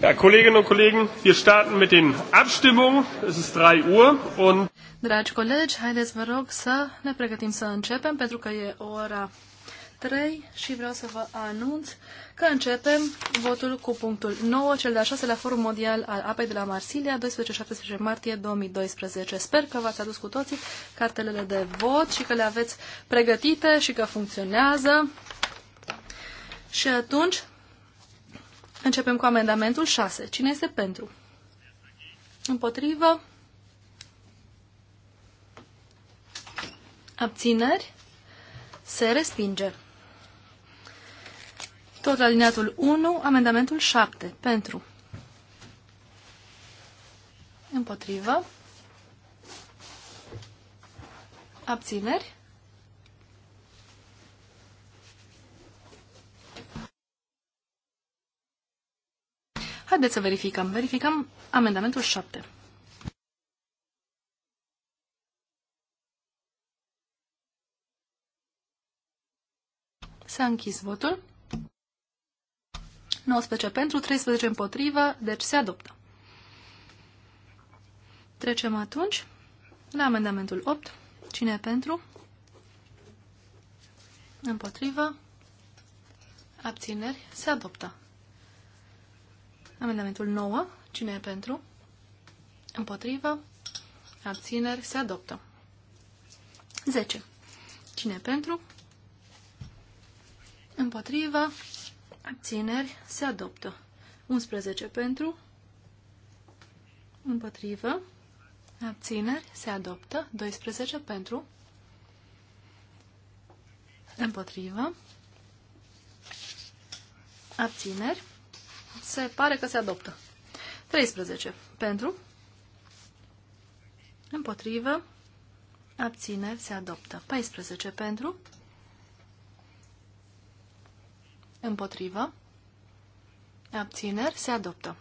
Ja, Kolleginnen und Kollegen, wir starten mit den Abstimmungen. Es ist 3 Uhr und Dragi colegi, haideți vă rog să ne pregătim să începem pentru că e ora 3 și vreau să vă anunț că începem votul cu punctul 9, cel de-al șaselea Forum Mondial al Apei de la Marsilia, 12-17 martie 2012. Sper că v-ați adus cu toții cartelele de vot și că le aveți pregătite și că funcționează. Și atunci Începem cu amendamentul 6. Cine este pentru? Împotrivă? Abțineri? Se respinge. Tot alineatul 1, amendamentul 7. Pentru. Împotrivă. Abțineri. Haideți să verificăm. Verificăm amendamentul 7. S-a închis votul. 19 pentru, 13 împotrivă, deci se adoptă. Trecem atunci la amendamentul 8. Cine e pentru? Împotrivă. Abțineri. Se adoptă. Amendamentul 9. Cine e pentru? Împotrivă. Abțineri. Se adoptă. 10. Cine e pentru? Împotrivă. Abțineri. Se adoptă. 11 pentru. Împotrivă. Abțineri. Se adoptă. 12 pentru. Împotrivă. Abțineri. Se pare că se adoptă. 13. Pentru. Împotrivă. abține, se adoptă. 14. Pentru. Împotrivă. Abțineri se adoptă.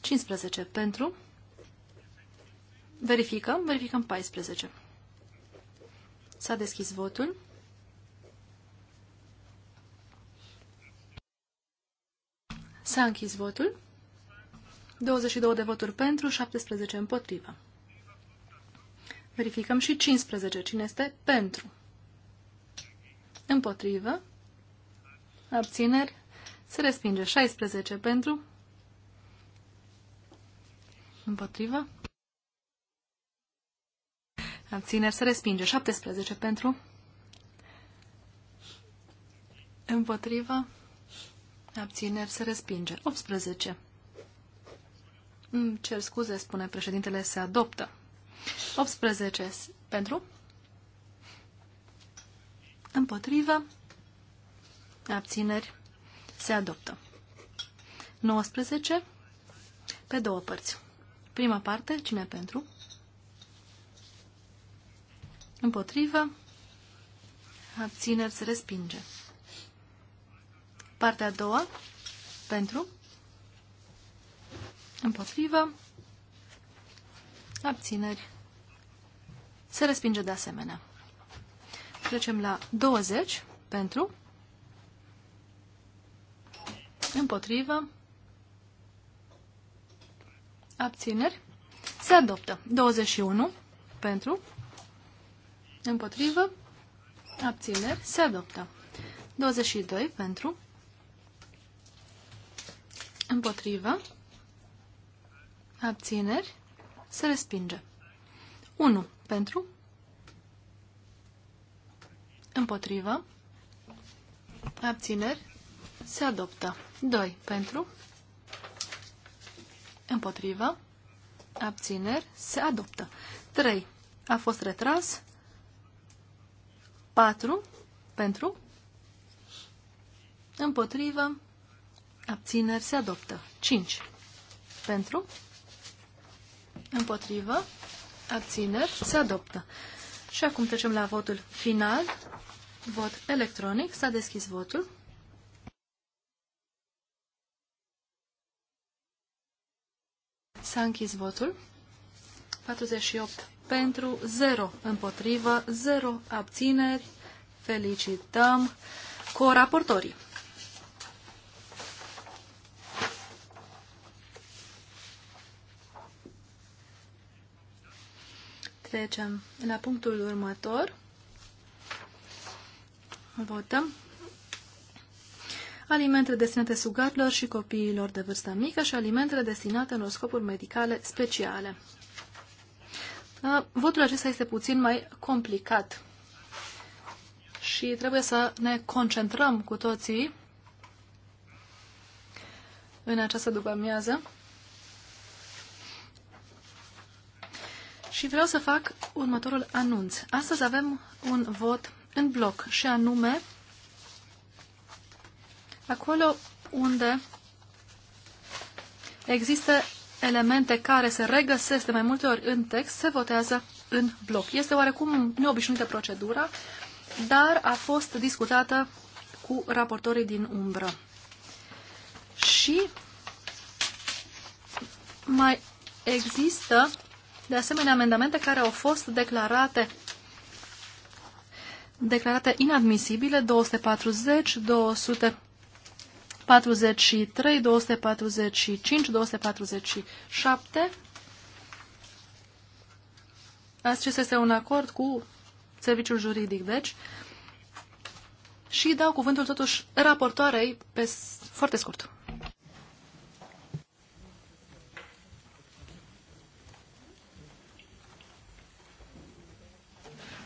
15. Pentru. Verificăm. Verificăm 14. S-a deschis votul. S-a închis votul. 22 de voturi pentru, 17 împotrivă. Verificăm și 15. Cine este pentru? Împotrivă. Abțineri. Se respinge 16 pentru. Împotrivă. Abțineri. Se respinge 17 pentru. Împotrivă. Abțineri se respinge. 18. Îmi cer scuze, spune președintele, se adoptă. 18. Pentru? Împotrivă. Abțineri se adoptă. 19. Pe două părți. Prima parte, cine pentru? Împotrivă. Abțineri se respinge. Partea a doua, pentru, împotrivă, abțineri, se respinge de asemenea. Trecem la 20, pentru, împotrivă, abțineri, se adoptă. 21, pentru, împotrivă, abțineri, se adoptă. 22 pentru, Împotrivă. Abțineri. Se respinge. 1. Pentru. Împotrivă. Abțineri. Se adoptă. 2. Pentru. Împotrivă. Abțineri. Se adoptă. 3. A fost retras. 4. Pentru. Împotrivă. Abțineri se adoptă. 5. Pentru. Împotrivă. Abțineri se adoptă. Și acum trecem la votul final. Vot electronic. S-a deschis votul. S-a închis votul. 48 pentru, 0 împotrivă, 0 abțineri. Felicităm coraportorii. Trecem la punctul următor. Votăm. Alimente destinate sugarilor și copiilor de vârstă mică și alimentele destinate în scopuri medicale speciale. Votul acesta este puțin mai complicat și trebuie să ne concentrăm cu toții în această după-amiază. Și vreau să fac următorul anunț. Astăzi avem un vot în bloc și anume acolo unde există elemente care se regăsesc de mai multe ori în text, se votează în bloc. Este oarecum neobișnuită procedura, dar a fost discutată cu raportorii din umbră. Și mai există de asemenea amendamente care au fost declarate declarate inadmisibile 240, 243, 245, 247. Acesta este un acord cu serviciul juridic, deci. Și dau cuvântul totuși raportoarei pe foarte scurt.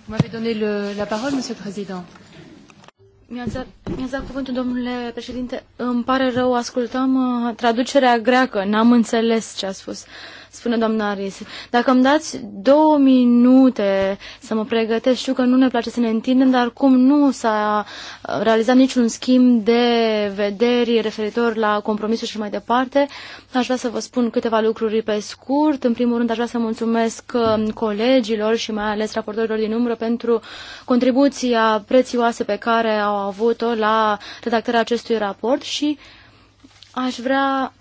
Vous m'avez donné le, la parole, Monsieur le Président. Mi-ați dat cuvântul, domnule președinte. Îmi pare rău, ascultam uh, traducerea greacă, n-am înțeles ce a spus. Uh, spune doamna Aris. Dacă îmi dați două minute să mă pregătesc, știu că nu ne place să ne întindem, dar cum nu s-a realizat niciun schimb de vederi referitor la compromisul și mai departe, aș vrea să vă spun câteva lucruri pe scurt. În primul rând, aș vrea să mulțumesc um, colegilor și mai ales raportorilor din umbră pentru contribuția prețioasă pe care au avut-o la redactarea acestui raport și aș vrea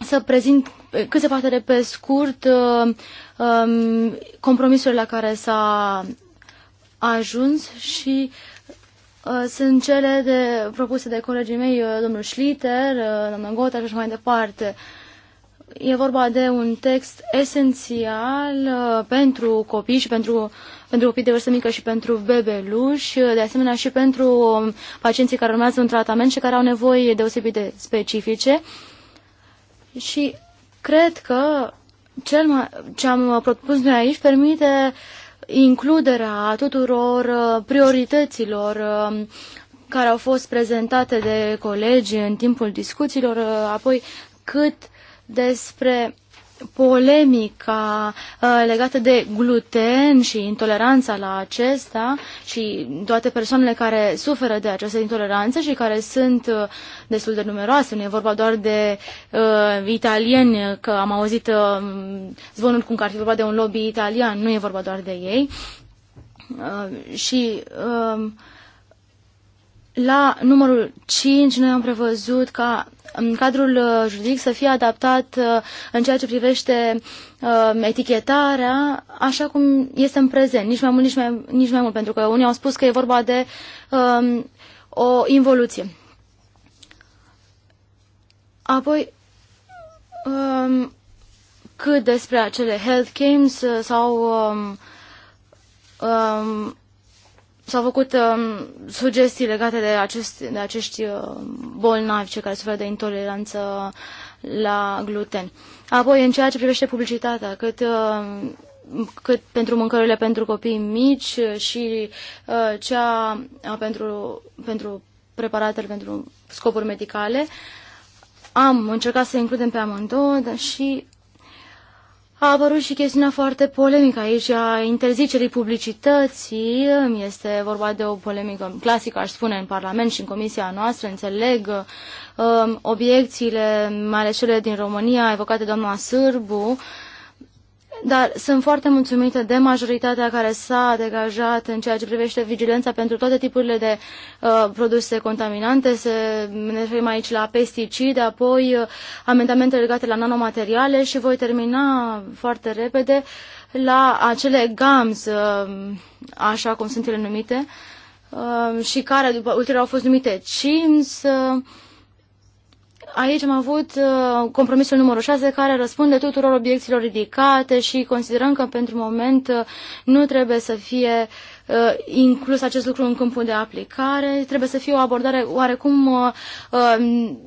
să prezint cât se poate de pe scurt uh, um, compromisurile la care s-a ajuns și uh, sunt cele de, propuse de colegii mei, uh, domnul Schlitter, domnul doamna Gota și așa mai departe. E vorba de un text esențial pentru copii și pentru, pentru copii de vârstă mică și pentru bebeluși, de asemenea și pentru um, pacienții care urmează un tratament și care au nevoi deosebit de specifice. Uh, și cred că cel mai, ce am propus noi aici permite includerea tuturor uh, priorităților um, care au fost prezentate de colegi în timpul discuțiilor, uh, apoi cât despre polemica uh, legată de gluten și intoleranța la acesta și toate persoanele care suferă de această intoleranță și care sunt uh, destul de numeroase. Nu e vorba doar de uh, italieni, că am auzit uh, zvonul cum că ar fi vorba de un lobby italian, nu e vorba doar de ei. Uh, și uh, la numărul 5 noi am prevăzut ca în cadrul uh, juridic să fie adaptat uh, în ceea ce privește uh, etichetarea așa cum este în prezent, nici mai mult, nici mai, nici mai mult, pentru că unii au spus că e vorba de um, o involuție. Apoi, um, cât despre acele health games sau um, um, s-au făcut um, sugestii legate de, acest, de acești uh, bolnavi, cei care suferă de intoleranță la gluten. Apoi, în ceea ce privește publicitatea, cât, uh, cât pentru mâncărurile pentru copii mici și uh, cea uh, pentru, pentru preparatele pentru scopuri medicale, am încercat să includem pe amândouă și a apărut și chestiunea foarte polemică aici a interzicerii publicității. Este vorba de o polemică clasică, aș spune, în Parlament și în comisia noastră. Înțeleg um, obiecțiile, mai ales cele din România, evocate doamna Sârbu, dar sunt foarte mulțumită de majoritatea care s-a degajat în ceea ce privește vigilența pentru toate tipurile de uh, produse contaminante. Se, ne referim aici la pesticide, apoi uh, amendamente legate la nanomateriale și voi termina foarte repede la acele GAMS, uh, așa cum sunt ele numite, uh, și care după, ulterior au fost numite CIMS. uh, Aici am avut uh, compromisul numărul 6 care răspunde tuturor obiecțiilor ridicate și considerăm că pentru moment uh, nu trebuie să fie uh, inclus acest lucru în câmpul de aplicare. Trebuie să fie o abordare oarecum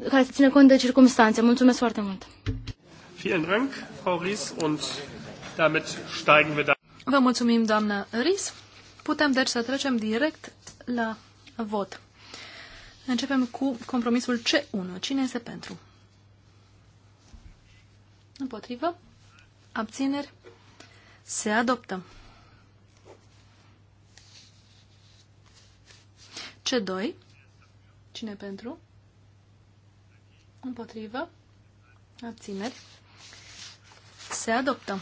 care să ține cont de circunstanțe. Mulțumesc foarte mult! Da. Vă mulțumim, doamnă Ries. Putem deci să trecem direct la vot. Începem cu compromisul C1. Cine este pentru? Împotrivă? Abțineri? Se adoptă. C2. Cine pentru? Împotrivă? Abțineri? Se adoptă.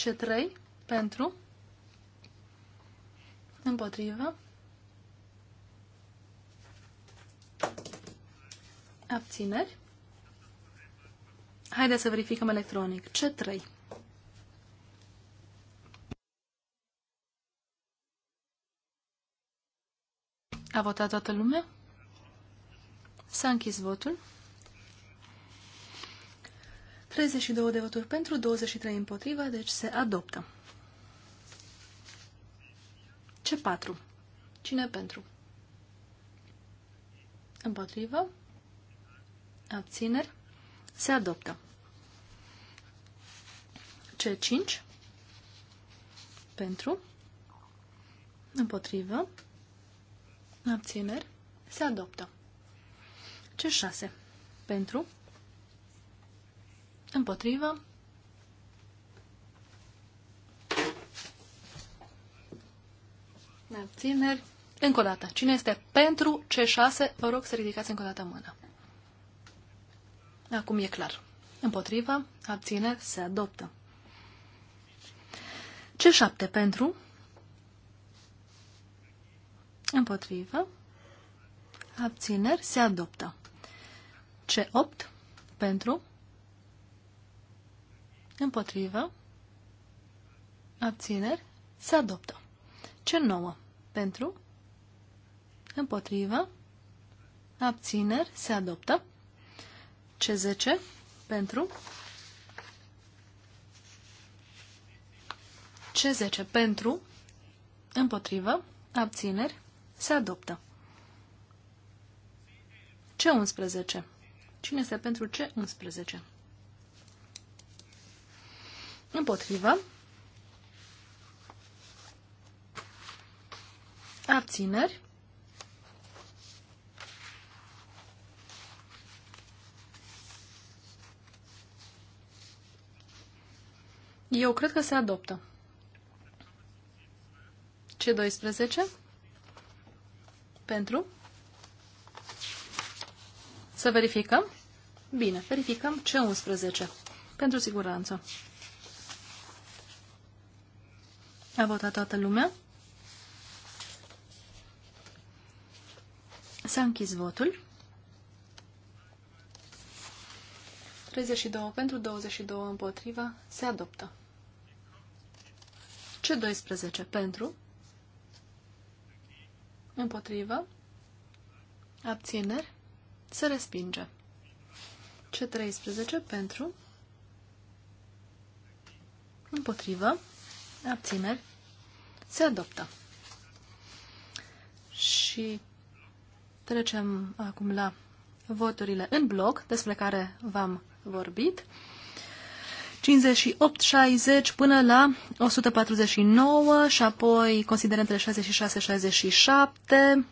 C3. Pentru? Împotrivă? Abțineri. Haideți să verificăm electronic. C3. A votat toată lumea? S-a închis votul. 32 de voturi pentru, 23 împotriva, deci se adoptă. C4. Cine pentru? Împotrivă abțineri, se adoptă. C5 pentru, împotrivă, abțineri, se adoptă. C6 pentru, împotrivă, abțineri, încă o dată. Cine este pentru C6, vă rog să ridicați încă o dată mâna. Acum e clar. Împotrivă, abțineri, se adoptă. C7 pentru, împotrivă, abțineri, se adoptă. C8 pentru, împotrivă, abțineri, se adoptă. C9 pentru, împotrivă, abțineri, se adoptă. C10 pentru. C10 pentru. Împotrivă. Abțineri. Se adoptă. C11. Cine este pentru C11? Împotrivă. Abțineri. Eu cred că se adoptă. C12? Pentru? Să verificăm? Bine, verificăm C11. Pentru siguranță. A votat toată lumea? S-a închis votul. 32 pentru 22 împotriva se adoptă. C12 pentru, împotrivă, abțineri, se respinge. C13 pentru, împotrivă, abțineri, se adoptă. Și trecem acum la voturile în bloc despre care v-am vorbit. 58, 60 până la 149 și apoi considerentele 66, 67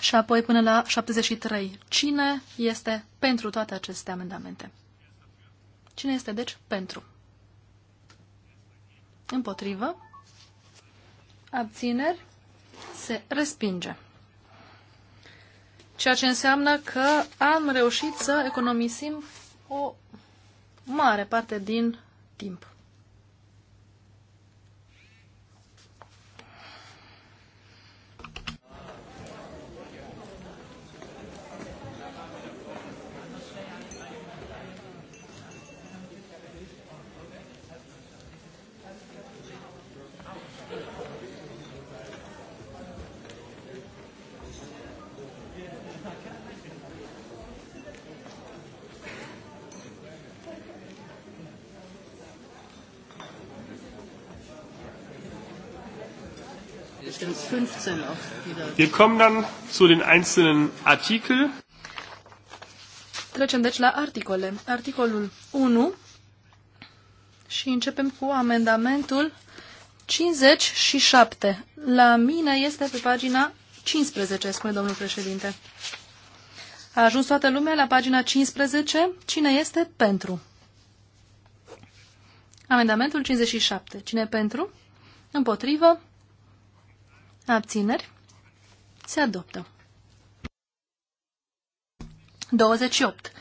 și apoi până la 73. Cine este pentru toate aceste amendamente? Cine este, deci, pentru? Împotrivă. Abțineri. Se respinge. Ceea ce înseamnă că am reușit să economisim o mare parte din timp. Wir kommen dann zu den einzelnen Artikel. Trecem deci la articole. Articolul 1 și începem cu amendamentul 57. La mine este pe pagina 15, spune domnul președinte. A ajuns toată lumea la pagina 15. Cine este pentru? Amendamentul 57. Cine pentru? Împotrivă? Abțineri. Se adoptă. 28.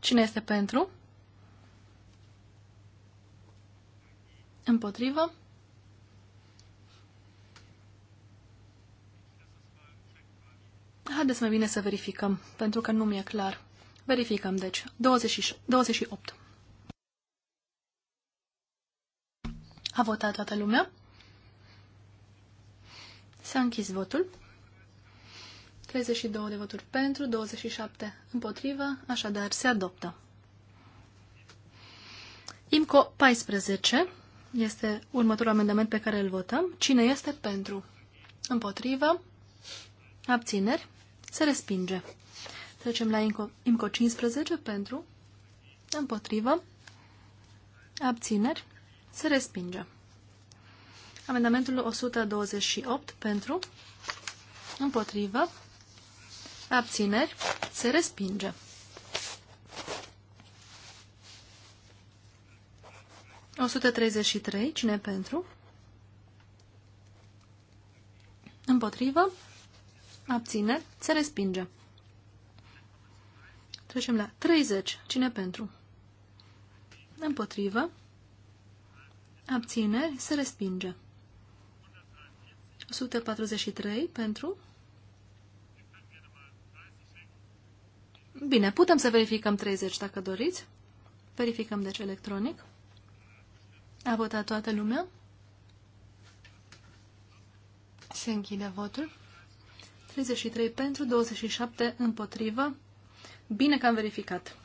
Cine este pentru? Împotrivă. Haideți mai bine să verificăm, pentru că nu mi-e clar. Verificăm, deci. 20, 28. A votat toată lumea? S-a închis votul. 32 de voturi pentru, 27 împotrivă, așadar se adoptă. IMCO 14 este următorul amendament pe care îl votăm. Cine este pentru? Împotrivă, abțineri, se respinge. Trecem la IMCO, IMCO 15 pentru, împotrivă, abțineri, se respinge. Amendamentul 128 pentru, împotrivă, abțineri, se respinge. O 133, cine pentru? Împotrivă, abțineri, se respinge. Trecem la 30, cine pentru? Împotrivă, abțineri, se respinge. 143 pentru. Bine, putem să verificăm 30 dacă doriți. Verificăm deci electronic. A votat toată lumea? Se închide votul. 33 pentru, 27 împotrivă. Bine că am verificat.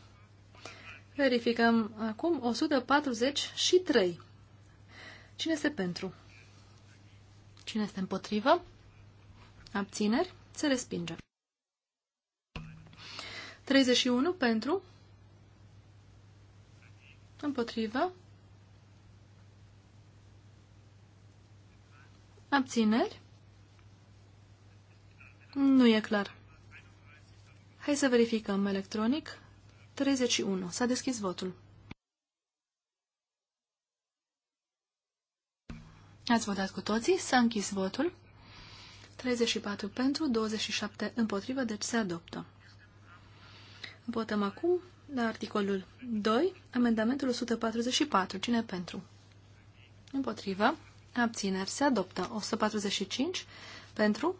Verificăm acum 143. Cine este pentru? Cine este împotrivă? Abțineri? Se respinge. 31 pentru? Împotrivă? Abțineri? Nu e clar. Hai să verificăm electronic. 31. S-a deschis votul. Ați votat cu toții, s-a închis votul. 34 pentru, 27 împotrivă, deci se adoptă. Votăm acum la articolul 2, amendamentul 144. Cine pentru? Împotrivă. Abțineri se adoptă. 145 pentru.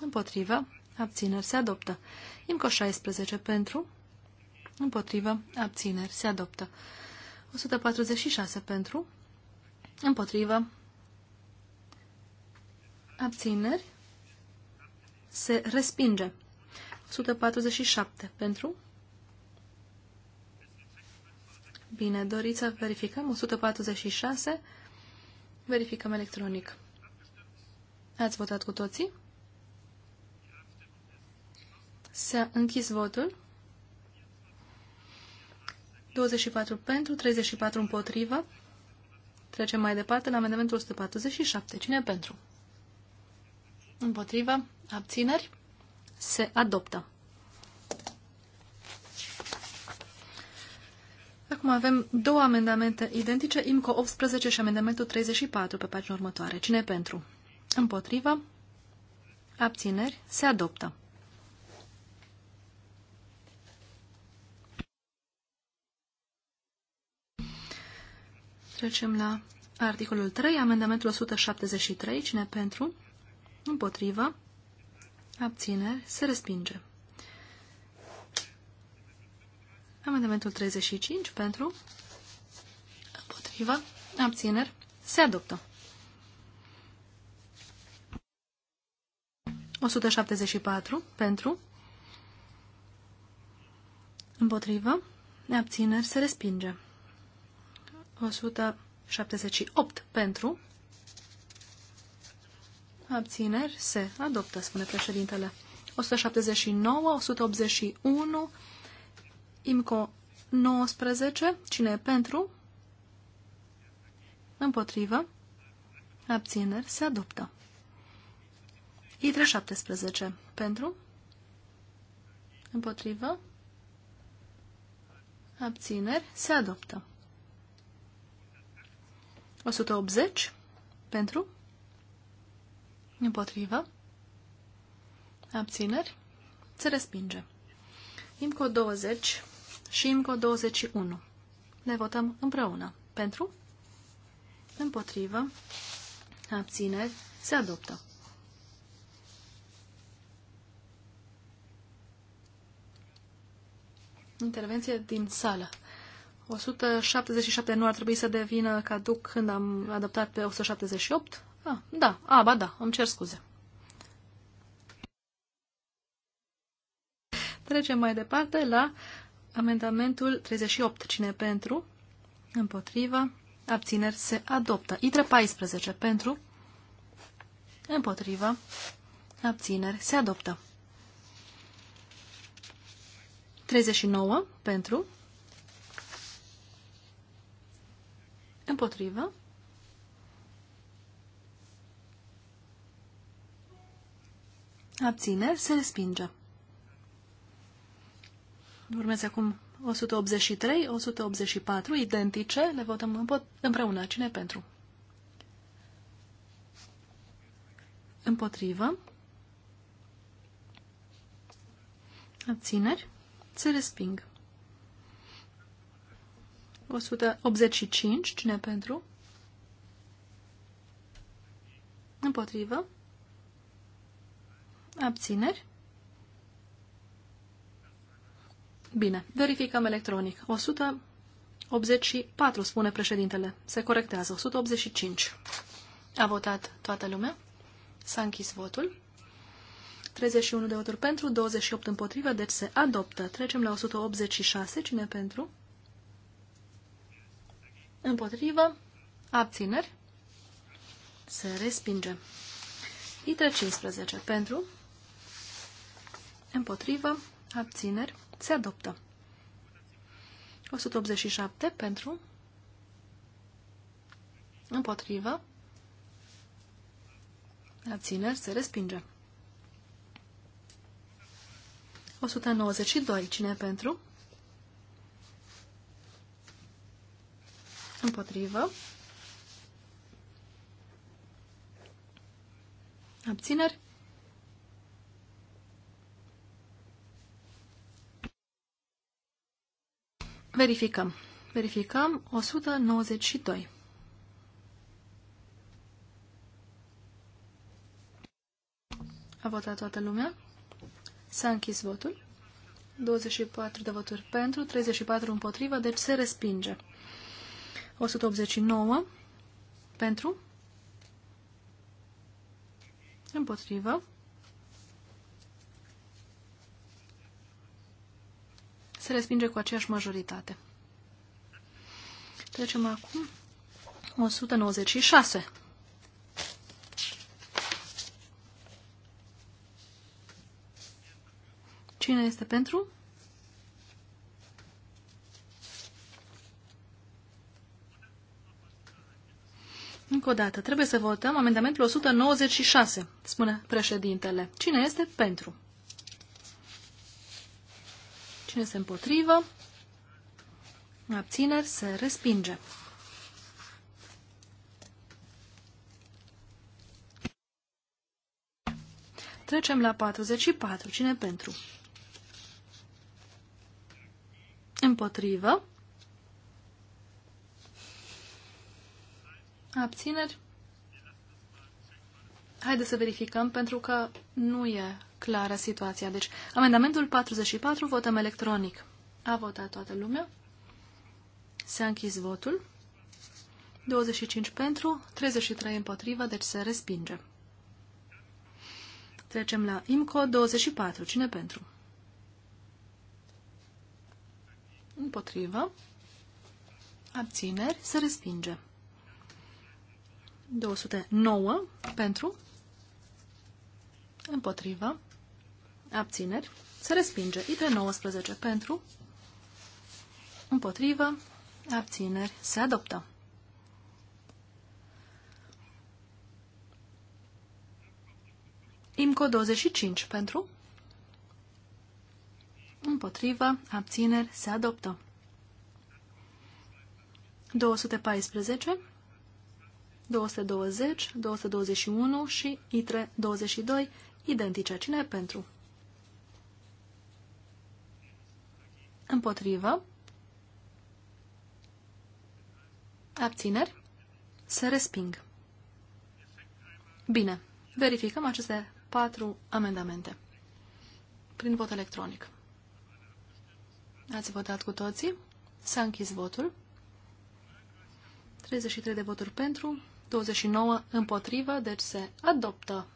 Împotrivă. Abțineri se adoptă. IMCO 16 pentru. Împotrivă. Abțineri se adoptă. 146 pentru. Împotrivă abțineri, se respinge. 147 pentru. Bine, doriți să verificăm? 146. Verificăm electronic. Ați votat cu toții? S-a închis votul. 24 pentru, 34 împotrivă. Trecem mai departe la amendamentul 147. Cine pentru? împotrivă, abțineri, se adoptă. Acum avem două amendamente identice, IMCO 18 și amendamentul 34 pe pagina următoare. Cine pentru? Împotrivă, abțineri, se adoptă. Trecem la articolul 3, amendamentul 173. Cine pentru? împotrivă, abțineri, se respinge. Amendamentul 35 pentru, împotrivă, abțineri, se adoptă. 174 pentru, împotrivă, abțineri, se respinge. 178 pentru, abțineri, se adoptă, spune președintele. 179, 181, IMCO 19, cine e pentru? Împotrivă, abțineri, se adoptă. ITRE 17, pentru? Împotrivă, abțineri, se adoptă. 180, pentru? Împotrivă. Abțineri. Se respinge. IMCO 20 și IMCO 21. Ne votăm împreună. Pentru? Împotrivă. Abțineri. Se adoptă. Intervenție din sală. 177 nu ar trebui să devină caduc când am adoptat pe 178? Ah, da, a, ah, ba da, îmi cer scuze. Trecem mai departe la amendamentul 38. Cine pentru? Împotrivă. Abțineri se adoptă. ITRE 14. Pentru? Împotrivă. Abțineri se adoptă. 39. Pentru? Împotrivă. abțineri, se respinge. Urmează acum 183, 184, identice, le votăm împreună. Cine pentru? Împotrivă. Abțineri. Se resping. 185, cine pentru? Împotrivă. Abțineri? Bine, verificăm electronic. 184, spune președintele. Se corectează. 185. A votat toată lumea. S-a închis votul. 31 de voturi pentru, 28 împotrivă, deci se adoptă. Trecem la 186. Cine pentru? Împotrivă. Abțineri. Se respinge. ITRE 15. Pentru împotrivă, abțineri, se adoptă. 187 pentru, împotrivă, abțineri, se respinge. 192, cine pentru? Împotrivă. Abțineri. Verificăm. Verificăm 192. A votat toată lumea. S-a închis votul. 24 de voturi pentru, 34 împotrivă, deci se respinge. 189 pentru, împotrivă, se respinge cu aceeași majoritate. Trecem acum 196. Cine este pentru? Încă o dată, trebuie să votăm amendamentul 196, spune președintele. Cine este pentru? Cine se împotrivă? Abțineri se respinge. Trecem la 44. Cine pentru? Împotrivă. Abțineri. Haideți să verificăm pentru că nu e clară situația. Deci, amendamentul 44, votăm electronic. A votat toată lumea. S-a închis votul. 25 pentru, 33 împotrivă, deci se respinge. Trecem la IMCO 24. Cine pentru? Împotrivă. Abțineri. Se respinge. 209 pentru. Împotrivă abțineri, se respinge. IP19 pentru, împotrivă, abțineri, se adoptă. IMCO 25 pentru, împotrivă, abțineri, se adoptă. 214, 220, 221 și ITRE 22, identice. Cine pentru? Împotrivă. Abțineri. Se resping. Bine. Verificăm aceste patru amendamente. Prin vot electronic. Ați votat cu toții? S-a închis votul. 33 de voturi pentru, 29 împotrivă, deci se adoptă.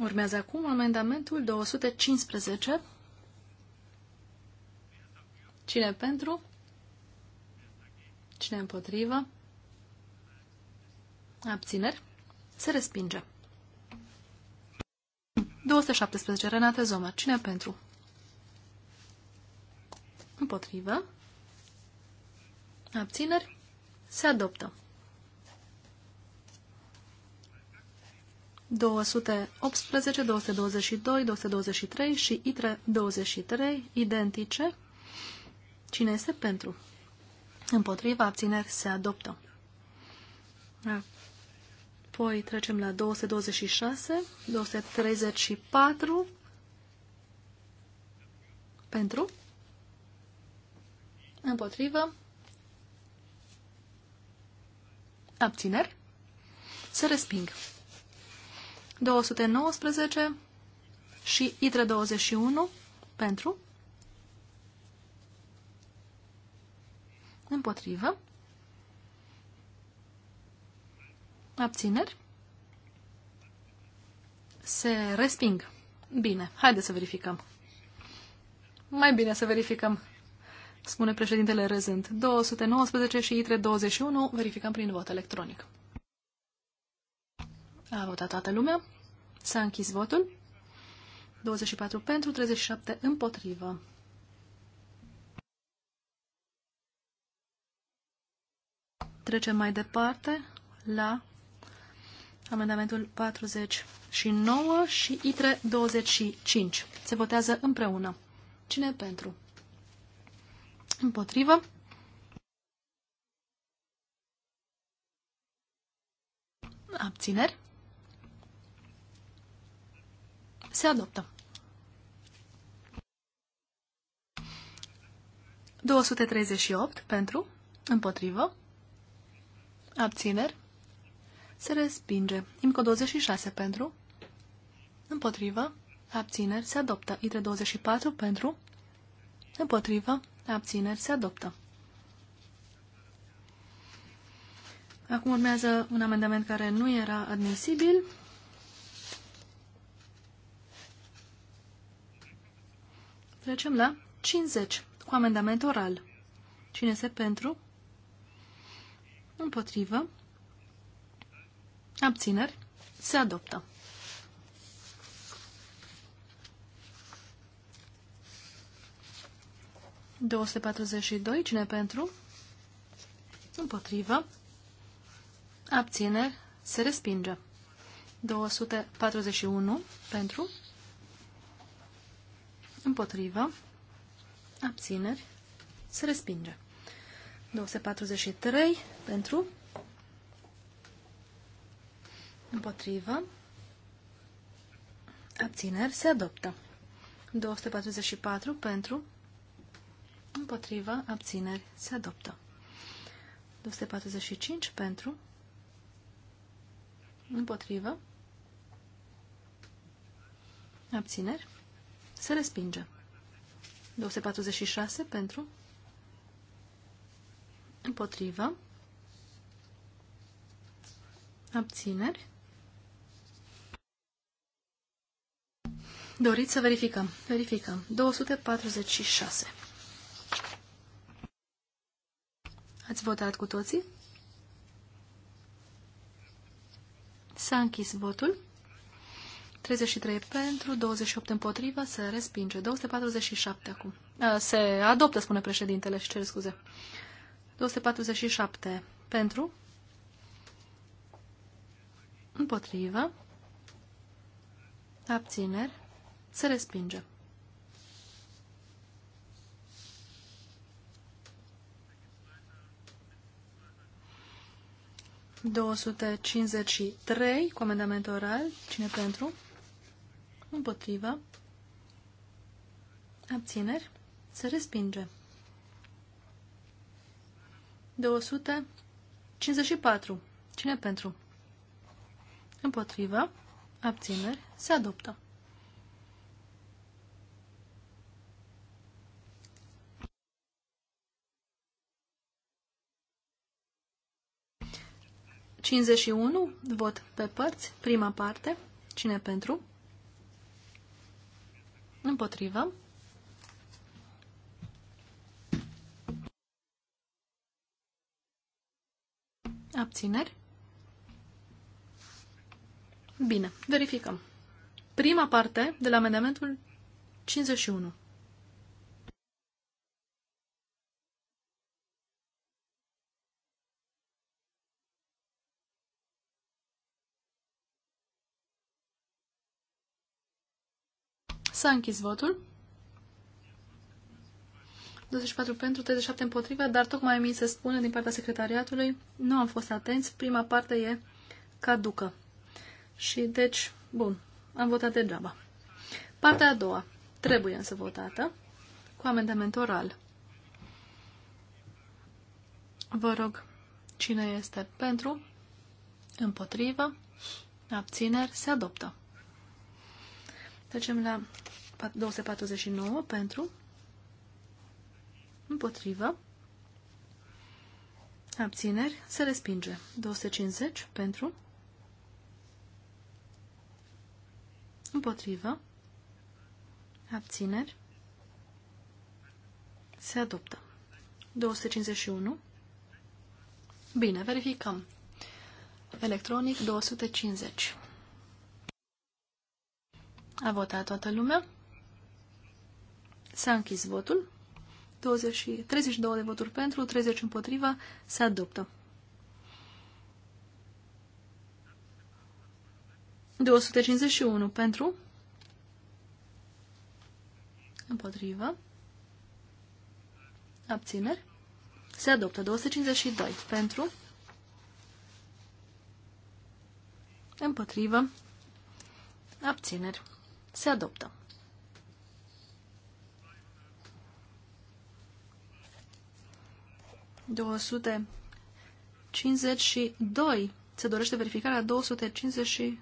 Urmează acum amendamentul 215 Cine pentru? Cine împotrivă? Abțineri? Se respinge. 217. Renate Zomer. Cine pentru? Împotrivă. Abțineri? Se adoptă. 218, 222, 223 și ITRE 23, identice, Cine este pentru? Împotriva abțineri se adoptă. Apoi trecem la 226, 234 pentru, împotrivă, abțineri, se resping. 219 și ITRE 21 pentru, Împotrivă. Abțineri. Se resping. Bine, haideți să verificăm. Mai bine să verificăm, spune președintele Rezent. 219 și ITRE 21 verificăm prin vot electronic. A votat toată lumea. S-a închis votul. 24 pentru, 37 împotrivă. Trecem mai departe la amendamentul 49 și ITRE 25. Se votează împreună. Cine pentru? Împotrivă. Abțineri. Se adoptă. 238 pentru, împotrivă, Abțineri. Se respinge. Imco 26 pentru. Împotrivă. Abțineri. Se adoptă. Itre 24 pentru. Împotrivă. Abțineri. Se adoptă. Acum urmează un amendament care nu era admisibil. Trecem la 50 cu amendament oral. Cine se pentru? Împotrivă. Abțineri. Se adoptă. doi Cine pentru? Împotrivă. Abțineri. Se respinge. 241 pentru. Împotrivă. Abțineri. Se respinge. 243 pentru, împotrivă, abțineri, se adoptă. 244 pentru, împotrivă, abțineri, se adoptă. 245 pentru, împotrivă, abțineri, se respinge. 246 pentru, Împotrivă. Abțineri. Doriți să verificăm. Verificăm. 246. Ați votat cu toții? S-a închis votul. 33 pentru, 28 împotrivă, se respinge. 247 acum. Se adoptă, spune președintele și cere scuze. 247 pentru, împotrivă, abțineri, se respinge. ...253 cu amendament oral. Cine pentru? Împotrivă. Abțineri. Se respinge. 254. Cine pentru? Împotrivă. Abțineri. Se adoptă. Cincizeci unu, vot pe părți, prima parte, cine pentru, împotrivă, Abțineri? Bine, verificăm. Prima parte de la amendamentul 51. S-a închis votul. 24 pentru, 37 împotriva, dar tocmai mi se spune din partea secretariatului, nu am fost atenți, prima parte e caducă. Și deci, bun, am votat degeaba. Partea a doua trebuie însă votată cu amendament oral. Vă rog, cine este pentru, împotrivă, abțineri, se adoptă. Trecem la 249 pentru, Împotrivă. Abțineri. Se respinge. 250 pentru. Împotrivă. Abțineri. Se adoptă. 251. Bine, verificăm. Electronic 250. A votat toată lumea? S-a închis votul. 20, 32 de voturi pentru, 30 împotriva, se adoptă. 251 pentru, împotrivă, abțineri, se adoptă. 252 pentru, împotrivă, abțineri, se adoptă. 252. Se dorește verificarea 252.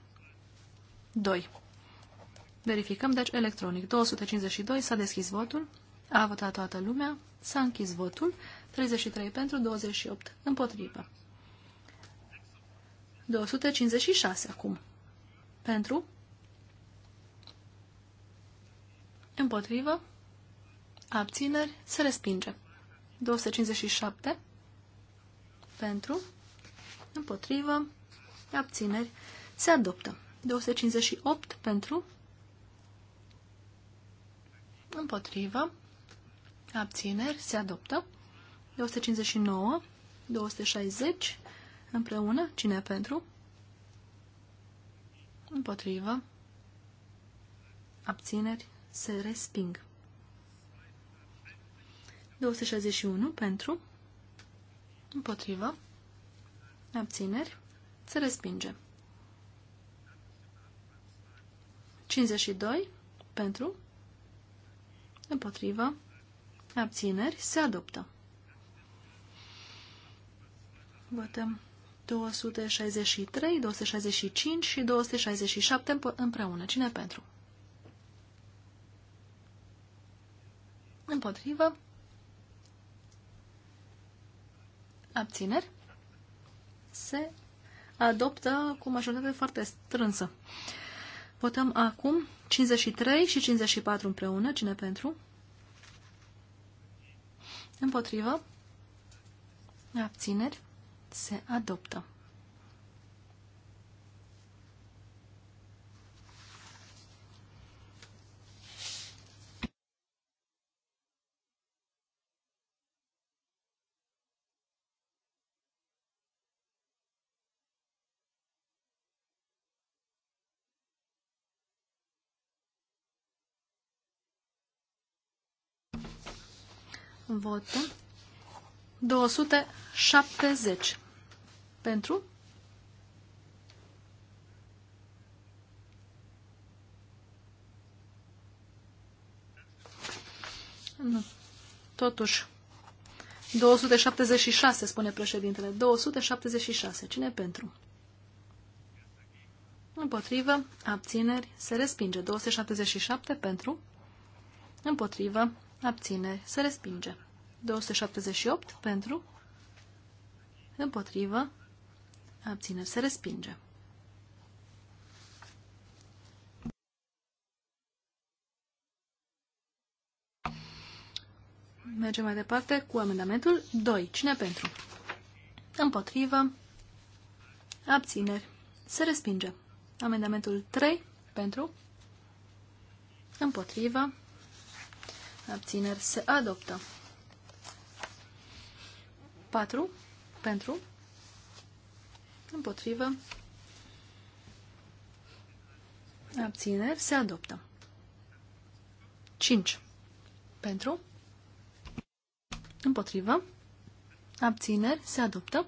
Verificăm, deci, electronic. 252. S-a deschis votul. A votat toată lumea. S-a închis votul. 33 pentru, 28 împotrivă. 256 acum. Pentru. Împotrivă. Abțineri. Se respinge. 257 pentru, împotrivă, abțineri, se adoptă. 258 pentru, împotrivă, abțineri, se adoptă. 259, 260, împreună, cine pentru? Împotrivă, abțineri, se resping. 261 pentru, împotrivă, abțineri, se respinge. 52 pentru, împotrivă, abțineri, se adoptă. Votăm 263, 265 și 267 împreună. Cine pentru? Împotrivă, abțineri, se adoptă cu majoritate foarte strânsă. Votăm acum 53 și 54 împreună. Cine pentru? Împotrivă. Abțineri. Se adoptă. votul. 270 pentru. Nu. Totuși. 276, spune președintele. 276. Cine pentru? Împotrivă, abțineri, se respinge. 277 pentru, împotrivă, Abține se respinge. 278 pentru, împotrivă, Abține se respinge. Mergem mai departe cu amendamentul 2. Cine pentru? Împotrivă, abțineri, se respinge. Amendamentul 3 pentru, împotrivă, abțineri se adoptă. 4 pentru, împotrivă, abțineri se adoptă. 5 pentru, împotrivă, abțineri se adoptă.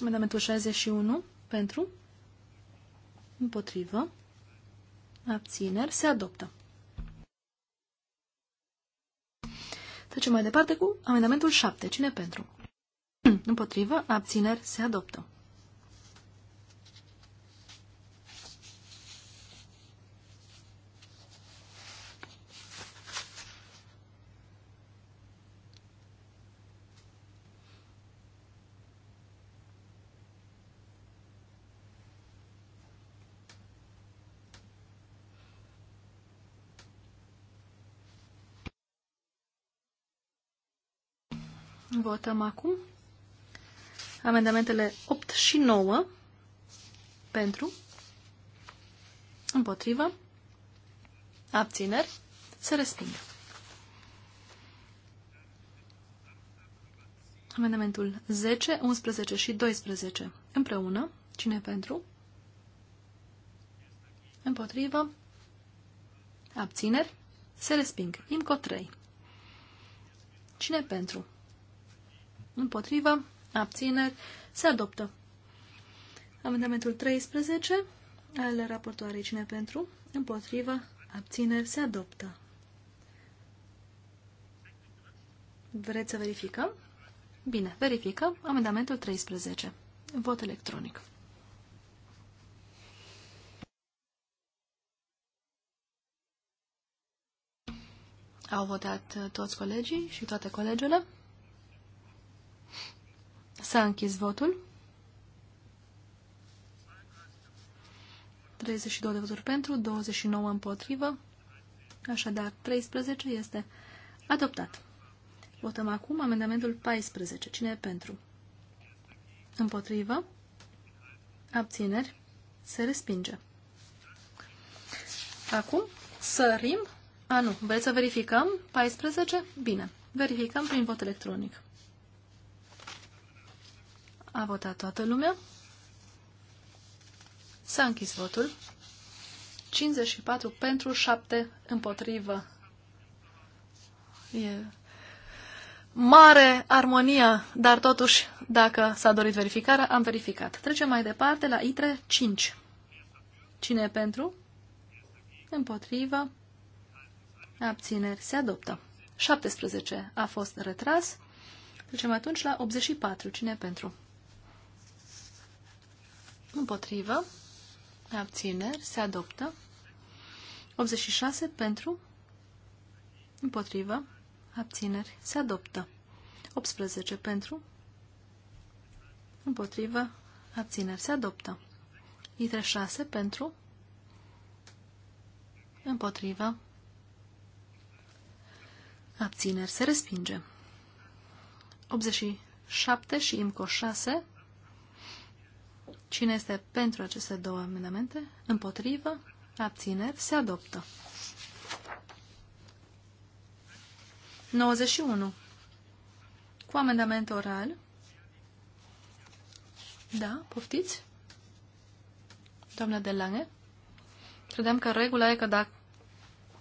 Amendamentul 61 pentru, împotrivă, abțineri se adoptă. Trecem mai departe cu amendamentul 7. Cine pentru? Împotrivă, abțineri, se adoptă. Votăm acum amendamentele 8 și 9 pentru, împotrivă, abțineri, se resping. Amendamentul 10, 11 și 12 împreună. Cine pentru? Împotrivă. Abțineri. Se resping. Imco 3. Cine pentru? împotrivă, abțineri, se adoptă. Amendamentul 13 al raportoarei cine pentru, împotrivă, abțineri, se adoptă. Vreți să verificăm? Bine, verificăm amendamentul 13. Vot electronic. Au votat toți colegii și toate colegele. S-a închis votul. 32 de voturi pentru, 29 împotrivă. Așadar, 13 este adoptat. Votăm acum amendamentul 14. Cine e pentru? Împotrivă. Abțineri. Se respinge. Acum sărim. A, nu. Vreți să verificăm? 14? Bine. Verificăm prin vot electronic. A votat toată lumea. S-a închis votul. 54 pentru, 7 împotrivă. E mare armonia, dar totuși, dacă s-a dorit verificarea, am verificat. Trecem mai departe la ITRE 5. Cine e pentru? Împotrivă. Abțineri. Se adoptă. 17 a fost retras. Trecem atunci la 84. Cine e pentru? Împotrivă. Abțineri. Se adoptă. 86 pentru. Împotrivă. Abțineri. Se adoptă. 18 pentru. Împotrivă. Abțineri. Se adoptă. Itre 6 pentru. Împotrivă. Abțineri. Se respinge. 87 și IMCO 6 Cine este pentru aceste două amendamente? Împotrivă? Abțineri? Se adoptă. 91. Cu amendament oral. Da, poftiți? Doamna de Lange? Credeam că regula e că dacă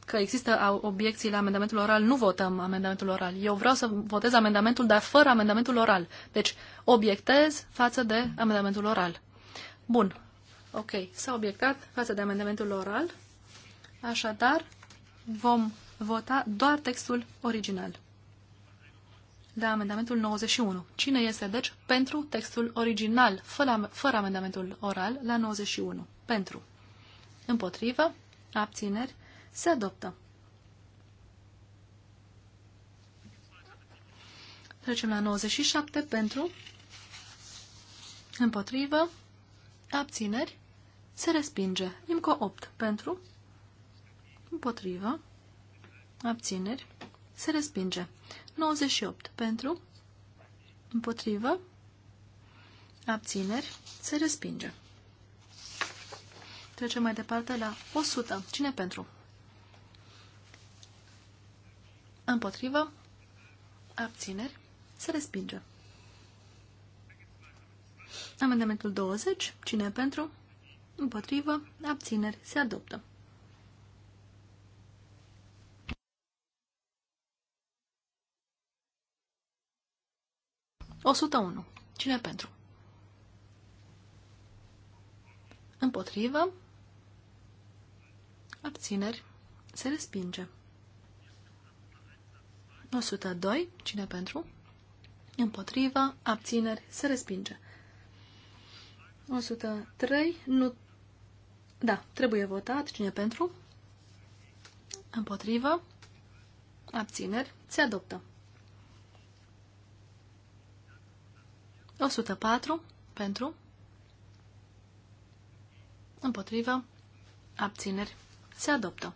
că există obiecții la amendamentul oral, nu votăm amendamentul oral. Eu vreau să votez amendamentul, dar fără amendamentul oral. Deci, obiectez față de amendamentul oral. Bun. Ok. S-a obiectat față de amendamentul oral. Așadar, vom vota doar textul original. La amendamentul 91. Cine este, deci, pentru textul original, fără, fără amendamentul oral, la 91? Pentru. Împotrivă. Abțineri. Se adoptă. Trecem la 97 pentru, împotrivă, abțineri, se respinge. Imco 8 pentru, împotrivă, abțineri, se respinge. 98 pentru, împotrivă, abțineri, se respinge. Trecem mai departe la 100. Cine pentru? Împotrivă, abțineri, se respinge. Amendamentul 20. Cine pentru? Împotrivă. Abțineri. Se adoptă. O unu. Cine pentru? Împotrivă. Abțineri. Se respinge. 102. Cine pentru? Împotrivă. Abțineri. Se respinge. 103. Nu... Da, trebuie votat. Cine pentru? Împotrivă. Abțineri. Se adoptă. 104. Pentru. Împotrivă. Abțineri. Se adoptă.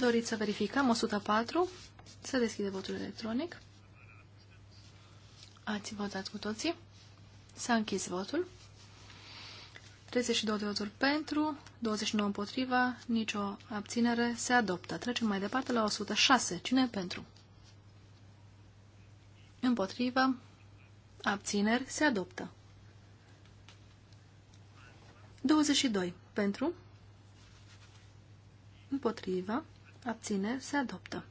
Doriți să verificăm 104. Se deschide votul electronic. Ați votat cu toții? S-a închis votul. 32 de voturi pentru, 29 împotriva, nicio abținere, se adoptă. Trecem mai departe la 106. Cine pentru? Împotriva, abțineri, se adoptă. 22. Pentru, împotriva, abțineri, se adoptă.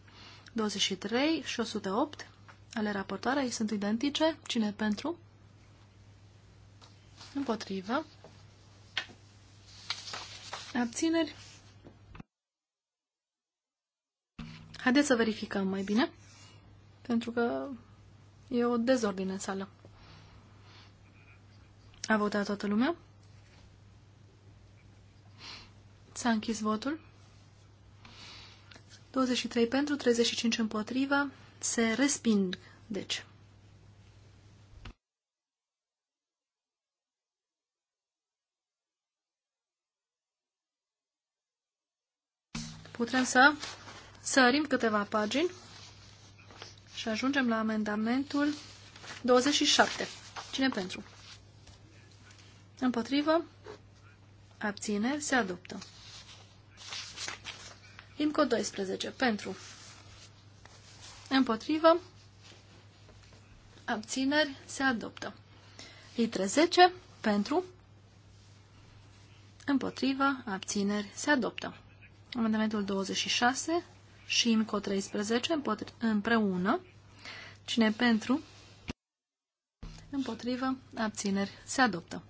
23 și 108 ale raportoarei sunt identice. Cine pentru? Împotrivă. Abțineri. Haideți să verificăm mai bine, pentru că e o dezordine în sală. A votat toată lumea? S-a închis votul. 23 pentru, 35 împotriva, se resping, deci. Putem să sărim câteva pagini și ajungem la amendamentul 27. Cine pentru? Împotrivă? Abține. Se adoptă. IMCO 12. Pentru. Împotrivă. Abțineri. Se adoptă. Litre 10. Pentru. Împotrivă. Abțineri. Se adoptă. Amendamentul 26 și IMCO 13 împreună. Cine pentru? Împotrivă. Abțineri. Se adoptă.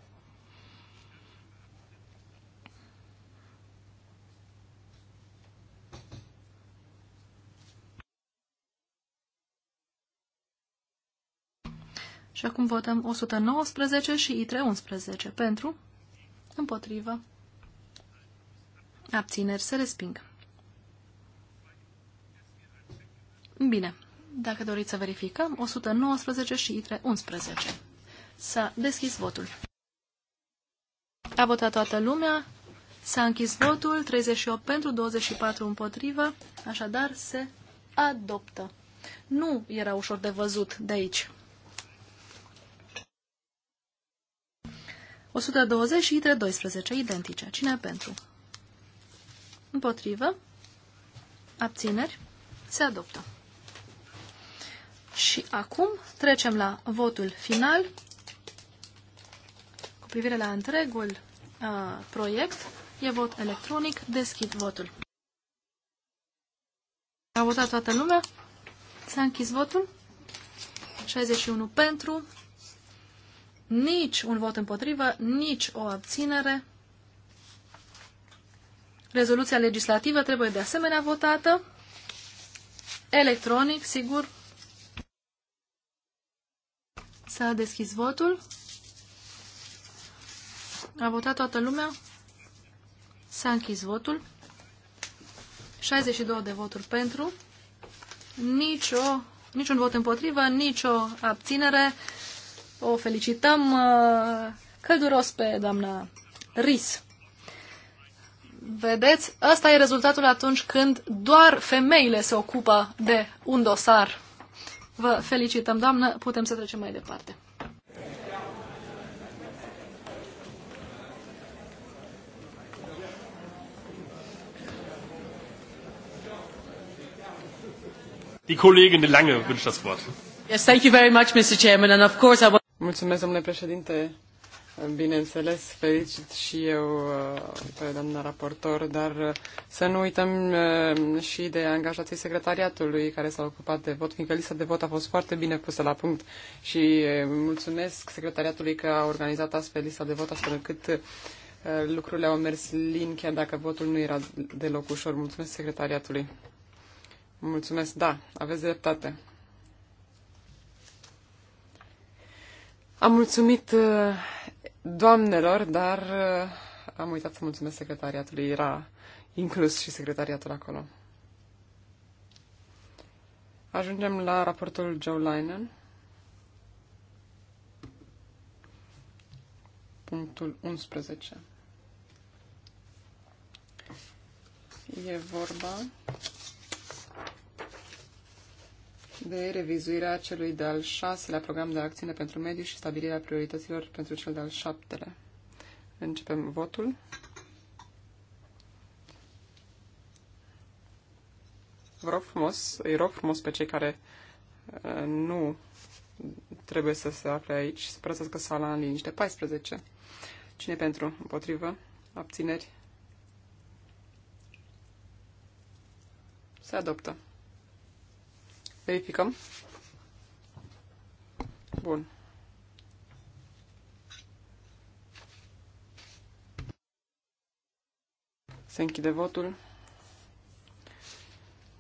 Și acum votăm 119 și I311 Pentru, împotrivă, abțineri, se resping. Bine, dacă doriți să verificăm, 119 și I311. S-a deschis votul. A votat toată lumea, s-a închis votul, 38 pentru, 24 împotrivă, așadar se adoptă. Nu era ușor de văzut de aici. 120 și ITRE 12, identice. Cine pentru? Împotrivă. Abțineri. Se adoptă. Și acum trecem la votul final cu privire la întregul uh, proiect. E vot electronic. Deschid votul. A votat toată lumea. S-a închis votul. 61 pentru, nici un vot împotrivă, nici o abținere. Rezoluția legislativă trebuie de asemenea votată. Electronic, sigur. S-a deschis votul. A votat toată lumea. S-a închis votul. 62 de voturi pentru. Nici, o, nici un vot împotrivă, nici o abținere. O felicităm uh, călduros pe doamna Ris. Vedeți, ăsta e rezultatul atunci când doar femeile se ocupă de un dosar. Vă felicităm, doamnă, putem să trecem mai departe. Die Kollegin Lange wünscht das Wort. Yes, thank you very much, Mr. Chairman, and of course I Mulțumesc, domnule președinte. Bineînțeles, felicit și eu uh, pe doamna raportor, dar uh, să nu uităm uh, și de angajații secretariatului care s-au ocupat de vot, fiindcă lista de vot a fost foarte bine pusă la punct și mulțumesc secretariatului că a organizat astfel lista de vot, astfel încât lucrurile au mers lin, chiar dacă votul nu era deloc ușor. Mulțumesc secretariatului. Mulțumesc, da, aveți dreptate. Am mulțumit uh, doamnelor, dar uh, am uitat să mulțumesc secretariatului. Era inclus și secretariatul acolo. Ajungem la raportul Joe Linen. Punctul 11. E vorba de revizuirea celui de-al șaselea program de acțiune pentru mediu și stabilirea priorităților pentru cel de-al șaptele. Începem votul. Vă rog frumos, îi rog frumos pe cei care uh, nu trebuie să se afle aici, să părăsească sala în liniște. 14. Cine pentru? Împotrivă? Abțineri? Se adoptă. Verificăm. Bun. Se închide votul.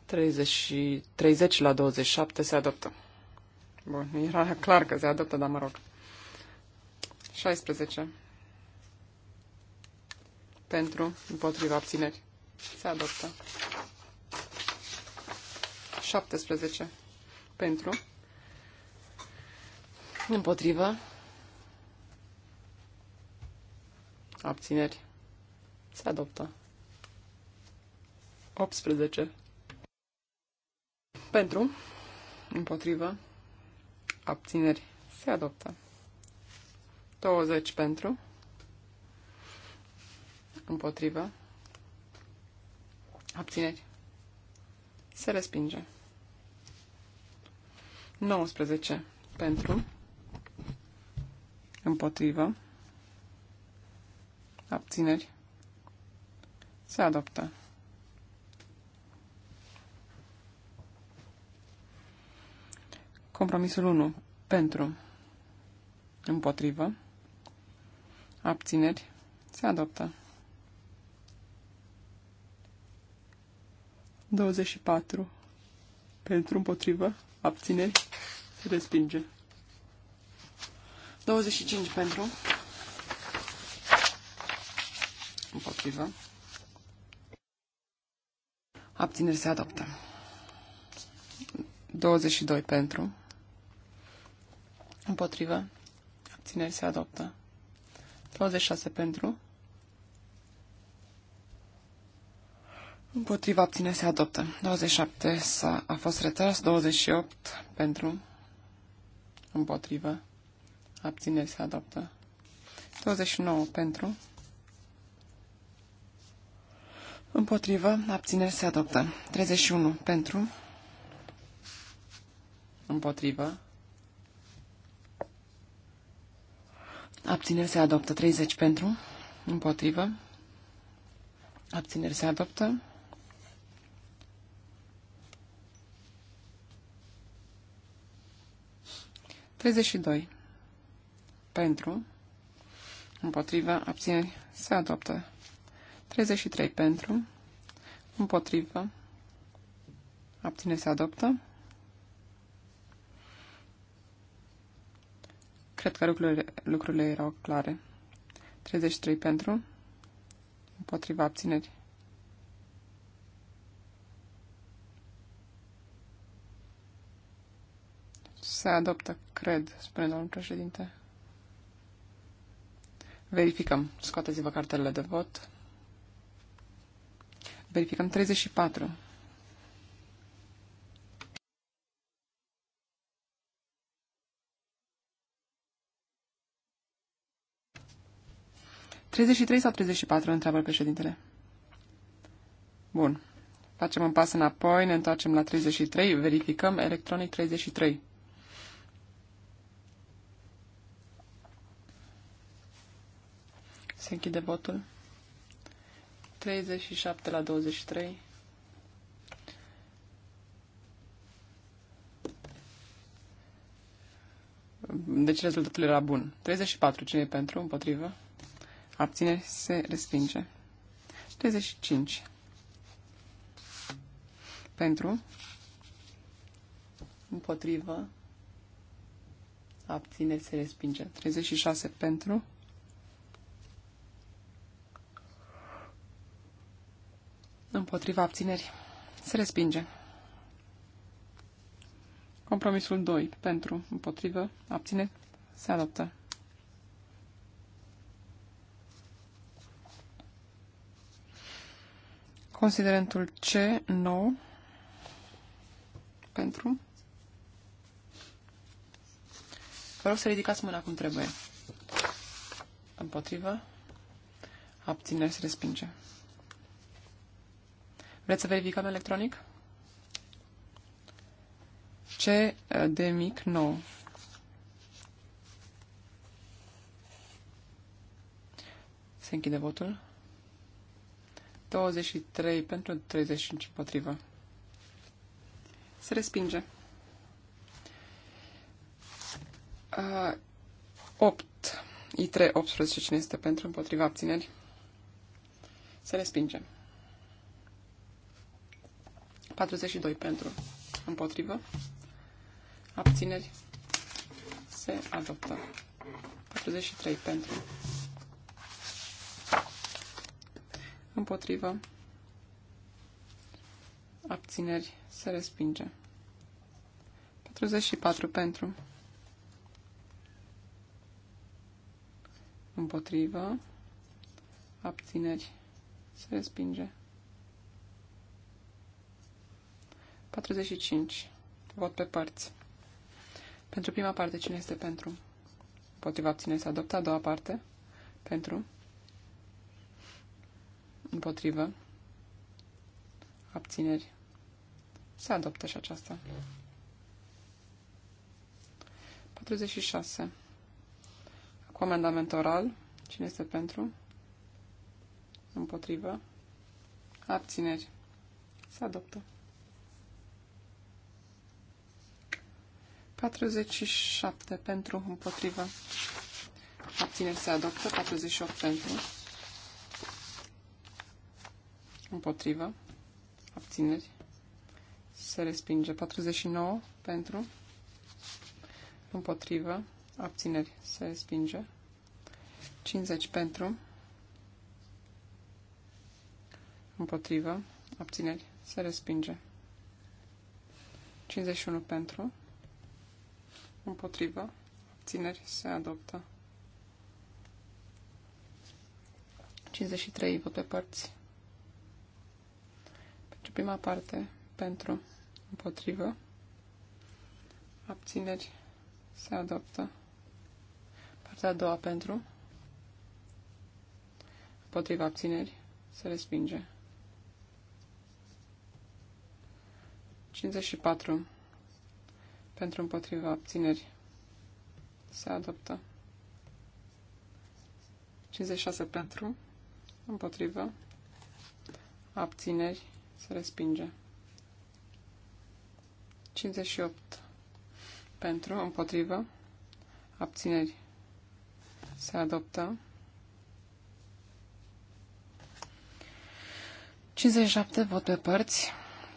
30, 30 la 27 se adoptă. Bun, era clar că se adoptă, dar mă rog. 16. Pentru, împotriva abțineri. Se adoptă. 17 pentru, împotrivă, abțineri, se adoptă. 18 pentru, împotrivă, abțineri, se adoptă. 20 pentru, împotrivă, abțineri, se respinge. 19 pentru, împotrivă, abțineri, se adoptă. Compromisul 1 pentru, împotrivă, abțineri, se adoptă. 24 pentru împotrivă, Abțineri. Se respinge. 25 pentru. Împotrivă. Abțineri se adoptă. 22 pentru. Împotrivă. Abțineri se adoptă. 26 pentru. Împotriva abține se adoptă. 27 a a fost retras. 28 pentru. Împotrivă. Abțineri se adoptă. 29 pentru. Împotrivă. Abțineri se adoptă. 31 pentru. Împotrivă. Abțineri se adoptă. 30 pentru. Împotrivă. Abțineri se adoptă. 32. Pentru. Împotrivă. Abțineri. Se adoptă. 33. Pentru. Împotrivă. Abține. Se adoptă. Cred că lucrurile, lucrurile erau clare. 33 pentru. Împotriva abțineri. Se adoptă, cred, spune domnul președinte. Verificăm. Scoateți-vă cartelele de vot. Verificăm 34. Treizeci și trei sau treizeci și patru, întreabă președintele. Bun. Facem un pas înapoi, ne întoarcem la treizeci trei. verificăm electronic treizeci trei. Se închide votul. 37 la 23. Deci rezultatul era bun. 34. Cine e pentru? Împotrivă? Abține, se respinge. 35. Pentru? Împotrivă? Abține, se respinge. 36 pentru? Împotriva abținerii. Se respinge. Compromisul 2. Pentru. Împotrivă. Abține. Se adoptă. Considerentul C. 9. Pentru. Vă rog să ridicați mâna cum trebuie. Împotrivă. Abțineri se respinge. Vreți să verificăm electronic? C uh, de mic nou. Se închide votul. 23 pentru 35 împotrivă. Se respinge. Uh, 8. I3, 18, cine este pentru, împotriva, abțineri. Se respinge. 42 pentru, împotrivă, abțineri, se adoptă. 43 pentru, împotrivă, abțineri, se respinge. 44 pentru, împotrivă, abțineri, se respinge. 45. Vot pe părți. Pentru prima parte, cine este pentru? Împotriva abțineri să adopte A doua parte, pentru. Împotrivă. Abțineri. Se adoptă și aceasta. 46. Cu amendament oral, cine este pentru? Împotrivă. Abțineri. Se adoptă. 47 pentru, împotrivă. Abțineri se adoptă. 48 pentru. Împotrivă. Abțineri. Se respinge. 49 pentru. Împotrivă. Abțineri. Se respinge. 50 pentru. Împotrivă. Abțineri. Se respinge. 51 pentru împotrivă, țineri se adoptă. 53 vot pe părți. Pentru prima parte, pentru, împotrivă, abțineri se adoptă. Partea a doua pentru, împotriva abțineri se respinge. 54 pentru împotriva abțineri se adoptă. 56 pentru împotriva abțineri se respinge. 58 pentru împotriva abțineri se adoptă. 57 vot pe părți,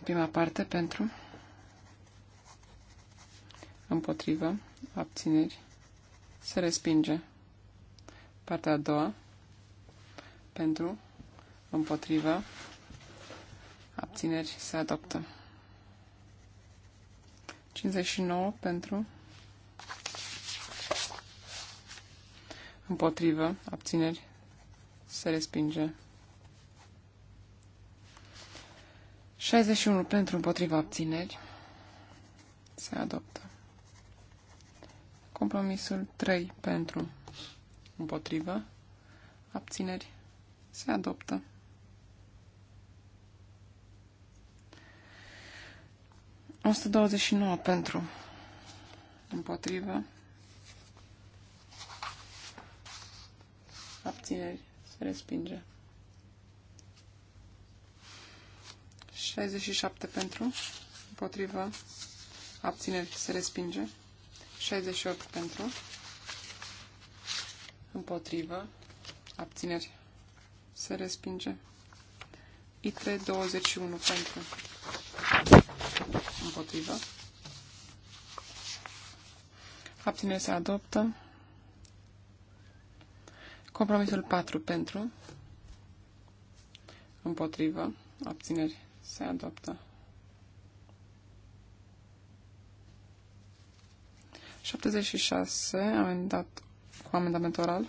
prima parte pentru împotrivă, abțineri, se respinge. Partea a doua, pentru, împotrivă, abțineri, se adoptă. 59 pentru, împotrivă, abțineri, se respinge. 61 pentru împotriva abțineri se adoptă. Compromisul 3 pentru împotrivă. Abțineri se adoptă. O nouă pentru împotrivă. Abțineri se respinge. 67 pentru împotrivă. Abțineri se respinge. 68 pentru, împotrivă, abțineri, se respinge. ITRE 21 pentru, împotrivă, abțineri se adoptă. Compromisul 4 pentru, împotrivă, abțineri se adoptă. 76, amendat cu amendament oral.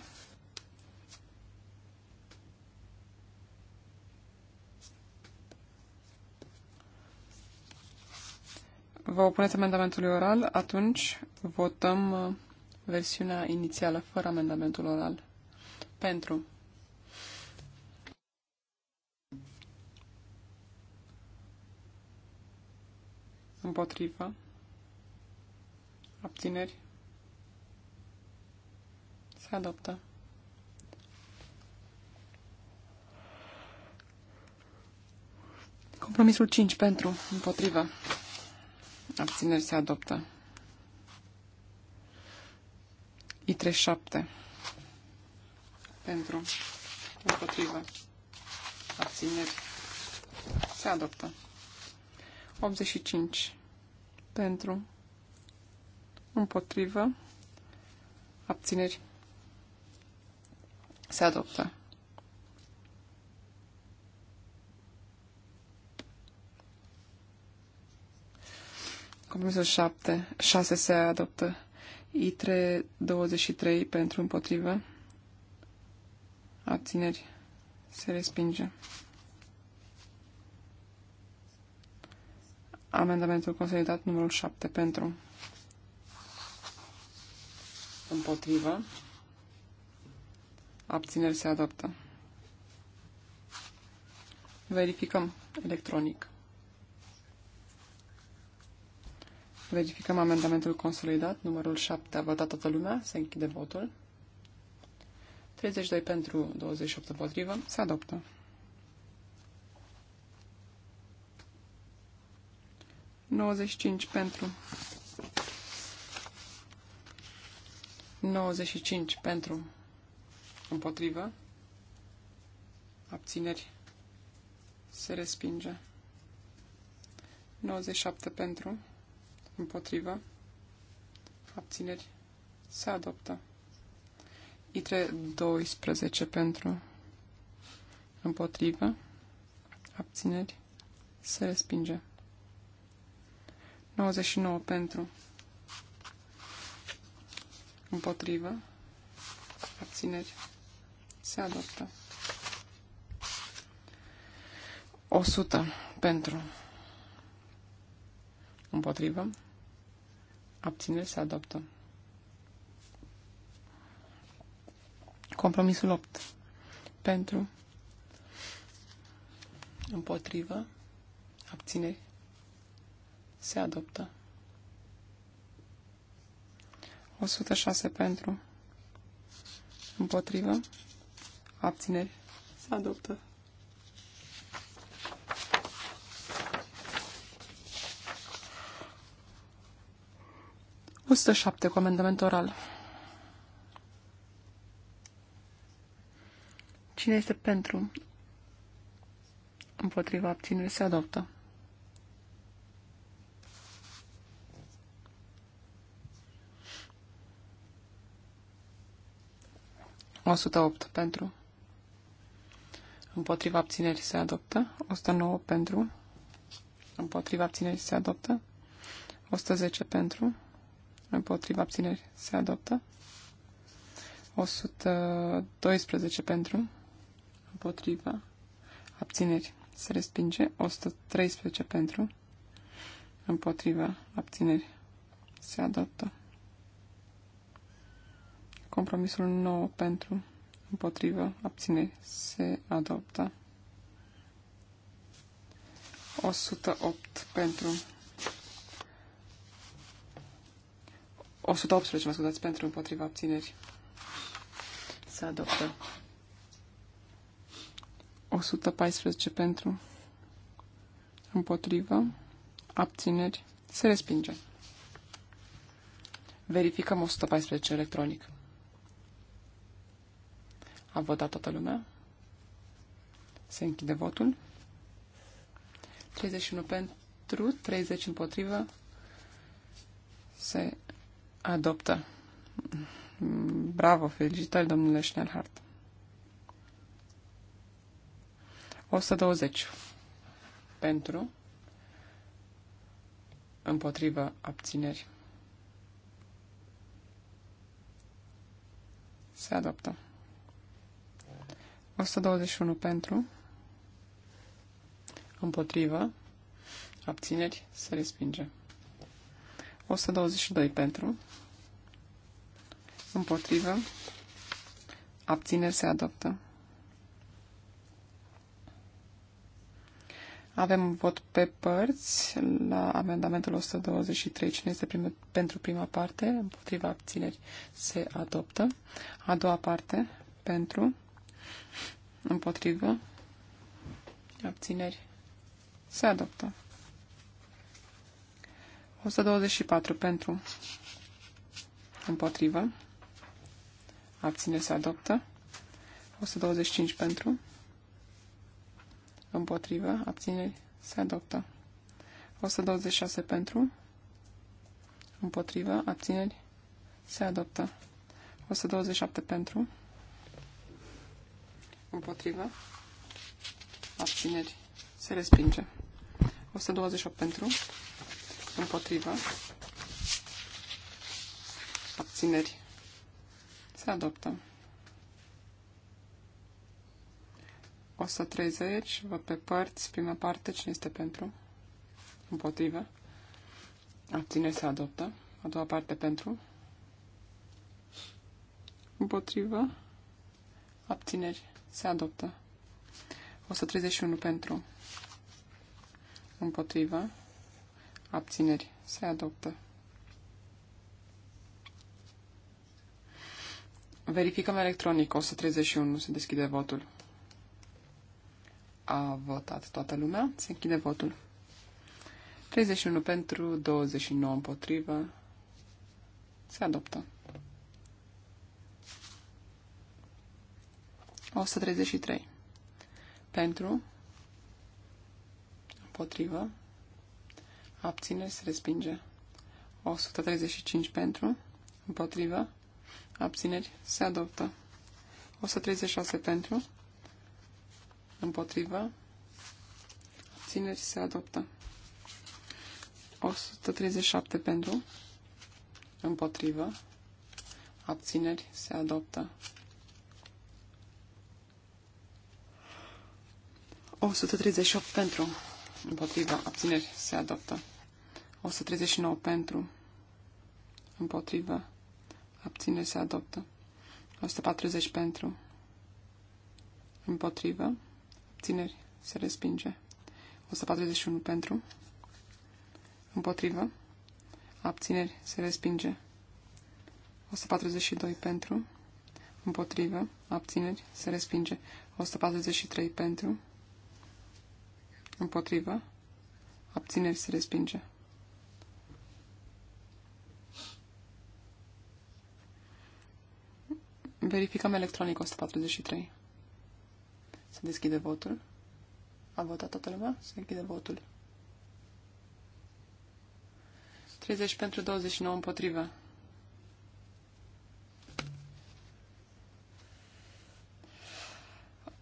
Vă opuneți amendamentului oral, atunci votăm uh, versiunea inițială fără amendamentul oral. Pentru. Împotrivă. Abțineri. Se adoptă. Compromisul 5 pentru, împotrivă. Abțineri se adoptă. I37 pentru, împotrivă. Abțineri se adoptă. 85 pentru, împotrivă, abțineri, se adoptă. Compromisul 7, 6 se adoptă. I3 23 pentru împotrivă. Abțineri. Se respinge. Amendamentul consolidat numărul 7 pentru Împotrivă. Abțineri se adoptă. Verificăm electronic. Verificăm amendamentul consolidat, numărul 7. A votat toată lumea, se închide votul. 32 pentru, 28 împotrivă, se adoptă. Nouăzeci cinci pentru 95 pentru, împotrivă, abțineri, se respinge. 97 pentru, împotrivă, abțineri, se adoptă. Itre 12 pentru, împotrivă, abțineri, se respinge. 99 pentru, Împotrivă. Abțineri. Se adoptă. 100 pentru. Împotrivă. Abțineri se adoptă. Compromisul 8. Pentru. Împotrivă. Abțineri. Se adoptă. 106 pentru. Împotrivă. Abțineri. Se adoptă. Ustă 7 cu amendament oral. Cine este pentru? Împotriva abținere se adoptă. 108 pentru. Împotriva abținerii se adoptă. 109 pentru. Împotriva abținerii se adoptă. 110 pentru. Împotriva abținerii se adoptă. 112 pentru. Împotriva abținerii se respinge. 113 pentru. Împotriva abținerii se adoptă. Compromisul 9 pentru, împotrivă, abține, se adoptă. 108 pentru 118, mă scuzați, pentru împotriva abțineri. Se adoptă. 114 pentru împotrivă abțineri. Se respinge. Verificăm 114 electronic. A votat toată lumea. Se închide votul. 31 pentru, 30 împotrivă. Se adoptă. Bravo, felicitări, domnule Schnellhardt. 120 pentru, împotrivă abțineri. Se adoptă. 121 pentru, împotrivă, abțineri, se respinge. 122 pentru, împotrivă, abțineri, se adoptă. Avem un vot pe părți la amendamentul 123. Cine este prime, pentru prima parte? Împotriva abțineri se adoptă. A doua parte pentru Împotrivă. Abțineri. Se adoptă. 124 pentru. Împotrivă. Abțineri se adoptă. 125 pentru. Împotrivă. Abțineri se adoptă. 126 pentru. Împotrivă. Abțineri se adoptă. 127 pentru. Împotrivă. Abțineri. Se respinge. 128 pentru. Împotrivă. Abțineri. Se adoptă. 130. Văd pe părți. Prima parte. Cine este pentru? Împotrivă. Abțineri. Se adoptă. A doua parte pentru. Împotrivă. Abțineri. Se adoptă. 131 pentru. Împotrivă. Abțineri. Se adoptă. Verificăm electronic. 131. Se deschide votul. A votat toată lumea. Se închide votul. 31 pentru, 29 împotrivă. Se adoptă. 133. Pentru, împotrivă, abține se respinge. 135 pentru, împotrivă, abțineri se adoptă. 136 pentru, împotrivă, abțineri se adoptă. 137 pentru, împotrivă, abțineri se adoptă. 138 pentru, împotriva, abțineri, se adoptă. 139 pentru, împotriva, abțineri, se adoptă. 140 pentru, împotriva, abțineri, se respinge. 141 pentru, împotriva, abțineri, se respinge. 142 pentru, împotrivă, abțineri, se respinge. 143 pentru, Împotrivă. Abțineri se respinge. Verificăm electronic 143. Se deschide votul. A votat toată lumea? Se închide votul. 30 pentru 29 împotrivă.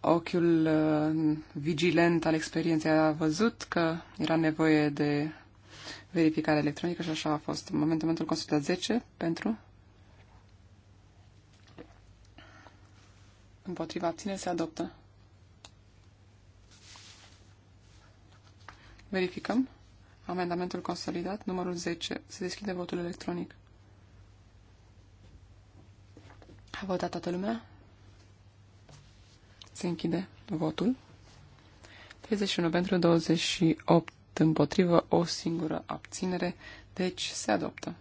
ochiul uh, vigilent al experienței a văzut că era nevoie de verificare electronică și așa a fost. În momentul 10 pentru împotriva abține se adoptă. Verificăm. Amendamentul consolidat, numărul 10. Se deschide votul electronic. A votat toată lumea? Se închide votul. 31 pentru 28 împotrivă, o singură abținere, deci se adoptă.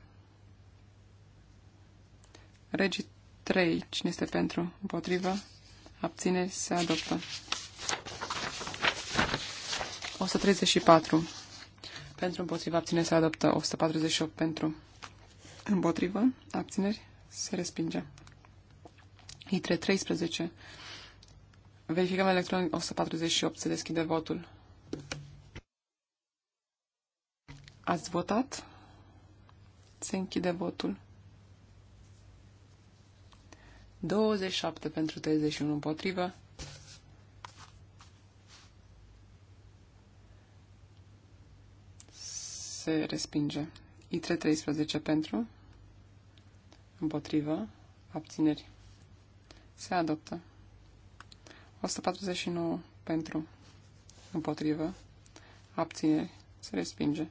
Regi 3, cine este pentru, împotrivă, abțineri, se adoptă. 134 pentru, împotrivă, abțineri, se adoptă. 148 pentru, împotrivă, abțineri, se respinge. Litre 13 Verificăm electronic 148. Se deschide votul. Ați votat? Se închide votul. 27 pentru 31 împotrivă. Se respinge. ITRE 13 pentru. Împotrivă. Abțineri. Se adoptă. 149 pentru, împotrivă, abțineri, se respinge.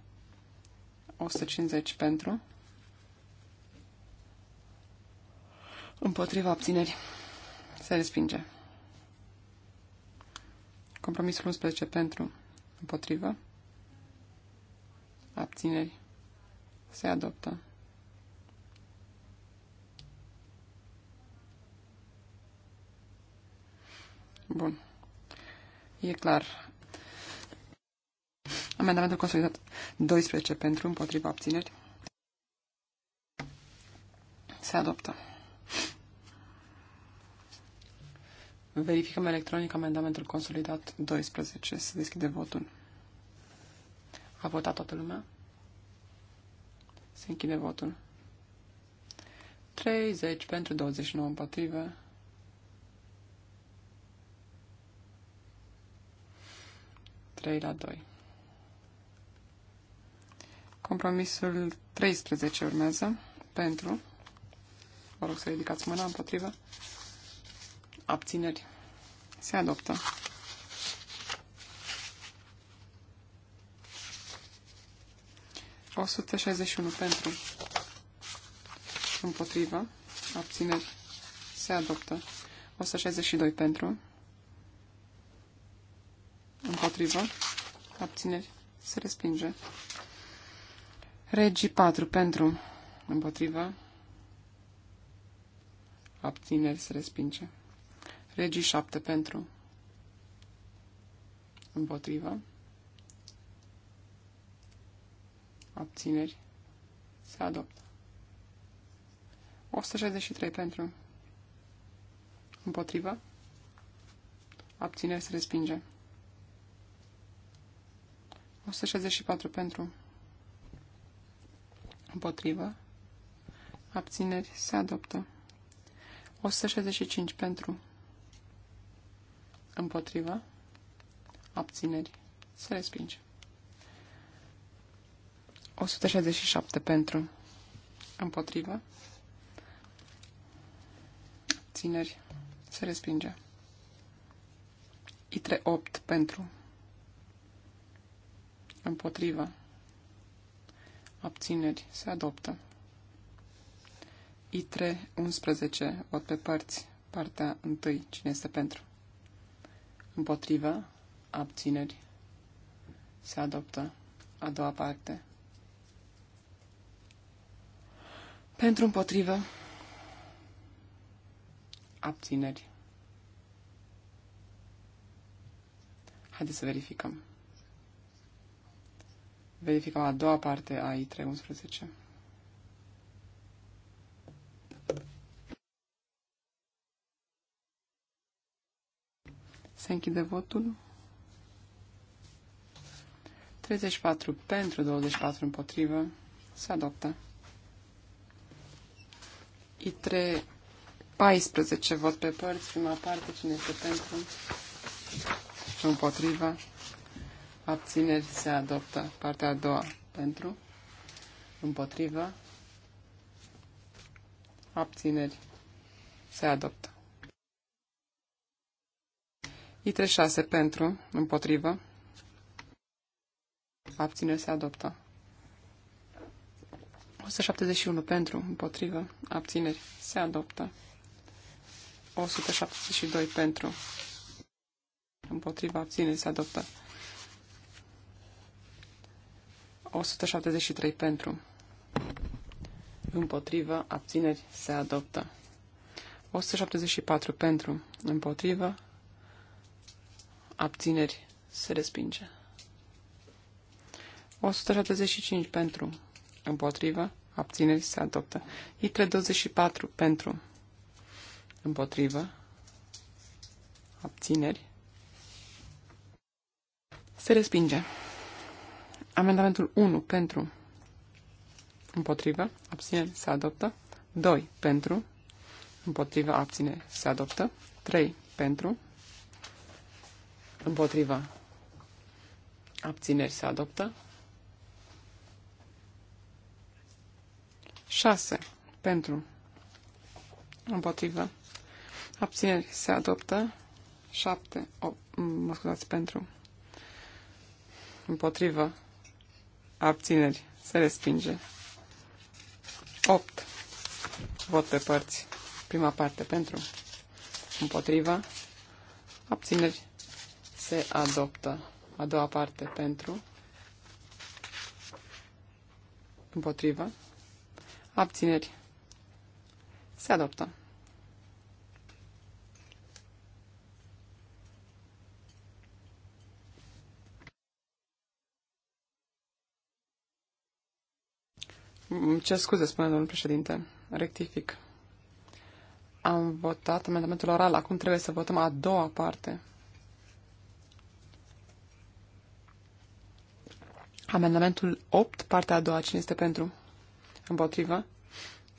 150 pentru, împotriva abțineri, se respinge. Compromisul 11 pentru, împotrivă, abțineri, se adoptă. Bun. E clar. Amendamentul consolidat 12 pentru, împotriva abțineri. Se adoptă. Verificăm electronic amendamentul consolidat 12. Se deschide votul. A votat toată lumea? Se închide votul. 30 pentru 29 împotrivă. 3 la 2. Compromisul 13 urmează pentru. Vă rog să ridicați mâna împotrivă. Abțineri. Se adoptă. O pentru împotrivă, abțineri, se adoptă. 162 pentru, Împotrivă. Abțineri. Se respinge. Regii 4 pentru. Împotrivă. Abțineri. Se respinge. Regii 7 pentru. Împotrivă. Abțineri. Se adoptă. 163 pentru. Împotrivă. Abțineri se respinge. 164 pentru. Împotrivă. Abțineri. Se adoptă. 165 pentru. Împotrivă. Abțineri. Se respinge. 167 pentru. Împotrivă. Abțineri. Se respinge. ITRE 8 pentru Împotrivă. Abțineri. Se adoptă. I3 11. Vot pe părți. Partea 1. Cine este pentru? Împotrivă. Abțineri. Se adoptă. A doua parte. Pentru împotrivă. Abțineri. Haideți să verificăm. Verificăm a doua parte a I311. Se închide votul. 34 pentru, 24 împotrivă. Se adoptă. I3 14 vot pe părți, prima parte, cine este pentru, Împotrivă abțineri se adoptă. Partea a doua pentru, împotrivă, abțineri se adoptă. Itre 6 pentru, împotrivă, abțineri se adoptă. 171 pentru, împotrivă, abțineri se adoptă. 172 pentru, împotriva abțineri se adoptă. 173 pentru. Împotrivă, abțineri, se adoptă. 174 pentru, împotrivă, abțineri, se respinge. 175 pentru, împotrivă, abțineri, se adoptă. I324 pentru, împotrivă, abțineri, se respinge. Amendamentul 1 pentru împotrivă, abține, se adoptă. 2 pentru împotrivă, abține, se adoptă. 3 pentru împotrivă, abțineri, se adoptă. 6 pentru împotrivă, abțineri, se adoptă. 7, mă scuzați, pentru împotrivă, abțineri, se respinge. 8. Vot pe părți. Prima parte pentru, împotriva, abțineri, se adoptă. A doua parte pentru, împotriva, abțineri, se adoptă. Îmi cer scuze, spune domnul președinte. Rectific. Am votat amendamentul oral. Acum trebuie să votăm a doua parte. Amendamentul 8, partea a doua. Cine este pentru? Împotrivă?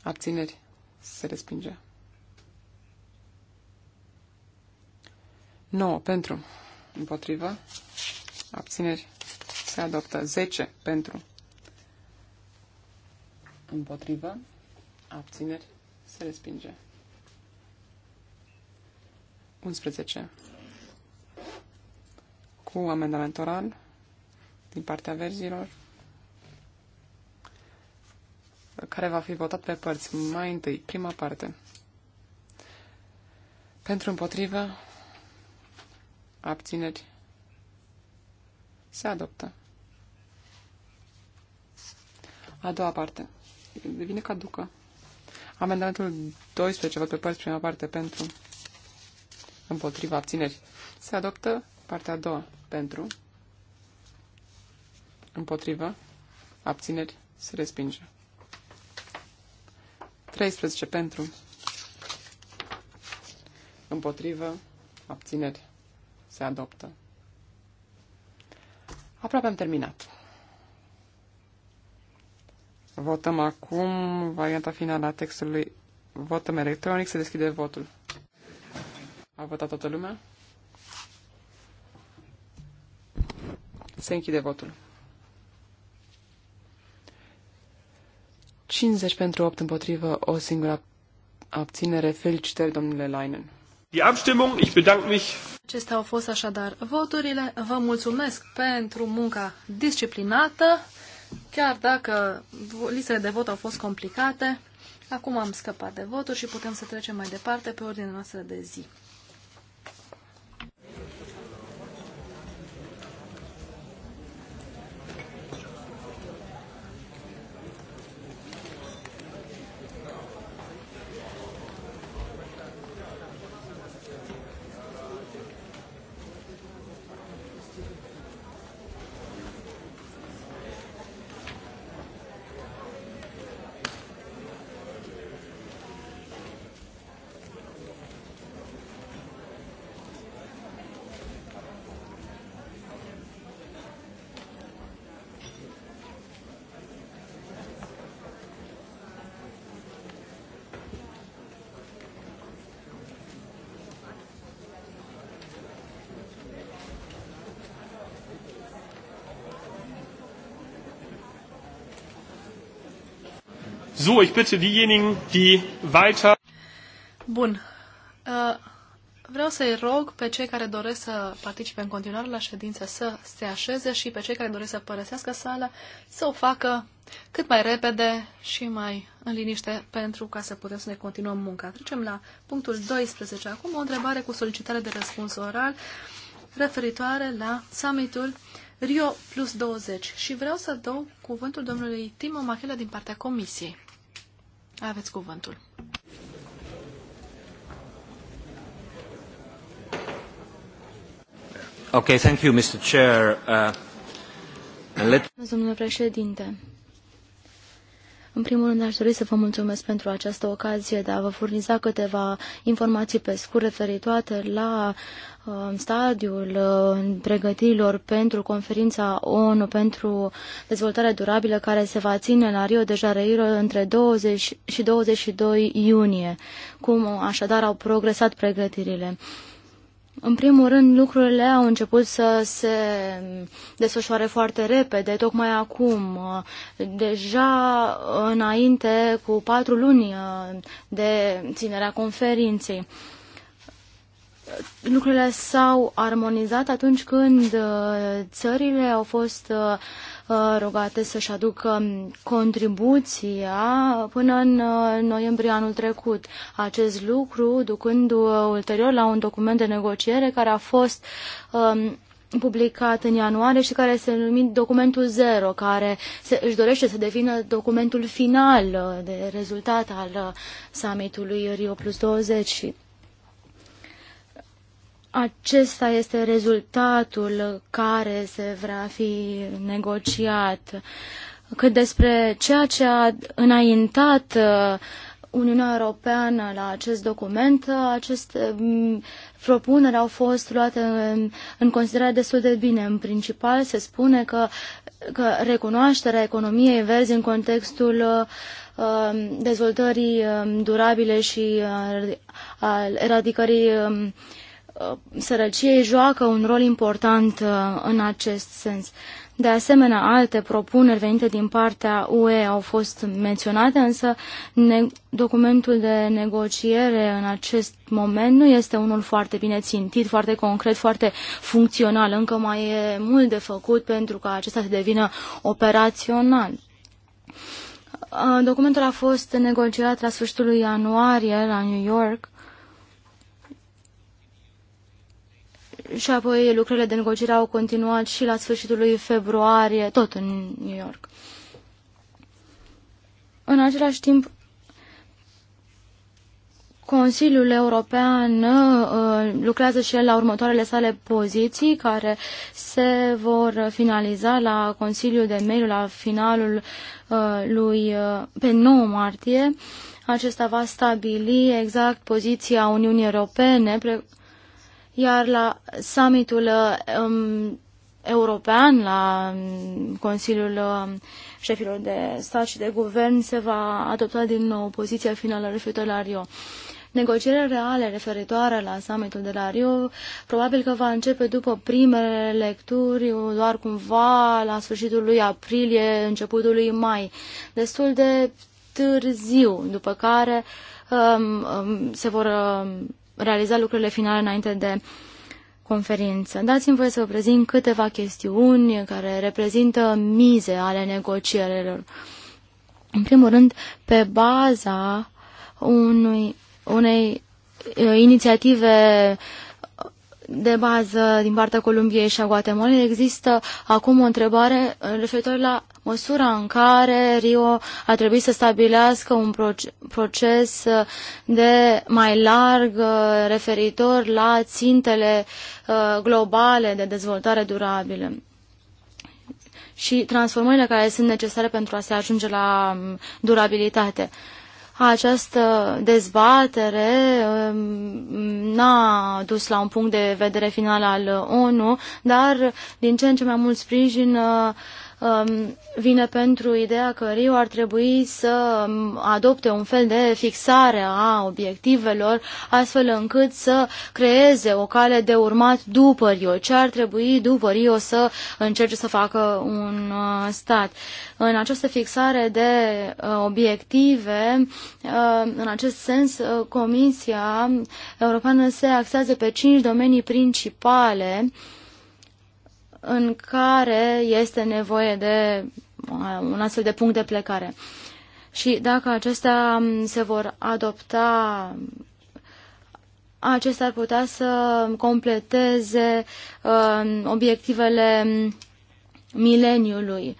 Abțineri. Se respinge. 9 pentru. Împotrivă. Abțineri. Se adoptă. 10 pentru. Împotrivă. Abțineri. Se respinge. 11. Cu amendament oral din partea verzilor care va fi votat pe părți. Mai întâi, prima parte. Pentru împotrivă, abțineri, se adoptă. A doua parte devine caducă. Amendamentul 12, văd pe părți, prima parte, pentru, împotriva, abțineri. Se adoptă partea a doua, pentru, împotriva, abțineri, se respinge. 13 pentru, împotrivă, abțineri, se adoptă. Aproape am terminat. Votăm acum varianta finală a textului. Votăm electronic, se deschide votul. A votat toată lumea? Se închide votul. 50 pentru 8 împotrivă, o singură abținere. Felicitări, domnule Leinen. Die Abstimmung, ich bedanke mich. Acestea au fost așadar voturile. Vă mulțumesc pentru munca disciplinată. Chiar dacă listele de vot au fost complicate, acum am scăpat de voturi și putem să trecem mai departe pe ordinea noastră de zi. So, ich bitte diejenigen, die weiter... Bun. Uh, vreau să-i rog pe cei care doresc să participe în continuare la ședință să se așeze și pe cei care doresc să părăsească sala să o facă cât mai repede și mai în liniște pentru ca să putem să ne continuăm munca. Trecem la punctul 12 acum, o întrebare cu solicitare de răspuns oral referitoare la summitul Rio plus 20 și vreau să dau cuvântul domnului Timo Machela din partea comisiei. Aveți cuvântul. Okay, thank you, Mr. Chair. Uh, let... Domnule președinte, în primul rând, aș dori să vă mulțumesc pentru această ocazie de a vă furniza câteva informații pe scurt referitoare la uh, stadiul uh, pregătirilor pentru conferința ONU pentru dezvoltare durabilă care se va ține la Rio de Janeiro între 20 și 22 iunie. Cum așadar au progresat pregătirile. Uh, în primul rând, lucrurile au început să se desfășoare foarte repede, tocmai acum. Deja înainte, cu patru luni de ținerea conferinței lucrurile s-au armonizat atunci când uh, țările au fost uh, uh, rugate să-și aducă contribuția până în noiembrie anul trecut. Acest lucru ducând ulterior la un document de negociere care a fost um, publicat în ianuarie și care se numit documentul zero, care se, își dorește să devină documentul final de rezultat al summitului Rio Plus 20 acesta este rezultatul care se vrea fi negociat. Cât despre ceea ce a înaintat uh, Uniunea Europeană la acest document, uh, aceste mm, propuneri au fost luate în, în considerare destul de bine. În principal se spune că, că recunoașterea economiei verzi în contextul uh, um, dezvoltării um, durabile și al eradicării um, Uh, sărăciei joacă un rol important uh, în acest sens. De asemenea, alte propuneri venite din partea UE au fost menționate, însă documentul de negociere în acest moment nu este unul foarte bine țintit, foarte concret, foarte funcțional. Încă mai e mult de făcut pentru ca acesta să devină operațional. Uh, documentul a fost negociat la sfârșitul ianuarie la New York și apoi lucrările de negociere au continuat și la sfârșitul lui februarie, tot în New York. În același timp, Consiliul European uh, lucrează și el la următoarele sale poziții care se vor finaliza la Consiliul de Mediu la finalul uh, lui uh, pe 9 martie. Acesta va stabili exact poziția Uniunii Europene iar la summitul uh, um, european, la um, Consiliul uh, șefilor de stat și de guvern, se va adopta din nou poziția finală referitoare la Rio. Negocierile reale referitoare la summitul de la Rio probabil că va începe după primele lecturi, doar cumva la sfârșitul lui aprilie, începutul lui mai, destul de târziu, după care um, um, se vor um, realiza lucrurile finale înainte de conferință. Dați-mi voie să vă prezint câteva chestiuni care reprezintă mize ale negocierilor. În primul rând, pe baza unui, unei uh, inițiative de bază din partea Columbiei și a Guatemala există acum o întrebare referitor la măsura în care Rio a trebuit să stabilească un proces uh, de mai larg uh, referitor la țintele uh, globale de dezvoltare durabilă și transformările care sunt necesare pentru a se ajunge la um, durabilitate această dezbatere um, n-a dus la un punct de vedere final al ONU, dar din ce în ce mai mult sprijin um, vine pentru ideea că Rio ar trebui să um, adopte un fel de fixare a obiectivelor, astfel încât să creeze o cale de urmat după Rio. Ce ar trebui după Rio să încerce să facă un uh, stat? În această fixare de uh, obiective, uh, în acest sens, uh, Comisia Europeană se axează pe cinci domenii principale uh, în care este nevoie de uh, un astfel de punct de plecare. Și dacă acestea se vor adopta, acestea ar putea să completeze uh, obiectivele mileniului.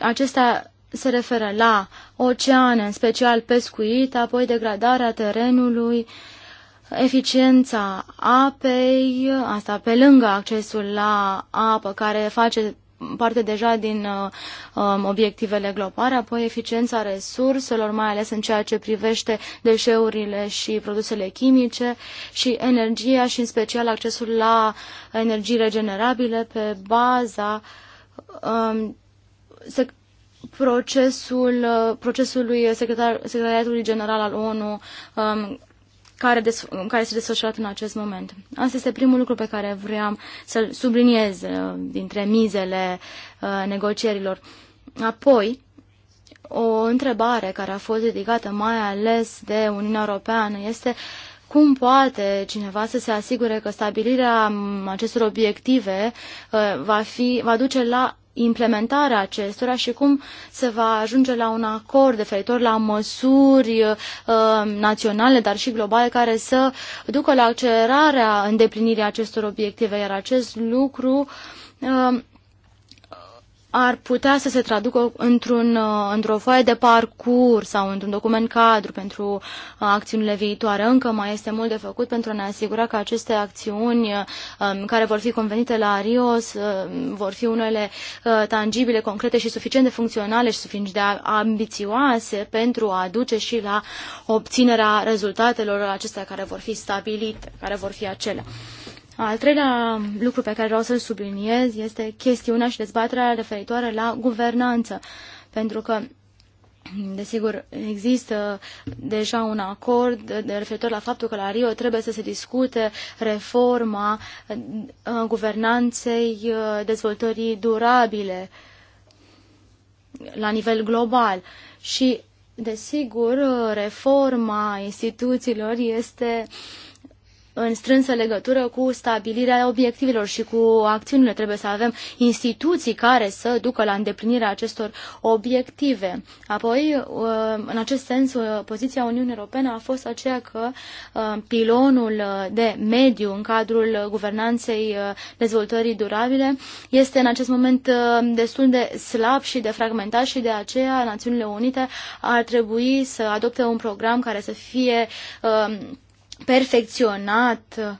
Acestea se referă la oceane, în special pescuit, apoi degradarea terenului, uh, eficiența apei, asta pe lângă accesul la apă care face parte deja din uh, um, obiectivele globale, apoi eficiența resurselor, mai ales în ceea ce privește deșeurile și produsele chimice și energia și în special accesul la energii regenerabile pe baza um, se, procesul, uh, procesului secretar, Secretariatului General al ONU um, care, des, care se desfășurată în acest moment. Asta este primul lucru pe care vreau să-l subliniez uh, dintre mizele uh, negocierilor. Apoi, o întrebare care a fost ridicată mai ales de Uniunea Europeană este cum poate cineva să se asigure că stabilirea acestor obiective uh, va, fi, va duce la implementarea acestora și cum se va ajunge la un acord referitor la măsuri uh, naționale, dar și globale, care să ducă la accelerarea îndeplinirii acestor obiective, iar acest lucru uh, ar putea să se traducă într-un, uh, într-o foaie de parcurs sau într-un document cadru pentru uh, acțiunile viitoare. Încă mai este mult de făcut pentru a ne asigura că aceste acțiuni uh, um, care vor fi convenite la Rios vor fi unele tangibile, concrete și suficient de funcționale și suficient de ambițioase pentru a duce și la obținerea rezultatelor acestea care vor fi stabilite, care vor fi acelea. Al treilea lucru pe care vreau să-l subliniez este chestiunea și dezbaterea referitoare la guvernanță, pentru că Desigur, există deja un acord de referitor la faptul că la Rio trebuie să se discute reforma uh, guvernanței uh, dezvoltării durabile la nivel global. Și, desigur, uh, reforma instituțiilor este uh, în strânsă legătură cu stabilirea obiectivelor și cu acțiunile. Trebuie să avem instituții care să ducă la îndeplinirea acestor obiective. Apoi, uh, în acest sens, uh, poziția Uniunii Europene a fost aceea că uh, pilonul de mediu în cadrul guvernanței dezvoltării durabile este în acest moment destul de slab și de fragmentat și de aceea Națiunile Unite ar trebui să adopte un program care să fie perfecționat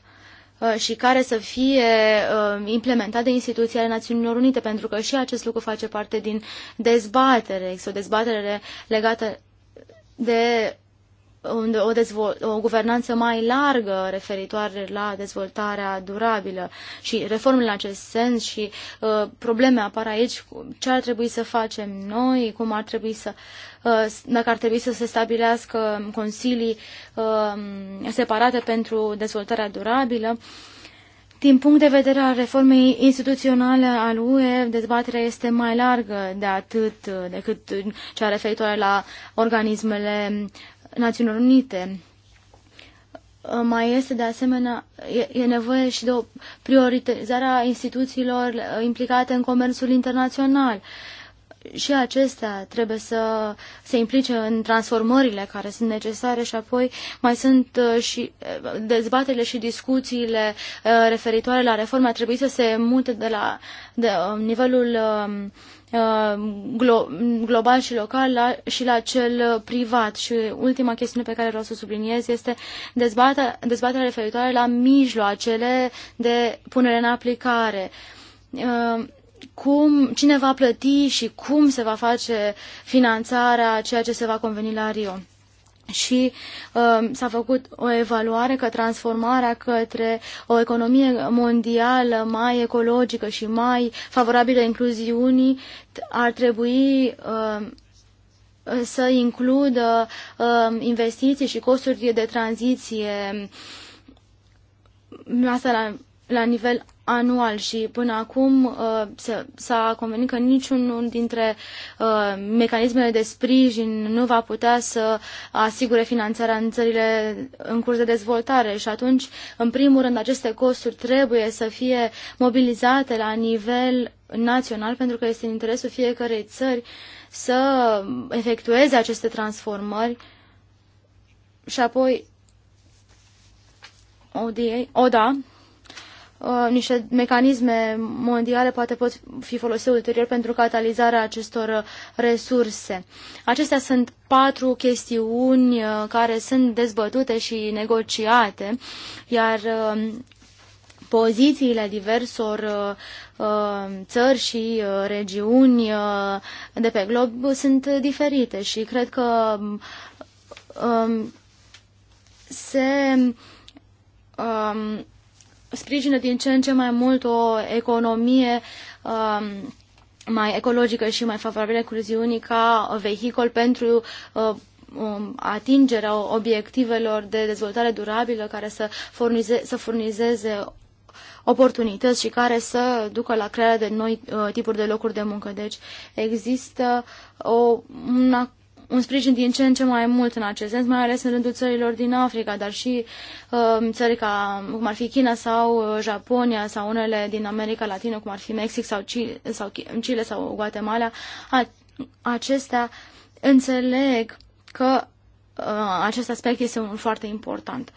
uh, și care să fie uh, implementat de instituțiile Națiunilor Unite, pentru că și acest lucru face parte din dezbatere. există o dezbatere legată de o, o guvernanță mai largă referitoare la dezvoltarea durabilă și reformele în acest sens și uh, probleme apar aici, ce ar trebui să facem noi, cum ar trebui să, uh, dacă ar trebui să se stabilească consilii uh, separate pentru dezvoltarea durabilă. Din punct de vedere al reformei instituționale al UE, dezbaterea este mai largă de atât uh, decât cea referitoare la organismele Națiunilor Unite. Uh, mai este de asemenea, e, e nevoie și de o prioritizare a instituțiilor uh, implicate în comerțul internațional. Și acestea trebuie să se implice în transformările care sunt necesare și apoi mai sunt uh, și dezbaterile și discuțiile referitoare la reforme trebuie să se mute de la de nivelul um, Uh, global și local la, și la cel privat. Și ultima chestiune pe care vreau să o subliniez este dezbaterea, dezbate referitoare la mijloacele de punere în aplicare. Uh, cum, cine va plăti și cum se va face finanțarea ceea ce se va conveni la Rio și uh, s-a făcut o evaluare că transformarea către o economie mondială mai ecologică și mai favorabilă incluziunii ar trebui uh, să includă uh, investiții și costuri de tranziție mm, asta la, la nivel anual și până acum uh, s-a convenit că niciunul dintre uh, mecanismele de sprijin nu va putea să asigure finanțarea în țările în curs de dezvoltare și atunci, în primul rând, aceste costuri trebuie să fie mobilizate la nivel național pentru că este în interesul fiecărei țări să efectueze aceste transformări și apoi ODA, ODA Uh, niște mecanisme mondiale poate pot fi folosite ulterior pentru catalizarea acestor uh, resurse. Acestea sunt patru chestiuni uh, care sunt dezbătute și negociate, iar um, pozițiile diversor țări și regiuni de pe glob sunt diferite și cred că um, se um, sprijină din ce în ce mai mult o economie um, mai ecologică și mai favorabilă cruziunii ca vehicol pentru uh, um, atingerea obiectivelor de dezvoltare durabilă care să, furnize, să furnizeze oportunități și care să ducă la crearea de noi uh, tipuri de locuri de muncă. Deci există o, un un sprijin din ce în ce mai mult în acest sens, mai ales în rândul țărilor din Africa, dar și uh, țări ca, cum ar fi China sau uh, Japonia sau unele din America Latină, cum ar fi Mexic sau Chile sau, Chile sau Guatemala. A, acestea înțeleg că uh, acest aspect este unul foarte important.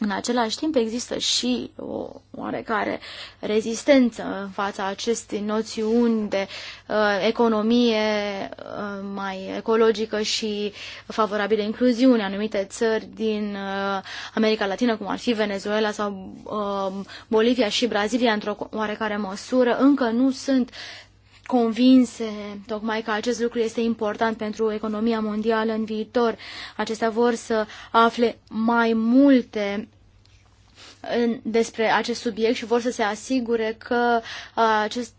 În același timp există și o oarecare rezistență în fața acestei noțiuni de uh, economie uh, mai ecologică și favorabilă incluziune. Anumite țări din uh, America Latină, cum ar fi Venezuela sau uh, Bolivia și Brazilia, într-o oarecare măsură, încă nu sunt convinse tocmai că acest lucru este important pentru economia mondială în viitor. Acestea vor să afle mai multe în, despre acest subiect și vor să se asigure că, uh, acest,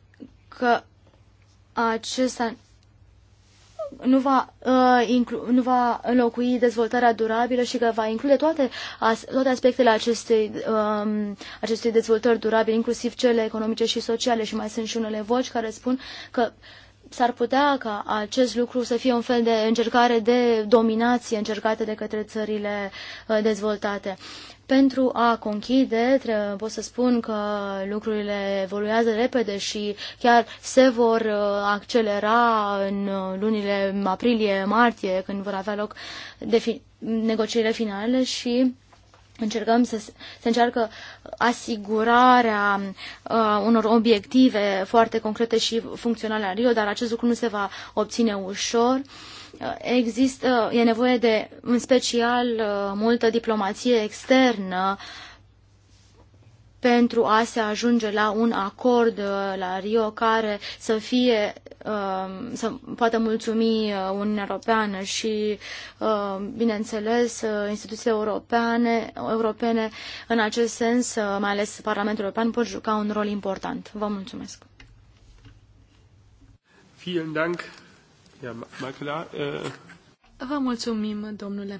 că acest nu va, uh, inclu- nu va înlocui dezvoltarea durabilă și că va include toate, as- toate aspectele acestei, um, acestei dezvoltări durabile, inclusiv cele economice și sociale. Și mai sunt și unele voci care spun că s-ar putea ca acest lucru să fie un fel de încercare de dominație încercată de către țările uh, dezvoltate. Uh, pentru a conchide, pot să spun că lucrurile evoluează repede și chiar se vor uh, accelera în uh, lunile aprilie-martie, când vor avea loc fi negocierile finale și încercăm să se încearcă asigurarea uh, unor obiective foarte concrete și funcționale a Rio, dar acest lucru nu se va obține ușor. Uh, Există, e nevoie de, în special, uh, multă diplomație externă pentru a se ajunge la un acord uh, la Rio care să fie um, să poată mulțumi uh, Uniunea Europeană și, bineînțeles, instituțiile europene, europene, în acest sens, mai ales Parlamentul European, pot juca un rol important. Vă mulțumesc! Vielen Dank. Äh, Vă mulțumim, domnule.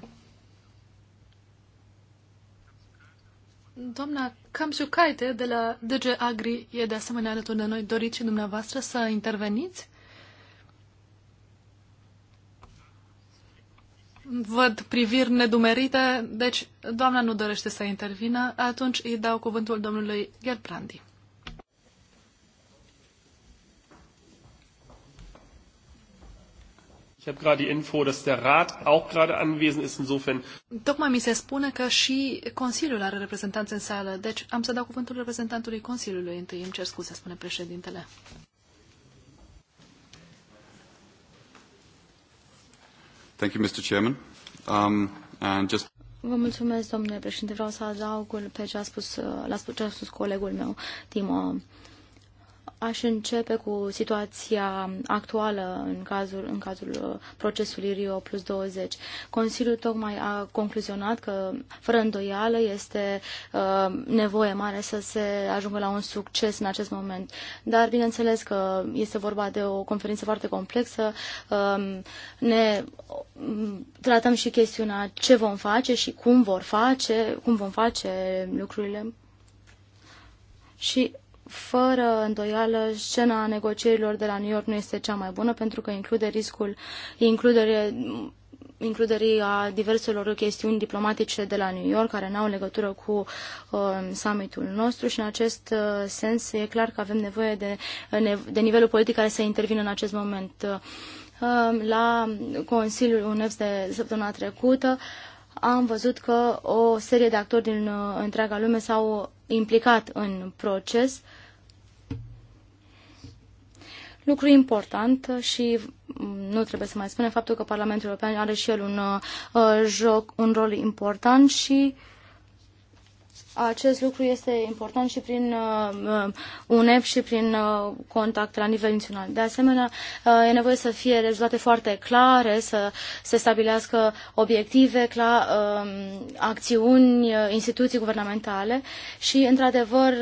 Doamna Camciucaite de la DG Agri e de asemenea alături de noi. Doriți și dumneavoastră să interveniți? Văd priviri nedumerite, deci doamna nu dorește să intervină, atunci îi dau cuvântul domnului Gerbrandi. Ich habe gerade die Info, dass der Rat auch gerade anwesend ist, insofern. Tocmai mi se spune că și Consiliul are reprezentanți în sală, deci am să dau cuvântul reprezentantului Consiliului întâi. Îmi cer scuze, spune președintele. Thank you, Mr. Chairman. Um, and just... Vă mulțumesc, domnule președinte. Vreau să adaug pe ce a spus, la ce a spus colegul meu, Timo Aș începe cu situația actuală în cazul, în cazul uh, procesului Rio plus 20. Consiliul tocmai a concluzionat că, fără îndoială, este uh, nevoie mare să se ajungă la un succes în acest moment. Dar, bineînțeles că este vorba de o conferință foarte complexă. Uh, ne um, tratăm și chestiunea ce vom face și cum vor face, cum vom face lucrurile. Și fără îndoială, scena negocierilor de la New York nu este cea mai bună pentru că include riscul includere, includerii a diverselor chestiuni diplomatice de la New York care n-au legătură cu uh, summitul nostru și în acest uh, sens e clar că avem nevoie de, de nivelul politic care să intervină în acest moment. Uh, la Consiliul UNEF de săptămâna trecută am văzut că o serie de actori din uh, întreaga lume s-au implicat în proces uh, Lucru important și mm, nu trebuie să mai spunem faptul că Parlamentul European are și el un, uh, joc, un rol important și uh, acest lucru este important și prin uh, uh, UNEP și prin uh, contact la nivel național. De asemenea, e nevoie să fie rezultate foarte clare, să se stabilească obiective, clar, acțiuni, instituții guvernamentale și, într-adevăr,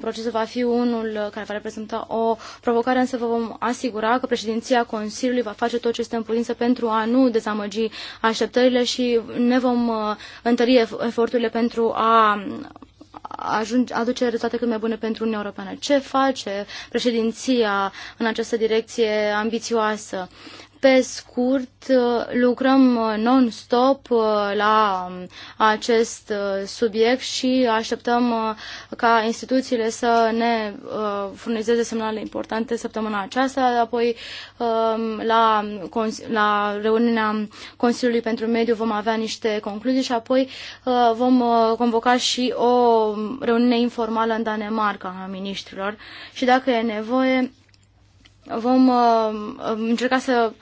procesul va fi unul care va reprezenta o provocare, însă vă vom asigura că președinția Consiliului va face tot ce este în putință pentru a nu dezamăgi așteptările și ne vom întări eforturile pentru a ajunge, aduce rezultate cât mai bune pentru Uniunea Europeană. Ce face președinția în această direcție ambițioasă? Pe scurt, uh, lucrăm uh, non-stop uh, la um, acest subiect și așteptăm ca instituțiile să ne furnizeze semnale importante săptămâna aceasta, apoi um, la, la reuniunea Consiliului pentru Mediu vom avea niște concluzii și apoi vom convoca și o reuniune informală în Danemarca a ministrilor și dacă e nevoie vom uh, încerca să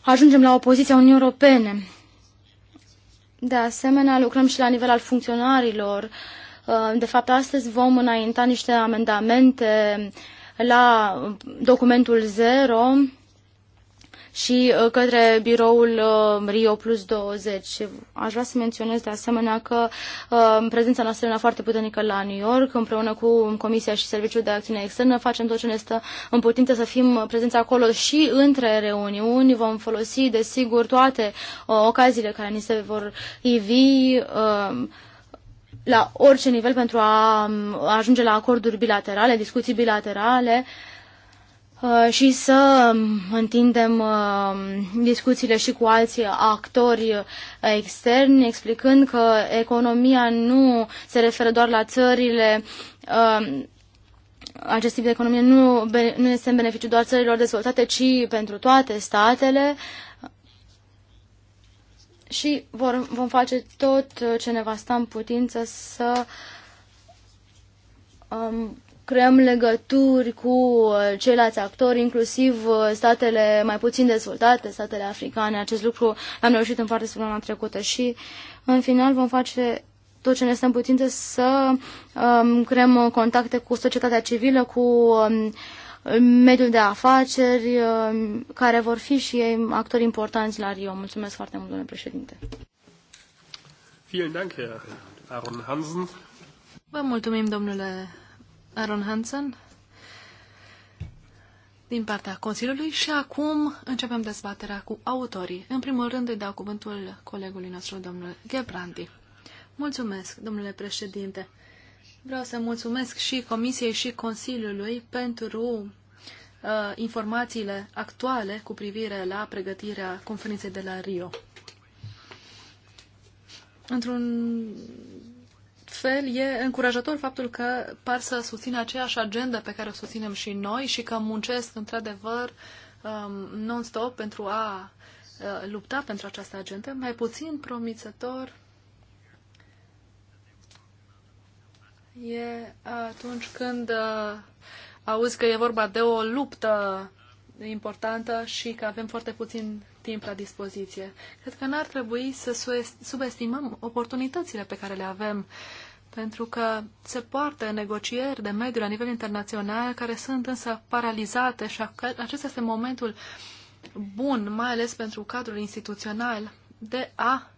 ajungem la o poziție a Uniunii Europene. De asemenea, lucrăm și la nivel al funcționarilor. Uh, de fapt, astăzi vom înainta niște amendamente la documentul 0 și uh, către biroul uh, Rio Plus 20. Aș vrea să menționez de asemenea că uh, prezența noastră era foarte puternică la New York, împreună cu um, Comisia și Serviciul de Acțiune Externă, facem tot ce ne stă în putință să fim prezenți acolo și între reuniuni. Vom folosi, desigur, toate ocaziile care ni se vor ivi la orice nivel pentru a um, ajunge la acorduri bilaterale, discuții bilaterale. Uh, și să um, întindem um, discuțiile și cu alți actori uh, externi, explicând că economia nu se referă doar la țările um, acest tip de economie nu, nu este în beneficiu doar țărilor dezvoltate, ci pentru toate statele și vor, vom face tot ce ne va sta în putință să um, creăm legături cu uh, ceilalți actori, inclusiv uh, statele mai puțin dezvoltate, statele africane. Acest lucru am reușit în foarte săptămâna trecută și în final vom face tot ce ne stăm putință să um, creăm uh, contacte cu societatea civilă, cu um, mediul de afaceri, um, care vor fi și ei actori importanți la Rio. Mulțumesc foarte mult, domnule președinte. Vielen Dank, Herr Hansen. Vă mulțumim, domnule Aaron Hansen din partea Consiliului și acum începem dezbaterea cu autorii. În primul rând îi dau cuvântul colegului nostru, domnul Gebrandi. Mulțumesc, domnule președinte. Vreau să mulțumesc și Comisiei și Consiliului pentru uh, informațiile actuale cu privire la pregătirea conferinței de la Rio. Într-un fel e încurajator faptul că par să susțină aceeași agendă pe care o susținem și noi și că muncesc într-adevăr um, non-stop pentru a uh, lupta pentru această agendă, mai puțin promițător e atunci când uh, auzi că e vorba de o luptă importantă și că avem foarte puțin timp la dispoziție. Cred că n-ar trebui să subestimăm oportunitățile pe care le avem, pentru că se poartă negocieri de mediu la nivel internațional care sunt însă paralizate și acesta este momentul bun, mai ales pentru cadrul instituțional, de a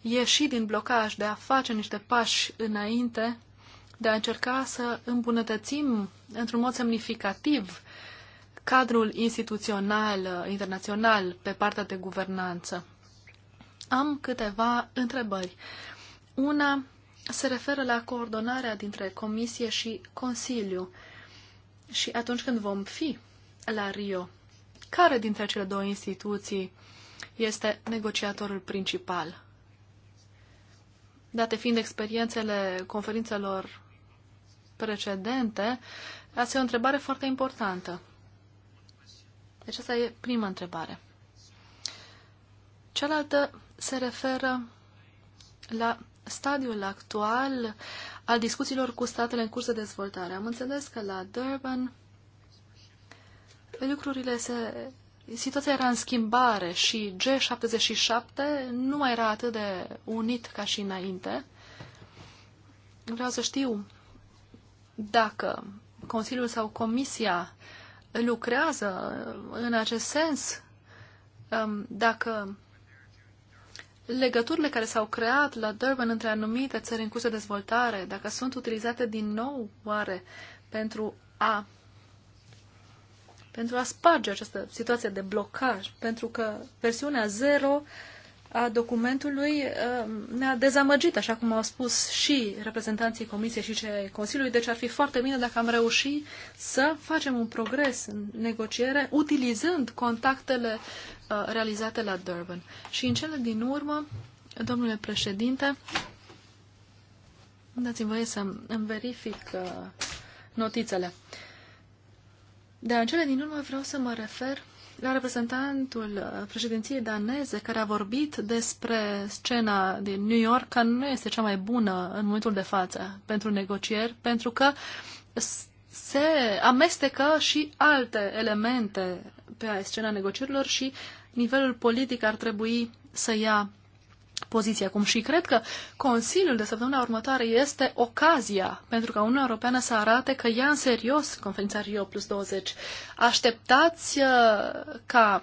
ieși din blocaj, de a face niște pași înainte, de a încerca să îmbunătățim într-un mod semnificativ cadrul instituțional uh, internațional pe partea de guvernanță. Am câteva întrebări. Una se referă la coordonarea dintre Comisie și Consiliu. Și atunci când vom fi la Rio, care dintre cele două instituții este negociatorul principal? Date fiind experiențele conferințelor precedente, asta e o întrebare foarte importantă. Deci asta e prima întrebare. Cealaltă se referă la stadiul actual al discuțiilor cu statele în curs de dezvoltare. Am înțeles că la Durban lucrurile se... Situația era în schimbare și G77 nu mai era atât de unit ca și înainte. Vreau să știu dacă Consiliul sau Comisia uh, lucrează în acest sens. Um, dacă legăturile care s-au creat la Durban între anumite țări în curs de dezvoltare, dacă sunt utilizate din nou, oare, pentru a pentru a sparge această situație de blocaj, pentru că versiunea 0 a documentului uh, ne-a dezamăgit, așa cum au spus și reprezentanții Comisiei și cei Consiliului, deci ar fi foarte bine dacă am reușit să facem un progres în negociere utilizând contactele uh, realizate la Durban. Și în cele din urmă, domnule președinte, dați-mi voie să îmi verific uh, notițele. De în cele din urmă vreau să mă refer la reprezentantul uh, președinției daneze care a vorbit despre scena din New York, că nu este cea mai bună în momentul de față pentru negocieri, pentru că se amestecă și alte elemente pe scena negocierilor și nivelul politic ar trebui să ia poziție acum și cred că Consiliul de săptămâna următoare este ocazia pentru ca Uniunea Europeană să arate că ia în serios conferința Rio plus 20. Așteptați uh, ca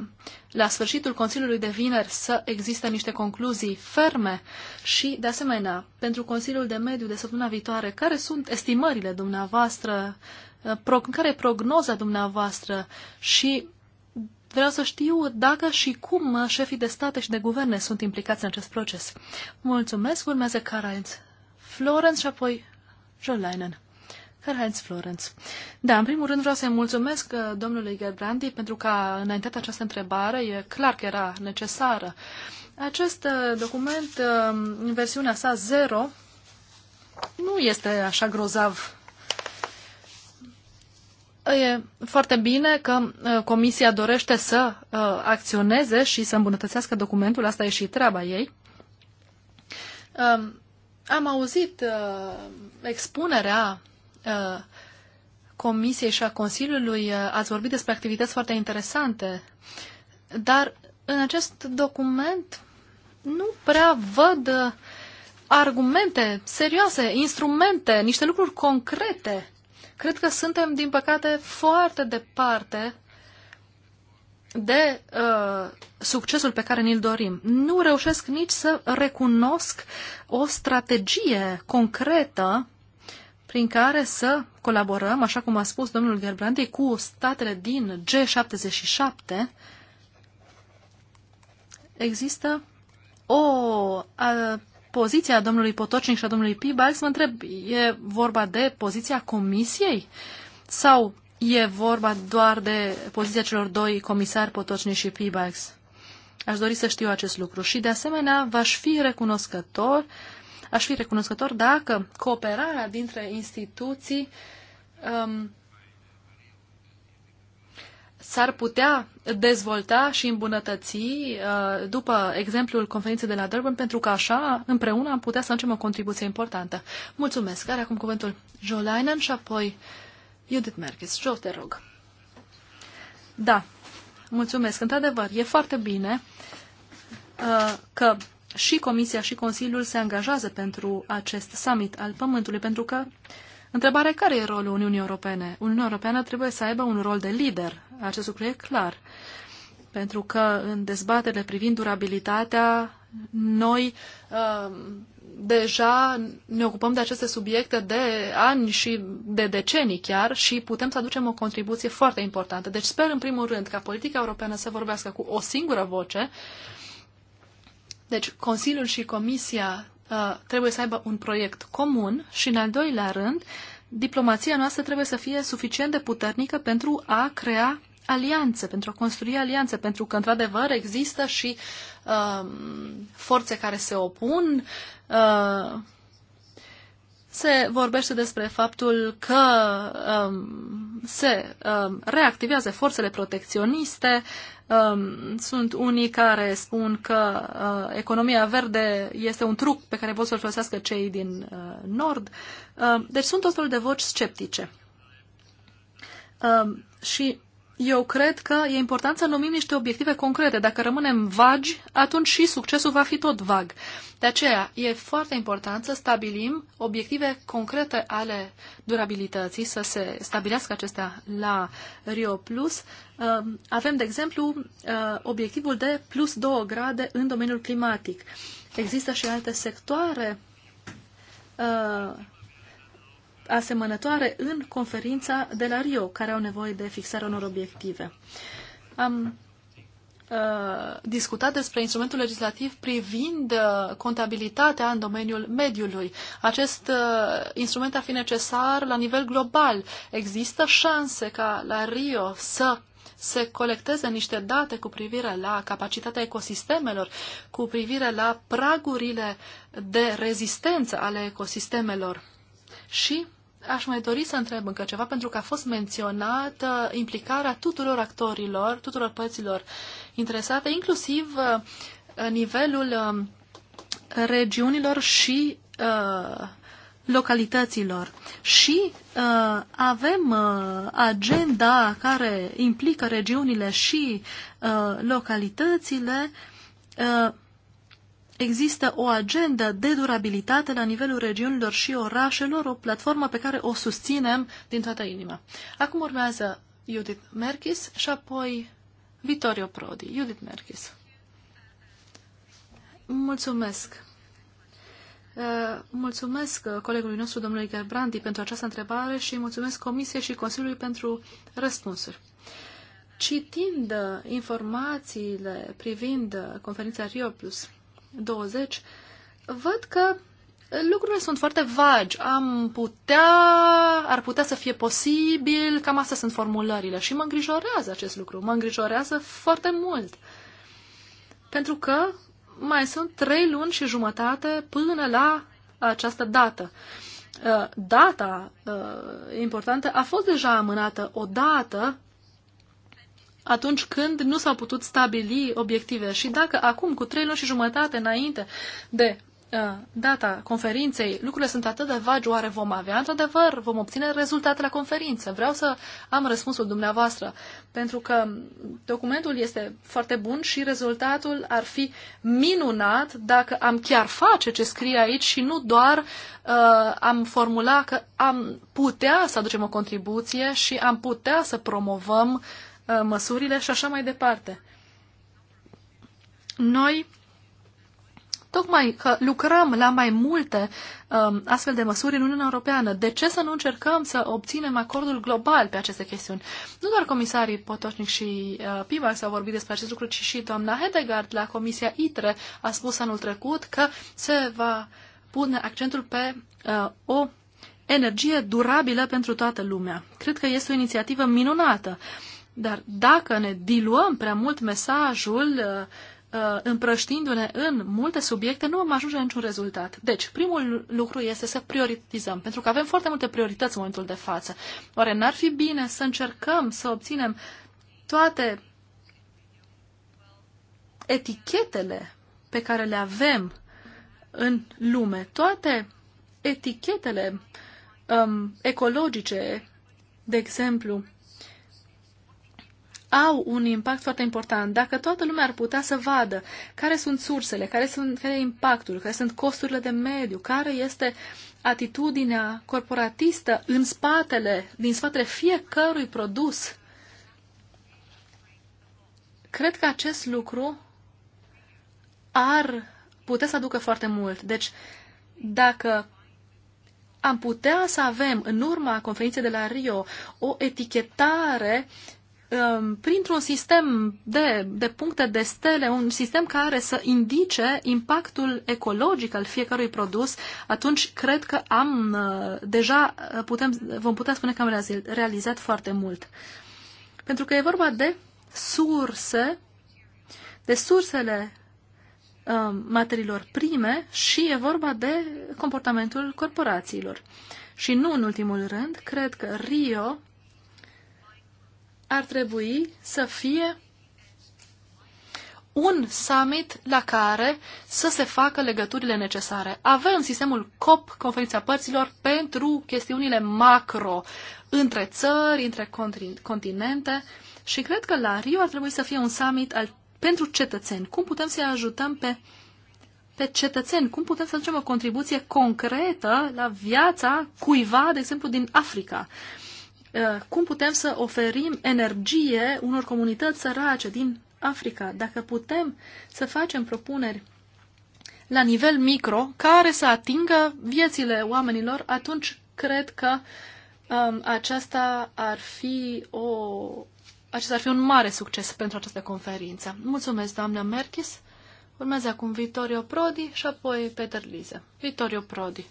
la sfârșitul Consiliului de vineri să existe niște concluzii ferme și, de asemenea, pentru Consiliul de Mediu de săptămâna viitoare, care sunt estimările dumneavoastră, uh, care e prognoza dumneavoastră și Vreau să știu dacă și cum șefii de state și de guverne sunt implicați în acest proces. Mulțumesc, urmează Karl-Heinz Florence și apoi Jolainen. Karl-Heinz Florence. Da, în primul rând vreau să-i mulțumesc uh, domnului Gerbrandi pentru că a înaintat această întrebare. E clar că era necesară. Acest uh, document, în uh, versiunea sa 0, nu este așa grozav E foarte bine că uh, Comisia dorește să uh, acționeze și să îmbunătățească documentul, asta e și treaba ei. Um, am auzit uh, expunerea Comisiei și a Consiliului, ați vorbit despre activități foarte interesante, dar în acest document nu prea văd argumente serioase, instrumente, niște lucruri concrete Cred că suntem, din păcate, foarte departe de uh, succesul pe care ni-l dorim. Nu reușesc nici să recunosc o strategie concretă prin care să colaborăm, așa cum a spus domnul Gerbrandi, cu statele din G77. Există o poziția domnului Potocnic și a domnului să mă întreb, e vorba de poziția comisiei? Sau e vorba doar de poziția celor doi comisari, Potocnic și Pibax? Aș dori să știu acest lucru și, de asemenea, v-aș fi recunoscător, aș fi recunoscător dacă cooperarea dintre instituții um, s-ar putea dezvolta și îmbunătăți uh, după exemplul conferinței de la Durban, pentru că așa, împreună, am putea să facem o contribuție importantă. Mulțumesc. Are acum cuvântul Jolainen și apoi Judith Merkis. Jo, te rog. Da, mulțumesc. Într-adevăr, e foarte bine uh, că și Comisia și Consiliul se angajează pentru acest summit al Pământului, pentru că uh, Întrebare care e rolul Uniunii Europene? Uniunea Europeană trebuie să aibă un rol de lider. Acest lucru e clar. Pentru că în dezbaterile privind durabilitatea, noi uh, deja ne ocupăm de aceste subiecte de ani și de decenii chiar și putem să aducem o contribuție foarte importantă. Deci sper în primul rând ca politica europeană să vorbească cu o singură voce. Deci Consiliul și Comisia Uh, trebuie să aibă un proiect comun și, în al doilea rând, diplomația noastră trebuie să fie suficient de puternică pentru a crea alianțe, pentru a construi alianțe, pentru că, într-adevăr, există și uh, forțe care se opun. Uh, se vorbește despre faptul că um, se um, reactivează forțele protecționiste, Um, sunt unii care spun că uh, economia verde este un truc pe care pot să-l folosească cei din uh, Nord. Uh, deci sunt tot felul de voci sceptice. Uh, și eu cred că e important să numim niște obiective concrete. Dacă rămânem vagi, atunci și succesul va fi tot vag. De aceea e foarte important să stabilim obiective concrete ale durabilității, să se stabilească acestea la Rio Plus. Um, avem, de exemplu, uh, obiectivul de plus 2 grade în domeniul climatic. Există și alte sectoare uh, asemănătoare în conferința de la Rio, care au nevoie de fixarea unor obiective. Am uh, discutat despre instrumentul legislativ privind uh, contabilitatea în domeniul mediului. Acest uh, instrument ar fi necesar la nivel global. Există șanse ca la Rio să se colecteze niște date cu privire la capacitatea ecosistemelor, cu privire la pragurile de rezistență ale ecosistemelor și aș mai dori să întreb încă ceva, pentru că a fost menționată implicarea tuturor actorilor, tuturor părților interesate, inclusiv uh, nivelul uh, regiunilor și uh, localităților. Și uh, avem uh, agenda care implică regiunile și uh, localitățile. Uh, există o agendă de durabilitate la nivelul regiunilor și orașelor, o platformă pe care o susținem din toată inima. Acum urmează Judith Merkis și apoi Vittorio Prodi. Judith Merkis. Mulțumesc. Uh, mulțumesc colegului nostru, domnului Gerbrandi, pentru această întrebare și mulțumesc Comisiei și Consiliului pentru răspunsuri. Citind informațiile privind conferința Rio Plus 20, văd că lucrurile sunt foarte vagi. Am putea, ar putea să fie posibil, cam astea sunt formulările și mă îngrijorează acest lucru. Mă îngrijorează foarte mult. Pentru că mai sunt trei luni și jumătate până la această dată. Uh, data uh, importantă a fost deja amânată o dată atunci când nu s-au putut stabili obiective. Și dacă acum, cu trei luni și jumătate înainte de uh, data conferinței, lucrurile sunt atât de vagi, oare vom avea într-adevăr, vom obține rezultate la conferință? Vreau să am răspunsul dumneavoastră, pentru că documentul este foarte bun și rezultatul ar fi minunat dacă am chiar face ce scrie aici și nu doar uh, am formula că am putea să aducem o contribuție și am putea să promovăm uh, Uh, măsurile și așa mai departe. Noi tocmai că lucrăm la mai multe um, astfel de măsuri în Uniunea Europeană. De ce să nu încercăm să obținem acordul global pe aceste chestiuni? Nu doar comisarii Potocnic și uh, Pivac s-au vorbit despre acest lucru, ci și doamna Hedegaard la Comisia ITRE a spus anul trecut că se va pune accentul pe uh, o energie durabilă pentru toată lumea. Cred că este o inițiativă minunată. Uh, dar dacă ne diluăm prea mult mesajul, uh, uh, împrăștindu-ne în multe subiecte, nu vom ajunge la niciun rezultat. Deci, primul lucru este să prioritizăm, pentru că avem foarte multe priorități în momentul de față. Oare n-ar fi bine să încercăm să obținem toate etichetele pe care le avem în lume, toate etichetele um, ecologice, de exemplu, au un impact foarte important. Dacă toată lumea ar putea să vadă care sunt sursele, care, sunt, care e impactul, care sunt costurile de mediu, care este atitudinea corporatistă în spatele, din spatele fiecărui produs, cred că acest lucru ar putea să aducă foarte mult. Deci, dacă am putea să avem, în urma conferinței de la Rio, o etichetare uh, Um, printr-un sistem de, de puncte de stele, un sistem care să indice impactul ecologic al fiecărui produs, atunci cred că am uh, deja uh, putem, vom putea spune că am realizat foarte mult. Pentru că e vorba de surse, de sursele um, materiilor prime și e vorba de comportamentul corporațiilor. Și nu în ultimul rând, cred că Rio ar trebui să fie un summit la care să se facă legăturile necesare. Avem sistemul COP, conferința părților, pentru chestiunile macro, între țări, între continente și cred că la Rio ar trebui să fie un summit al, pentru cetățeni. Cum putem să-i ajutăm pe, pe cetățeni? Cum putem să ducem o contribuție concretă la viața cuiva, de exemplu, din Africa? Eh, cum putem să oferim energie unor comunități sărace din Africa, dacă putem să facem propuneri la nivel micro care să atingă viețile oamenilor, atunci cred că um, aceasta ar fi o acesta ar fi un mare succes pentru această conferință. Mulțumesc, doamna Merkis. Urmează acum Vittorio Prodi și apoi Peter Lize. Vittorio Prodi.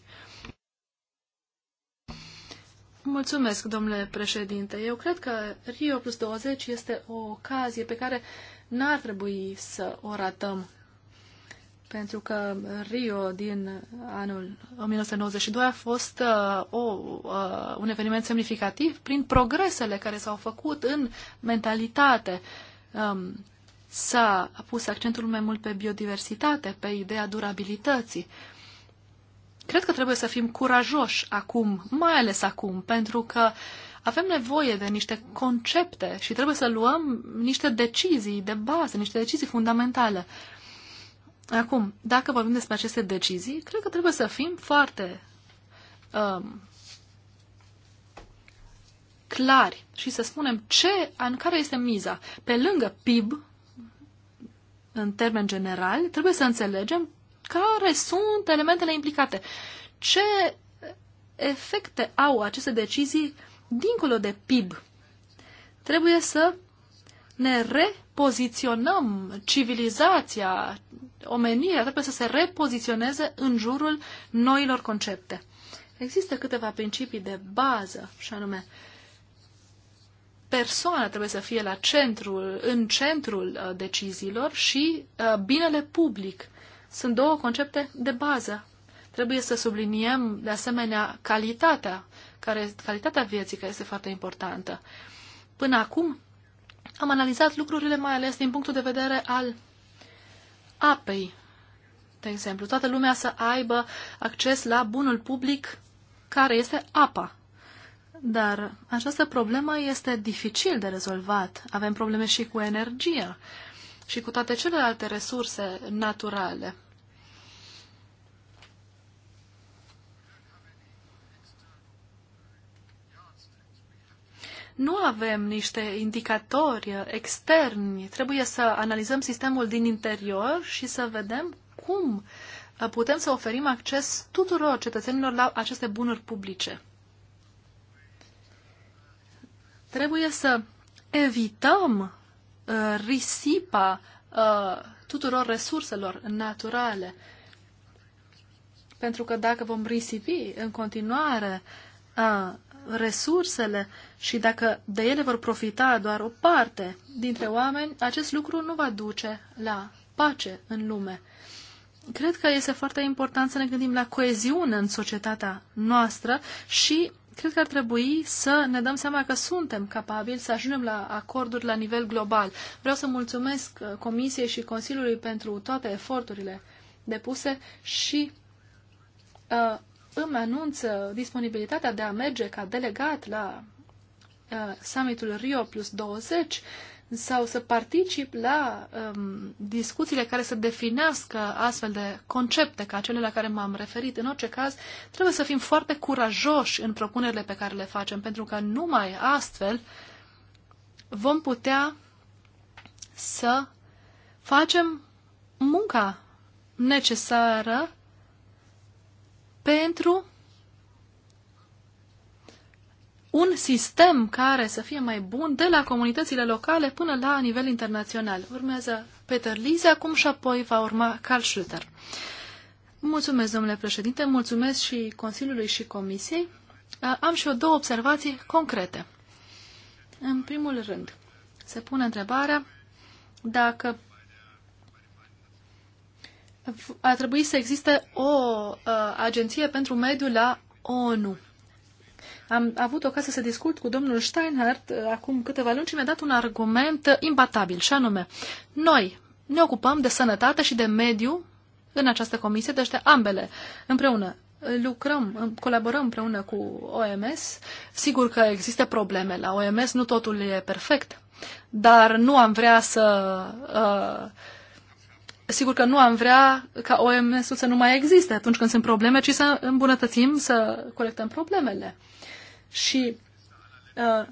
Mulțumesc, domnule președinte. Eu cred că Rio plus 20 este o ocazie pe care n-ar trebui să o ratăm. Pentru că Rio din anul 1992 a fost uh, o, uh, un eveniment semnificativ prin progresele care s-au făcut în mentalitate. Um, s-a pus accentul mai mult pe biodiversitate, pe ideea durabilității. Uh, Cred că trebuie să fim curajoși acum, mai ales acum, pentru că avem nevoie de niște concepte și trebuie să luăm niște decizii de bază, niște decizii fundamentale. Acum, dacă vorbim despre aceste decizii, cred că trebuie să fim foarte um, clari și să spunem ce, în care este miza. Pe lângă PIB, în termen general, trebuie să înțelegem care sunt elementele implicate. Ce efecte au aceste decizii dincolo de PIB? Trebuie să ne repoziționăm civilizația, omenirea, trebuie să se repoziționeze în jurul noilor concepte. Există câteva principii de bază, și anume, persoana trebuie să fie la centrul, în centrul uh, deciziilor și uh, binele public sunt două concepte de bază. Trebuie să subliniem, de asemenea, calitatea, care, calitatea vieții, care este foarte importantă. Până acum am analizat lucrurile mai ales din punctul de vedere al apei, de exemplu. Toată lumea să aibă acces la bunul public care este apa. Dar această problemă este dificil de rezolvat. Avem probleme și cu energia și cu toate celelalte resurse naturale. nu avem niște indicatori externi. Trebuie să analizăm sistemul din interior și să vedem cum putem să oferim acces tuturor cetățenilor la aceste bunuri publice. Trebuie să evităm Uh, risipa uh, tuturor resurselor naturale. Pentru că dacă vom risipi în continuare uh, resursele și dacă de ele vor profita doar o parte dintre oameni, acest lucru nu va duce la pace în lume. Cred că este foarte important să ne gândim la coeziune în societatea noastră și cred că ar trebui să ne dăm seama că suntem capabili să ajungem la acorduri la nivel global. Vreau să mulțumesc uh, Comisiei și Consiliului pentru toate eforturile depuse și uh, îmi anunță disponibilitatea de a merge ca delegat la uh, summitul Rio plus 20 sau să particip la um, discuțiile care să definească astfel de concepte ca cele la care m-am referit. În orice caz, trebuie să fim foarte curajoși în propunerile pe care le facem, pentru că numai astfel vom putea să facem munca necesară pentru un sistem care să fie mai bun de la comunitățile locale până la nivel internațional. Urmează Peter Lise acum și apoi va urma Carl Schlüter. Mulțumesc, domnule președinte, mulțumesc și Consiliului și Comisiei. Uh, am și eu două observații concrete. În primul rând, se pune întrebarea dacă ar trebui să existe o uh, agenție pentru mediu la ONU. Am avut ocazia să discut cu domnul Steinhardt uh, acum câteva luni și mi-a dat un argument imbatabil, și anume, noi ne ocupăm de sănătate și de mediu în această comisie, deci de ambele împreună. Lucrăm, colaborăm împreună cu OMS. Sigur că există probleme la OMS, nu totul e perfect, dar nu am vrea să. Uh, sigur că nu am vrea ca OMS-ul să nu mai existe atunci când sunt probleme, ci să îmbunătățim, să colectăm problemele. Și uh,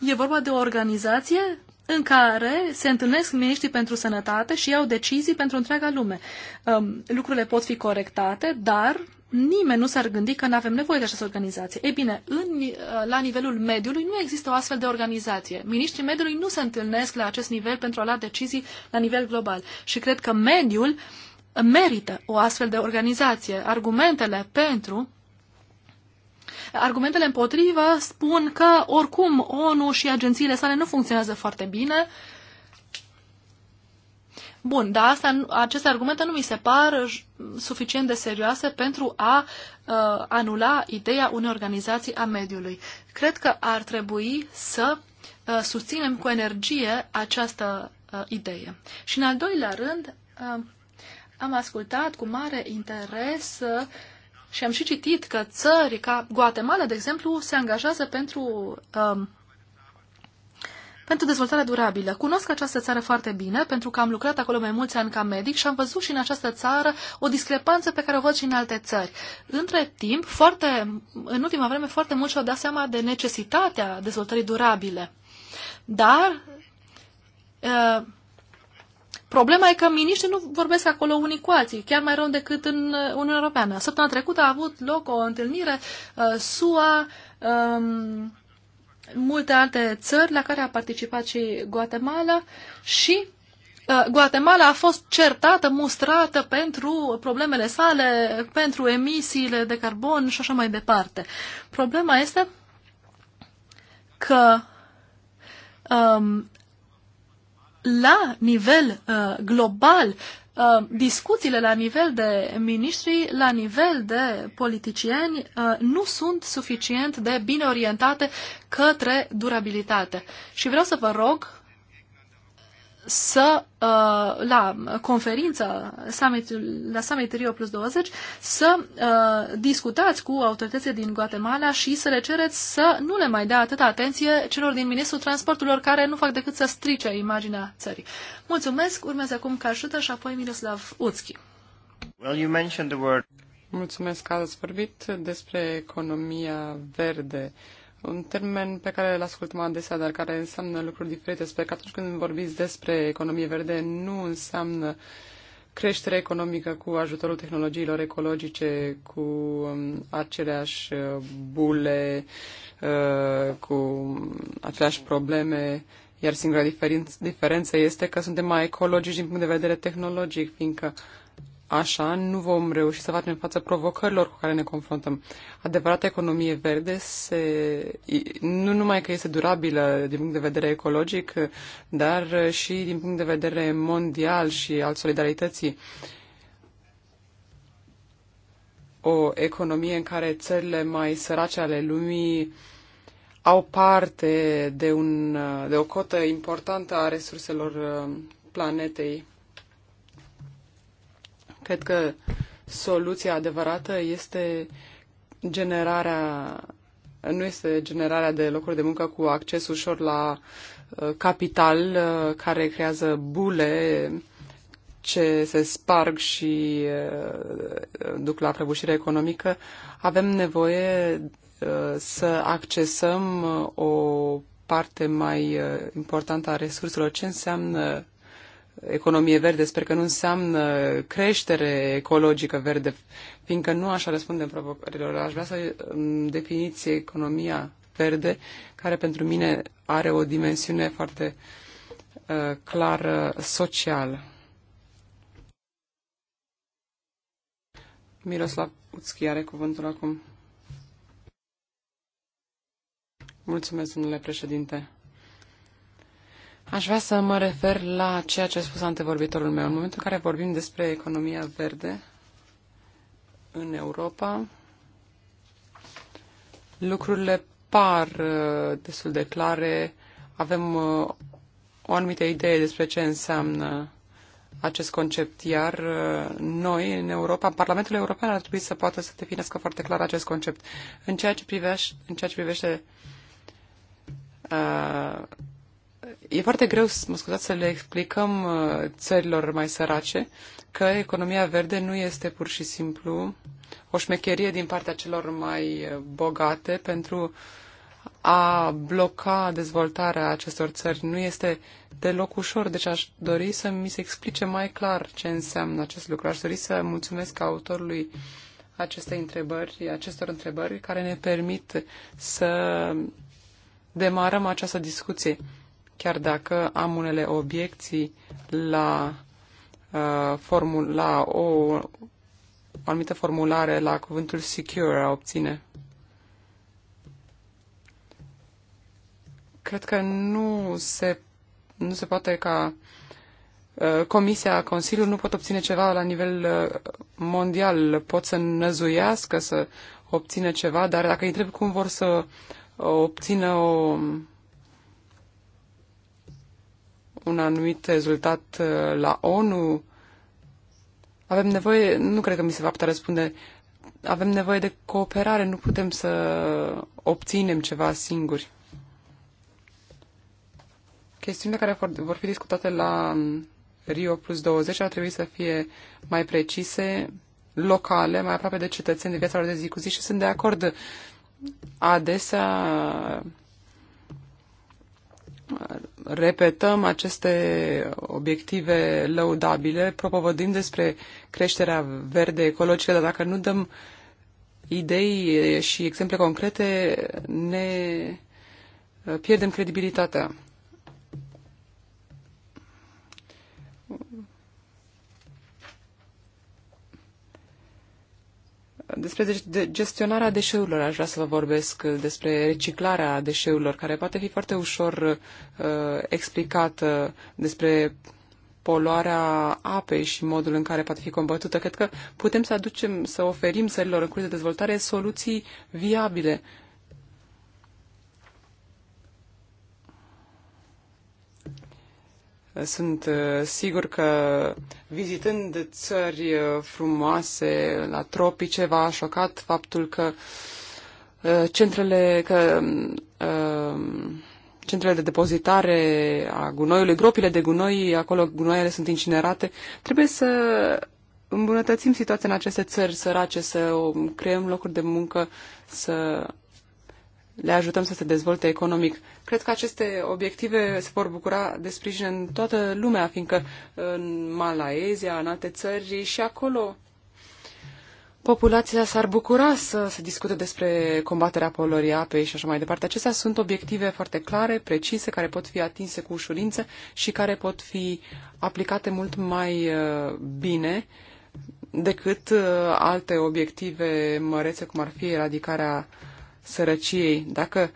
e vorba de o organizație în care se întâlnesc miniștrii pentru sănătate și iau decizii pentru întreaga lume. Um, lucrurile pot fi corectate, dar nimeni nu s-ar gândi că nu avem nevoie de această organizație. Ei bine, în, uh, la nivelul mediului nu există o astfel de organizație. Miniștrii mediului nu se întâlnesc la acest nivel pentru a lua decizii la nivel global. Și cred că mediul merită o astfel de organizație. Argumentele pentru Argumentele împotrivă spun că oricum ONU și agențiile sale nu funcționează foarte bine. Bun, dar asta, aceste argumente nu mi se par suficient de serioase pentru a uh, anula ideea unei organizații a mediului. Cred că ar trebui să uh, susținem cu energie această uh, idee. Și în al doilea rând, uh, am ascultat cu mare interes uh, și am și citit că țări ca Guatemala, de exemplu, se angajează pentru, um, pentru dezvoltarea durabilă. Cunosc această țară foarte bine, pentru că am lucrat acolo mai mulți ani ca medic și am văzut și în această țară o discrepanță pe care o văd și în alte țări. Între timp, foarte, în ultima vreme, foarte mult și-au dat seama de necesitatea dezvoltării durabile. Dar uh, Problema e că miniștrii nu vorbesc acolo unii cu alții, chiar mai rău decât în uh, Uniunea Europeană. Săptămâna trecută a avut loc o întâlnire uh, SUA, um, multe alte țări la care a participat și Guatemala și uh, Guatemala a fost certată, mustrată pentru problemele sale, pentru emisiile de carbon și așa mai departe. Problema este că um, la nivel uh, global, uh, discuțiile la nivel de miniștri, la nivel de politicieni, uh, nu sunt suficient de bine orientate către durabilitate. Și vreau să vă rog să, uh, la conferință, summitul, la summit Rio Plus 20, să uh, discutați cu autoritățile din Guatemala și să le cereți să nu le mai dea atâta atenție celor din Ministrul Transporturilor care nu fac decât să strice imaginea țării. Mulțumesc, urmează acum Cașută și apoi Miroslav Uțchi. Well, you mentioned the word. Mulțumesc că ați vorbit despre economia verde. Uh, un termen pe care îl ascultăm adesea, dar care înseamnă lucruri diferite. Sper că atunci când vorbiți despre economie verde, nu înseamnă creștere economică cu ajutorul tehnologiilor ecologice, cu um, aceleași uh, bule, uh, cu aceleași probleme, iar singura diferență este că suntem mai ecologici din punct de vedere tehnologic, fiindcă Așa nu vom reuși să facem față provocărilor cu care ne confruntăm. Adevărata economie verde se, nu numai că este durabilă din punct de vedere ecologic, dar și din punct de vedere mondial și al solidarității. O economie în care țările mai sărace ale lumii au parte de, un, de o cotă importantă a resurselor uh, planetei Cred că soluția adevărată este generarea nu este generarea de locuri de muncă cu acces ușor la uh, capital uh, care creează bule ce se sparg și uh, duc la prăbușire economică, avem nevoie să accesăm o parte mai importantă a resurselor. Ce înseamnă economie verde, sper că nu înseamnă creștere ecologică verde, fiindcă nu așa răspundem provocărilor. Aș vrea să definiți economia verde, care pentru mine are o dimensiune foarte uh, clară socială. Miroslav Uțchi are cuvântul acum. Mulțumesc, domnule președinte. Aș vrea să mă refer la ceea ce a spus antevorbitorul meu. În momentul în care vorbim despre economia verde în Europa, lucrurile par uh, destul de clare. Avem uh, o anumită idee despre ce înseamnă acest concept, iar uh, noi, în Europa, Parlamentul European ar trebui să poată să definească foarte clar acest concept. În ceea ce, privește, în ceea ce privește uh, e foarte greu, mă scuzați, să le explicăm uh, țărilor mai sărace că economia verde nu este pur și simplu o șmecherie din partea celor mai uh, bogate pentru a bloca dezvoltarea acestor țări. Nu este deloc ușor, deci aș dori să mi se explice mai clar ce înseamnă acest lucru. Aș dori să mulțumesc autorului acestei întrebări, acestor întrebări care ne permit să demarăm această discuție chiar dacă am unele obiecții la, uh, formul, la o, o anumită formulare la cuvântul secure a obține. Cred că nu se, nu se poate ca uh, Comisia, Consiliul nu pot obține ceva la nivel uh, mondial, pot să năzuiască, să obțină ceva, dar dacă îi întreb cum vor să obțină o, un anumit rezultat uh, la ONU. Avem nevoie, nu cred că mi se va putea răspunde, avem nevoie de cooperare, nu putem să obținem ceva singuri. Chestiunile care vor fi discutate la um, Rio plus 20 ar trebui să fie mai precise, locale, mai aproape de cetățeni de viața lor de zi cu zi și sunt de acord. Adesea repetăm aceste obiective lăudabile, propovădind despre creșterea verde ecologică, dar dacă nu dăm idei și exemple concrete, ne pierdem credibilitatea. despre gestionarea deșeurilor aș vrea să vă vorbesc, despre reciclarea deșeurilor, care poate fi foarte ușor uh, explicată, despre poluarea apei și modul în care poate fi combătută. Cred că putem să aducem, să oferim țărilor în curs de dezvoltare soluții viabile Sunt uh, sigur că vizitând țări uh, frumoase la tropice v-a șocat faptul că uh, centrele, că, um, centrele de depozitare a gunoiului, gropile de gunoi, acolo gunoiele sunt incinerate. Trebuie să îmbunătățim situația în aceste țări sărace, să creăm locuri de muncă, să le ajutăm să se dezvolte economic. Cred că aceste obiective se vor bucura de sprijin în toată lumea, fiindcă în Malaezia, în alte țări și acolo populația s-ar bucura să se discute despre combaterea poluării apei și așa mai departe. Acestea sunt obiective foarte clare, precise, care pot fi atinse cu ușurință și care pot fi aplicate mult mai uh, bine decât uh, alte obiective mărețe, cum ar fi eradicarea uh, sărăciei. Dacă,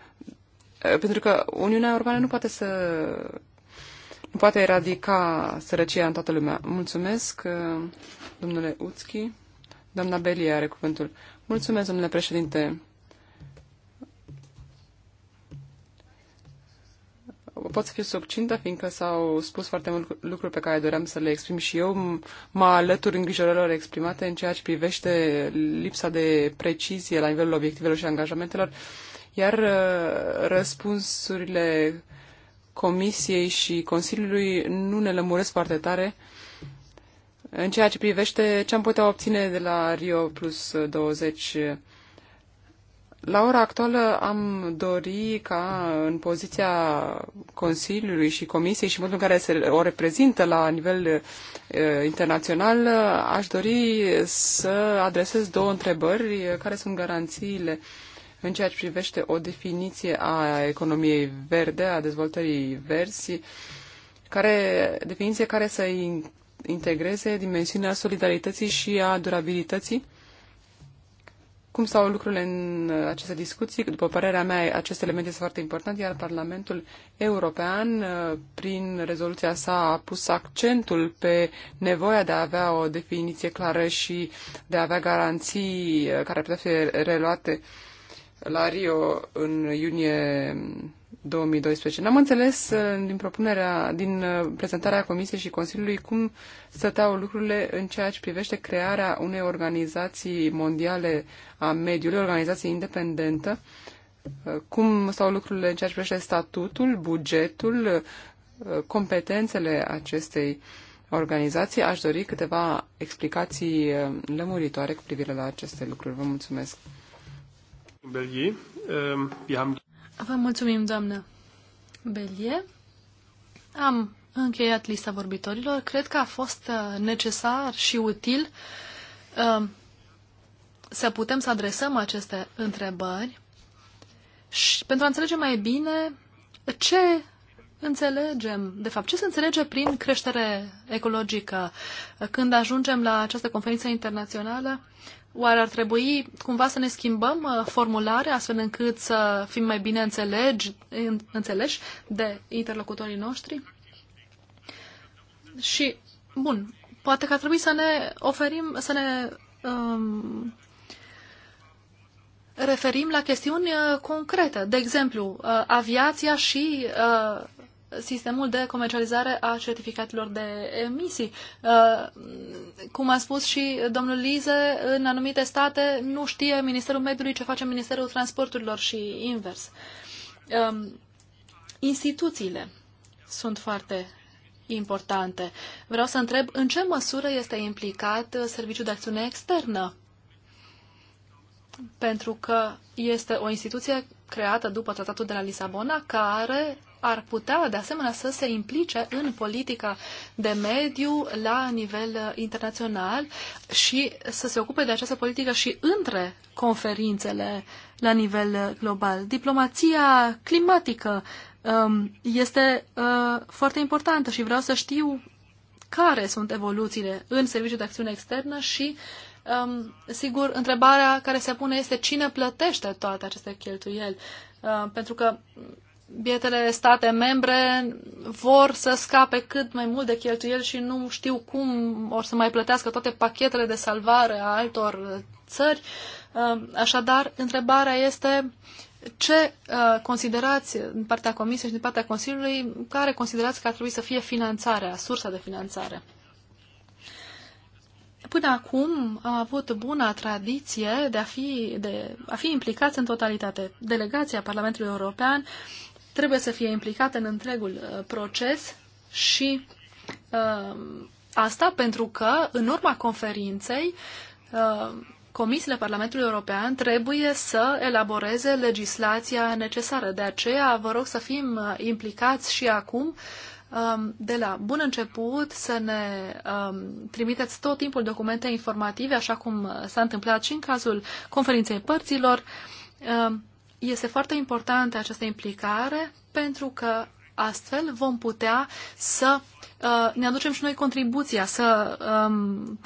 pentru că Uniunea Europeană nu poate să nu poate eradica sărăcia în toată lumea. Mulțumesc, domnule Uțchi. Doamna Belie are cuvântul. Mulțumesc, domnule președinte. pot să fiu succintă, fiindcă s-au spus foarte mult lucruri pe care doream să le exprim și eu. Mă alătur îngrijorărilor exprimate în ceea ce privește lipsa de precizie la nivelul obiectivelor și angajamentelor, iar uh, răspunsurile Comisiei și Consiliului nu ne lămuresc foarte tare în ceea ce privește ce am putea obține de la Rio plus 20 la ora actuală am dori ca în poziția Consiliului și Comisiei și modul în care se o reprezintă la nivel e, internațional, aș dori să adresez două întrebări care sunt garanțiile în ceea ce privește o definiție a economiei verde, a dezvoltării verzi, care, definiție care să integreze dimensiunea solidarității și a durabilității cum stau lucrurile în uh, aceste discuții. După părerea mea, acest element este foarte important, iar Parlamentul European, uh, prin rezoluția sa, a pus accentul pe nevoia de a avea o definiție clară și de a avea garanții uh, care putea fi reluate la Rio în iunie 2012. N-am înțeles uh, din propunerea, din uh, prezentarea Comisiei și Consiliului cum stăteau lucrurile în ceea ce privește crearea unei organizații mondiale a mediului, organizație independentă, uh, cum stau lucrurile în ceea ce privește statutul, bugetul, competențele acestei organizații. Aș dori câteva explicații lămuritoare cu privire la aceste lucruri. Vă mulțumesc. Belgii, um, Vă mulțumim, doamnă Belie. Am încheiat lista vorbitorilor. Cred că a fost uh, necesar și util uh, să putem să adresăm aceste întrebări și pentru a înțelege mai bine ce înțelegem, de fapt, ce se înțelege prin creștere ecologică. Când ajungem la această conferință internațională, Oare ar trebui cumva să ne schimbăm uh, formularea astfel încât să fim mai bine înțelegi, înțeleși de interlocutorii noștri? Și, bun, poate că ar trebui să ne oferim, să ne um, referim la chestiuni uh, concrete. De exemplu, uh, aviația și uh, sistemul de comercializare a certificatelor de emisii. Uh, cum a spus și domnul Lize, în anumite state nu știe Ministerul Mediului ce face Ministerul Transporturilor și invers. Um, instituțiile sunt foarte importante. Vreau să întreb în ce măsură este implicat Serviciul de Acțiune Externă? Pentru că este o instituție creată după Tratatul de la Lisabona care ar putea, de asemenea, să se implice în politica de mediu la nivel uh, internațional și să se ocupe de această politică și între conferințele la nivel uh, global. Diplomația climatică um, este uh, foarte importantă și vreau să știu care sunt evoluțiile în Serviciul de Acțiune Externă și um, sigur, întrebarea care se pune este cine plătește toate aceste cheltuieli. Uh, pentru că bietele state membre vor să scape cât mai mult de cheltuieli și nu știu cum or să mai plătească toate pachetele de salvare a altor uh, țări. Uh, așadar, întrebarea este ce uh, considerați din partea Comisiei și din partea Consiliului, care considerați că ar trebui să fie finanțarea, sursa de finanțare? Până acum am avut buna tradiție de a fi, de a fi implicați în totalitate. Delegația Parlamentului European trebuie să fie implicat în întregul uh, proces și uh, asta pentru că, în urma conferinței, uh, comisiile Parlamentului European trebuie să elaboreze legislația necesară. De aceea vă rog să fim implicați și acum um, de la bun început să ne um, trimiteți tot timpul documente informative, așa cum s-a întâmplat și în cazul conferinței părților. Um, este foarte importantă această implicare pentru că astfel vom putea să uh, ne aducem și noi contribuția, să um,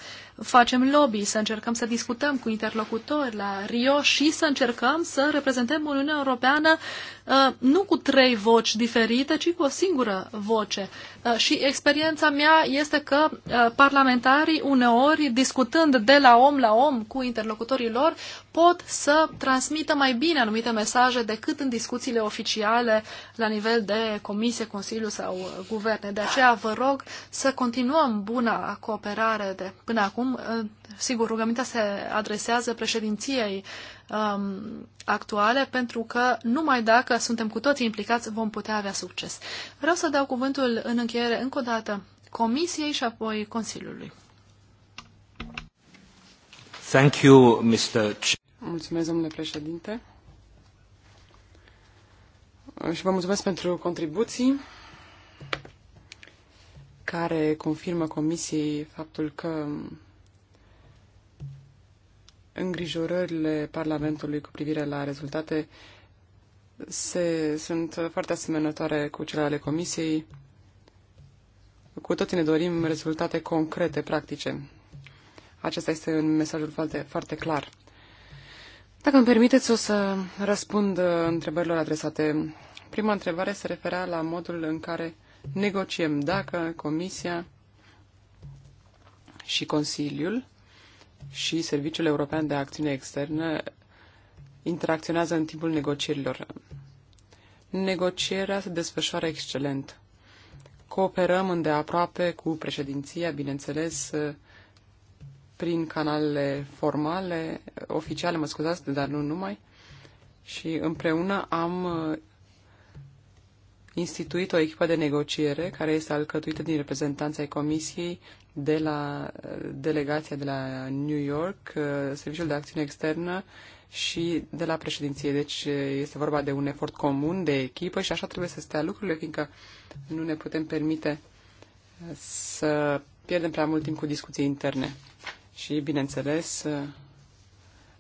facem lobby, să încercăm să discutăm cu interlocutori la Rio și să încercăm să reprezentăm Uniunea Europeană Uh, nu cu trei voci diferite, ci cu o singură voce. Uh, și experiența mea este că uh, parlamentarii uneori, discutând de la om la om cu interlocutorii lor, pot să transmită mai bine anumite mesaje decât în discuțiile oficiale la nivel de comisie, consiliu sau guverne. De aceea vă rog să continuăm buna cooperare de până acum. Sigur, rugămintea se adresează președinției um, actuale, pentru că numai dacă suntem cu toții implicați vom putea avea succes. Vreau să dau cuvântul în încheiere încă o dată Comisiei și apoi Consiliului. Thank you, Mr. Mulțumesc, domnule președinte. Și vă mulțumesc pentru contribuții care confirmă Comisiei faptul că îngrijorările Parlamentului cu privire la rezultate se, sunt foarte asemănătoare cu cele ale Comisiei. Cu toții ne dorim rezultate concrete, practice. Acesta este un mesajul foarte, foarte clar. Dacă îmi permiteți, o să răspund uh, întrebărilor adresate. Prima întrebare se referea la modul în care negociem dacă Comisia și Consiliul și Serviciul European de Acțiune Externă interacționează în timpul negocierilor. Negocierea se desfășoară excelent. Cooperăm îndeaproape cu președinția, bineînțeles, prin canalele formale, oficiale, mă scuzați, dar nu numai, și împreună am instituit o echipă de negociere care este alcătuită din reprezentanța ai Comisiei de la uh, delegația de la New York, uh, Serviciul de Acțiune Externă și de la președinție. Deci uh, este vorba de un efort comun, de echipă și așa trebuie să stea lucrurile, fiindcă nu ne putem permite să pierdem prea mult timp cu discuții interne. Și, bineînțeles,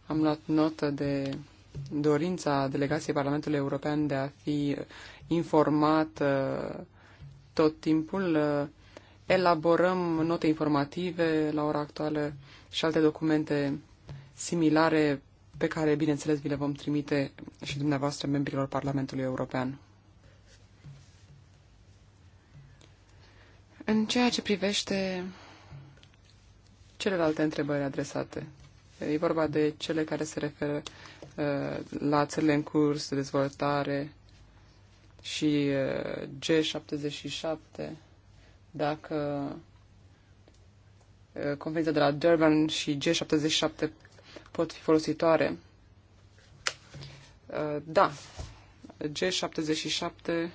am luat notă de dorința delegației Parlamentului European de a fi informat uh, tot timpul. Uh, elaborăm note informative la ora actuală și alte documente similare pe care, bineînțeles, vi le vom trimite și dumneavoastră membrilor Parlamentului European. În ceea ce privește celelalte întrebări adresate, e vorba de cele care se referă uh, la țările în curs de dezvoltare, și uh, G77, dacă uh, conferința de la Durban și G77 pot fi folositoare. Uh, da, G77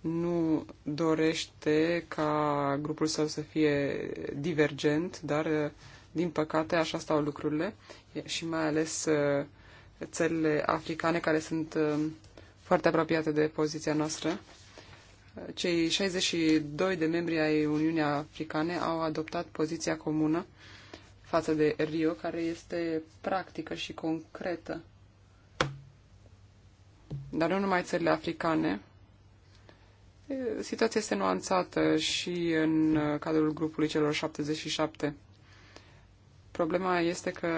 nu dorește ca grupul său să fie divergent, dar din păcate așa stau lucrurile și mai ales țările africane care sunt foarte apropiată de poziția noastră. Cei 62 de membri ai Uniunii Africane au adoptat poziția comună față de Rio, care este practică și concretă. Dar nu numai țările africane. Situația este nuanțată și în cadrul grupului celor 77. Problema este că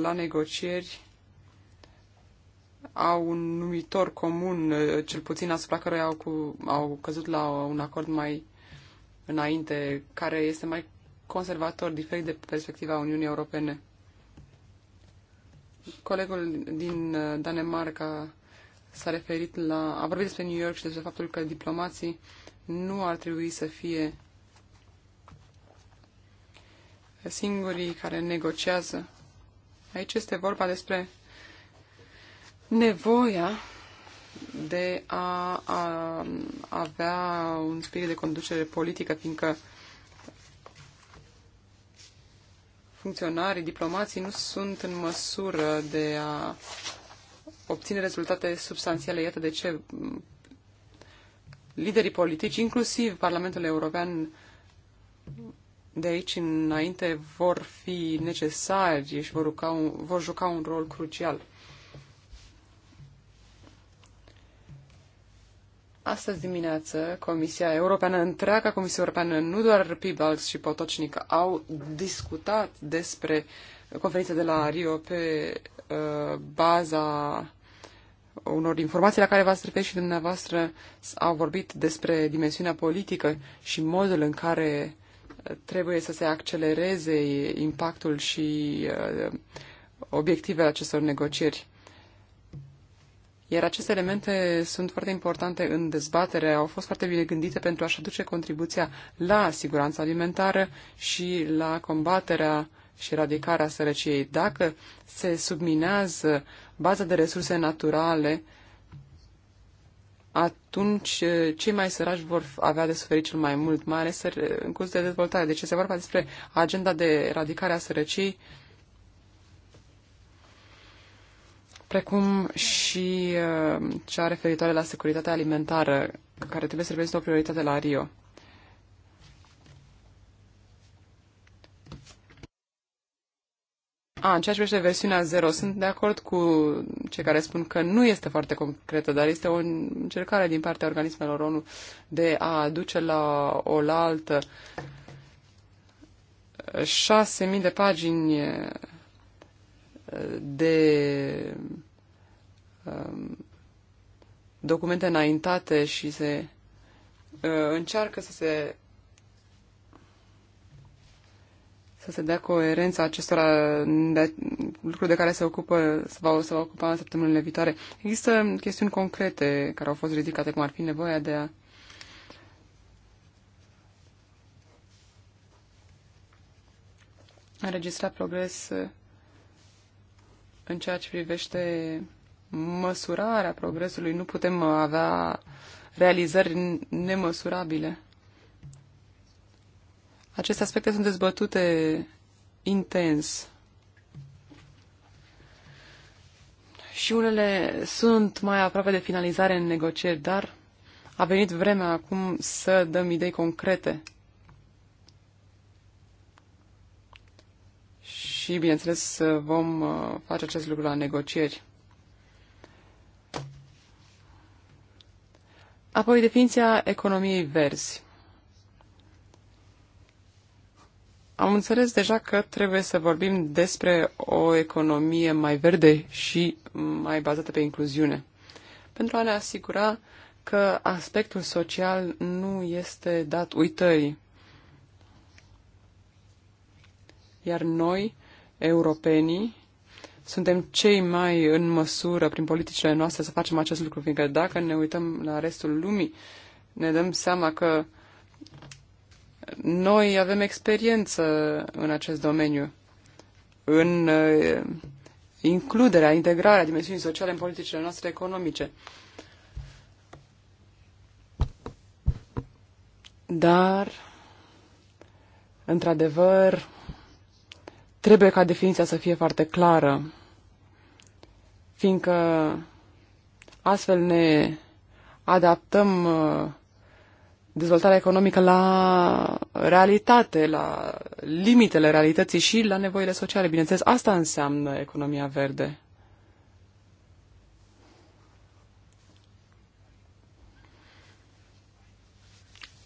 la negocieri au un numitor comun, eh, cel puțin asupra căruia au, cu, au căzut la un acord mai înainte, care este mai conservator, diferit de perspectiva Uniunii Europene. Colegul din eh, Danemarca s-a referit la... a vorbit despre New York și despre faptul că diplomații nu ar trebui să fie singurii care negociază. Aici este vorba despre nevoia de a, a avea un spirit de conducere politică, fiindcă funcționarii, diplomații nu sunt în măsură de a obține rezultate substanțiale. Iată de ce liderii politici, inclusiv Parlamentul European, de aici înainte vor fi necesari și vor juca un, vor juca un rol crucial. Astăzi dimineață, Comisia Europeană, întreaga Comisie Europeană, nu doar Pibalks și Potocnic, au discutat despre conferința de la Rio pe uh, baza unor informații la care v-ați referit și dumneavoastră au vorbit despre dimensiunea politică și modul în care trebuie să se accelereze impactul și uh, obiectivele acestor negocieri. Iar aceste elemente sunt foarte importante în dezbatere, au fost foarte bine gândite pentru a-și aduce contribuția la siguranța alimentară și la combaterea și eradicarea sărăciei. Dacă se subminează baza de resurse naturale, atunci eh, cei mai săraci vor avea de suferit cel mai mult, mai ales în curs de dezvoltare. Deci se vorba despre agenda de eradicare a sărăciei precum și uh, cea referitoare la securitatea alimentară, care trebuie să reprezintă o prioritate la Rio. A, în ceea ce privește versiunea 0, sunt de acord cu cei care spun că nu este foarte concretă, dar este o încercare din partea organismelor ONU de a aduce la oaltă 6.000 de pagini de um, documente înaintate și se uh, încearcă să se să se dea coerența acestora de, lucruri de care se ocupă, se va, se va ocupa în săptămânile viitoare. Există chestiuni concrete care au fost ridicate, cum ar fi nevoia de a înregistra progres în ceea ce privește măsurarea progresului, nu putem avea realizări nemăsurabile. Aceste aspecte sunt dezbătute intens. Și unele sunt mai aproape de finalizare în negocieri, dar a venit vremea acum să dăm idei concrete și, bineînțeles, vom uh, face acest lucru la negocieri. Apoi, definiția economiei verzi. Am înțeles deja că trebuie să vorbim despre o economie mai verde și mai bazată pe incluziune, pentru a ne asigura că aspectul social nu este dat uitării. Iar noi europenii suntem cei mai în măsură, prin politicile noastre, să facem acest lucru, fiindcă dacă ne uităm la restul lumii, ne dăm seama că noi avem experiență în acest domeniu, în eh, includerea, integrarea dimensiunii sociale în politicile noastre economice. Dar, într-adevăr, Trebuie ca definiția să fie foarte clară, fiindcă astfel ne adaptăm uh, dezvoltarea economică la realitate, la limitele realității și la nevoile sociale. Bineînțeles, asta înseamnă economia verde.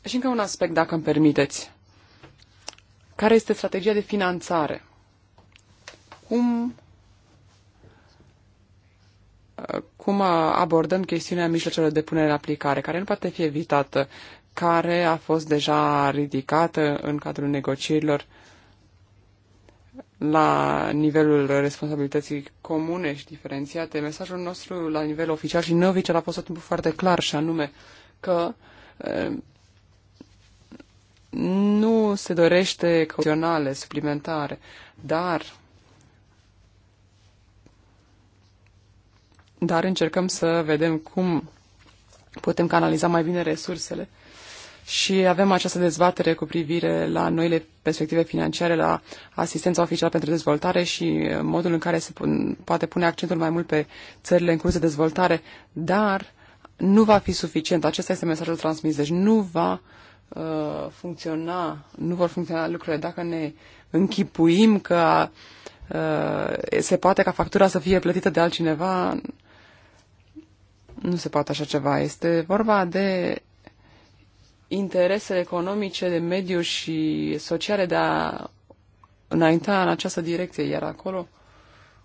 Și încă un aspect, dacă îmi permiteți. Care este strategia de finanțare? cum, cum abordăm chestiunea mijlocelor de punere în aplicare, care nu poate fi evitată, care a fost deja ridicată în cadrul negocierilor la nivelul responsabilității comune și diferențiate. Mesajul nostru la nivel oficial și neoficial a fost tot timpul foarte clar și anume că eh, nu se dorește condiționale suplimentare, dar dar încercăm să vedem cum putem canaliza mai bine resursele. Și avem această dezbatere cu privire la noile perspective financiare, la asistența oficială pentru dezvoltare și modul în care se pun, poate pune accentul mai mult pe țările în curs de dezvoltare, dar nu va fi suficient. Acesta este mesajul transmis. Deci nu va uh, funcționa, nu vor funcționa lucrurile dacă ne închipuim că uh, se poate ca factura să fie plătită de altcineva, nu se poate așa ceva. Este vorba de interese economice, de mediu și sociale de a înainta în această direcție, iar acolo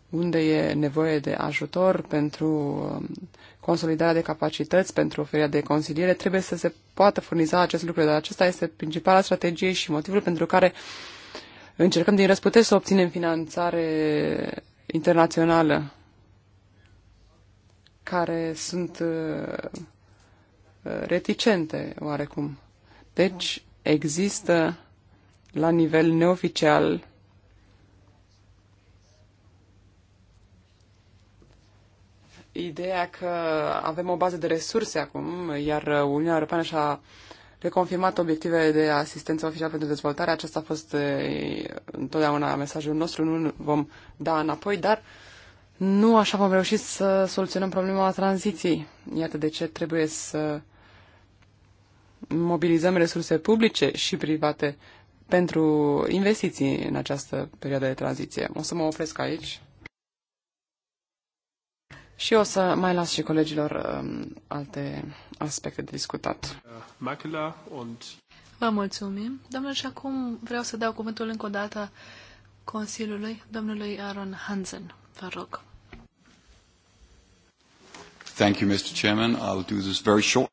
unde e nevoie de ajutor pentru um, consolidarea de capacități, pentru oferirea de consiliere, trebuie să se poată furniza acest lucru. Dar acesta este principala strategie și motivul pentru care încercăm din răsputeri să obținem finanțare internațională care sunt uh, reticente oarecum. Deci există la nivel neoficial ideea că avem o bază de resurse acum, iar Uniunea Europeană și-a reconfirmat obiectivele de asistență oficială pentru dezvoltare. Acesta a fost eh, întotdeauna mesajul nostru, nu vom da înapoi, dar uh, nu așa vom reuși să soluționăm problema tranziției. Iată de ce trebuie să mobilizăm resurse publice și private pentru investiții în această perioadă de tranziție. O să mă opresc aici și o să mai las și colegilor um, alte aspecte de discutat. Vă mulțumim. Domnule, și acum vreau să dau cuvântul încă o dată Consiliului, domnului Aaron Hansen. Vă rog. Thank you, Mr. Chairman. I'll do this very short.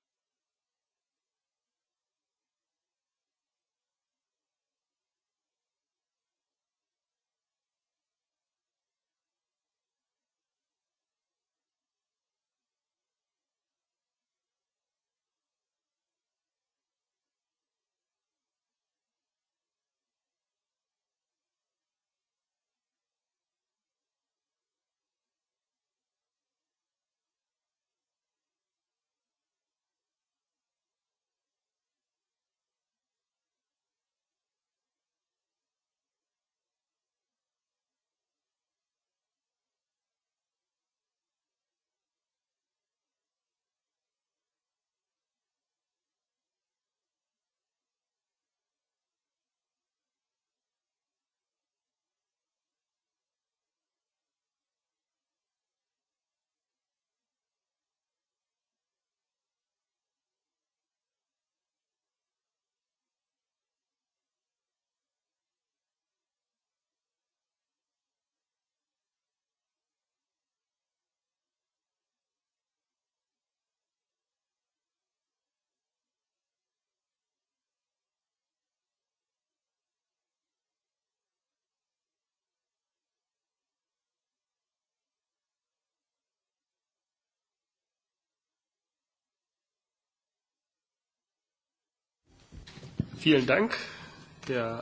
Vielen Dank,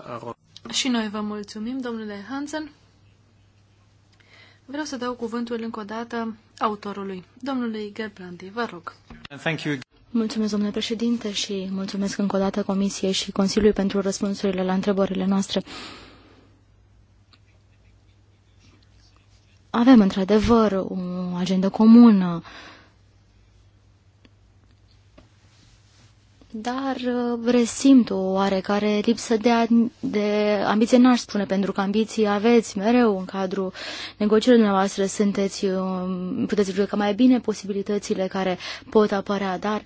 Aron. Și noi vă mulțumim, domnule Hansen. Vreau să dau cuvântul încă o dată autorului, domnului Gerbrandi, vă rog. Thank you. Mulțumesc, domnule președinte, și mulțumesc încă o dată Comisiei și Consiliului pentru răspunsurile la întrebările noastre. Avem, într-adevăr, o agendă comună dar uh, resimt o oarecare lipsă de, de ambiție, n-aș spune, pentru că ambiții aveți mereu în cadrul negocierilor dumneavoastră, sunteți, um, puteți judeca mai bine posibilitățile care pot apărea, dar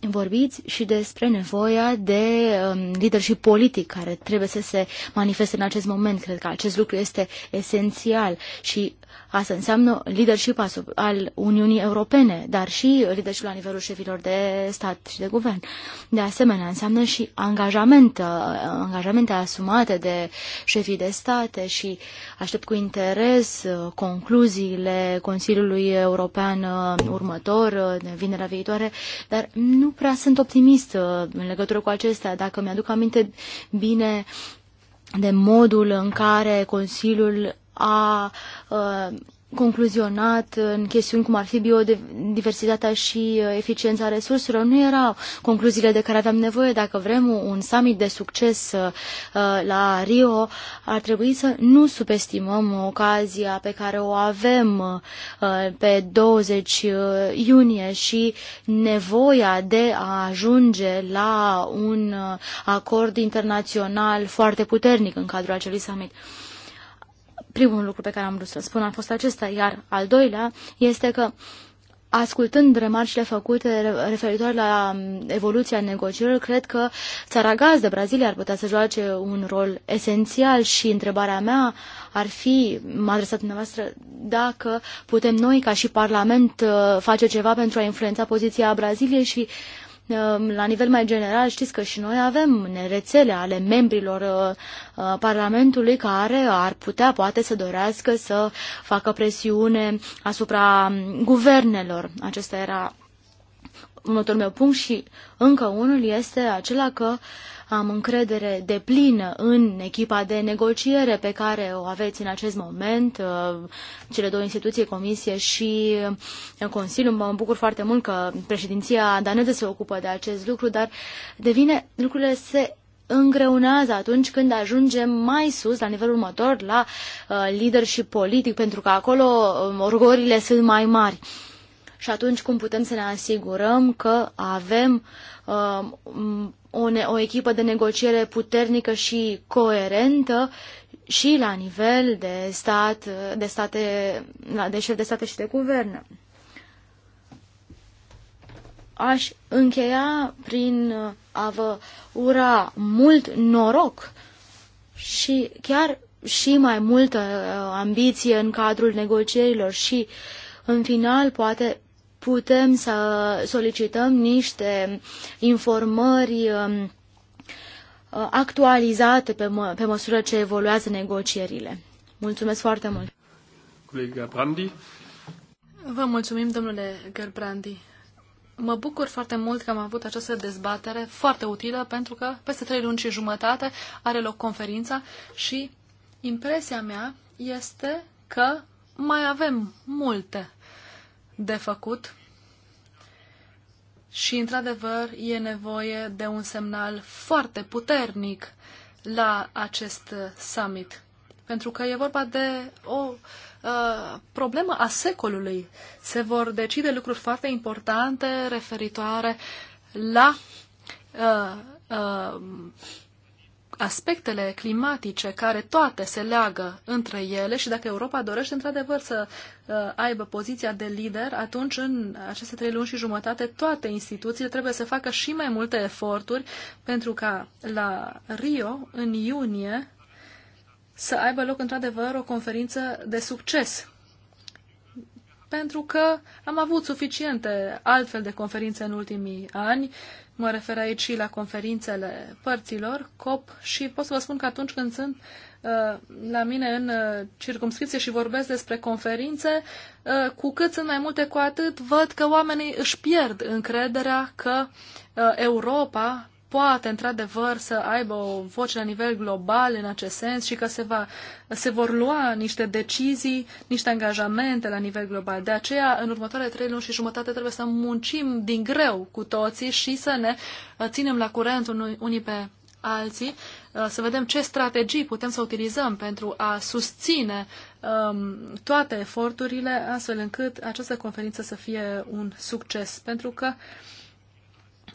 vorbiți și despre nevoia de um, leadership politic care trebuie să se manifeste în acest moment. Cred că acest lucru este esențial și Asta înseamnă leadership al Uniunii Europene, dar și leadership la nivelul șefilor de stat și de guvern. De asemenea, înseamnă și angajament, uh, angajamente asumate de șefii de state și aștept cu interes uh, concluziile Consiliului European uh, următor, de vinerea viitoare, dar nu prea sunt optimist în legătură cu acestea. Dacă mi-aduc aminte bine, de modul în care Consiliul a concluzionat în chestiuni cum ar fi biodiversitatea și uh, eficiența resurselor. Nu erau concluziile de care aveam nevoie. Dacă vrem un summit de succes uh, uh, la Rio, ar trebui să nu subestimăm ocazia pe care o avem pe 20 iunie și nevoia de a ajunge la un acord internațional foarte puternic în cadrul acelui summit primul lucru pe care am vrut să spun a fost acesta, iar al doilea este că Ascultând remarcile făcute referitoare la um, evoluția negocierilor, cred că țara gaz de Brazilia, ar putea să joace un rol esențial și întrebarea mea ar fi, m-a adresat dumneavoastră, dacă putem noi, ca și Parlament, uh, face ceva pentru a influența poziția Braziliei și Ehm, la nivel mai general, știți că și noi avem rețele ale membrilor uh, uh, Parlamentului care ar putea, poate, să dorească să facă presiune asupra mm, guvernelor. Acesta era Următorul meu punct și încă unul este acela că am încredere deplină în echipa de negociere pe care o aveți în acest moment, uh, cele două instituții, Comisie și uh, Consiliu. Mă bucur foarte mult că președinția daneză se ocupă de acest lucru, dar devine, lucrurile se îngreunează atunci când ajungem mai sus, la nivelul următor, la uh, leadership politic, pentru că acolo uh, um, orgorile sunt mai mari. Uh, și atunci cum putem să ne asigurăm că avem uh, o, o echipă de negociere puternică și coerentă și la nivel de stat, de state, de șef de state și de guvern? Aș încheia prin a vă ura mult noroc și chiar și mai multă uh, ambiție în cadrul negocierilor și, în final, poate putem să solicităm niște informări um, uh, actualizate pe, mă, pe măsură ce evoluează negocierile. Mulțumesc foarte mult! Colega Brandi. Vă mulțumim, domnule Gerbrandi. Mă bucur foarte mult că am avut această dezbatere foarte utilă pentru că peste trei luni și jumătate are loc conferința și impresia mea este că mai avem multe de făcut și, într-adevăr, e nevoie de un semnal foarte puternic la acest summit. Pentru că e vorba de o uh, problemă a secolului. Se vor decide lucruri foarte importante referitoare la uh, uh, aspectele climatice care toate se leagă între ele și dacă Europa dorește într-adevăr să uh, aibă poziția de lider, atunci în aceste trei luni și jumătate toate instituțiile trebuie să facă și mai multe eforturi pentru ca la Rio, în iunie, să aibă loc într-adevăr o conferință de succes pentru că am avut suficiente altfel de conferințe în ultimii ani Mă refer aici și la conferințele părților, COP, și pot să vă spun că atunci când sunt uh, la mine în uh, circumscripție și vorbesc despre conferințe, uh, cu cât sunt mai multe, cu atât văd că oamenii își pierd încrederea că Europa poate într-adevăr să aibă o voce la nivel global în acest sens și că se, va, se vor lua niște decizii, niște angajamente la nivel global. De aceea, în următoarele trei luni și jumătate trebuie să muncim din greu cu toții și să ne uh, ținem la curent unii pe alții, uh, să vedem ce strategii putem să utilizăm pentru a susține um, toate eforturile, astfel încât această conferință să fie un succes. Pentru că uh,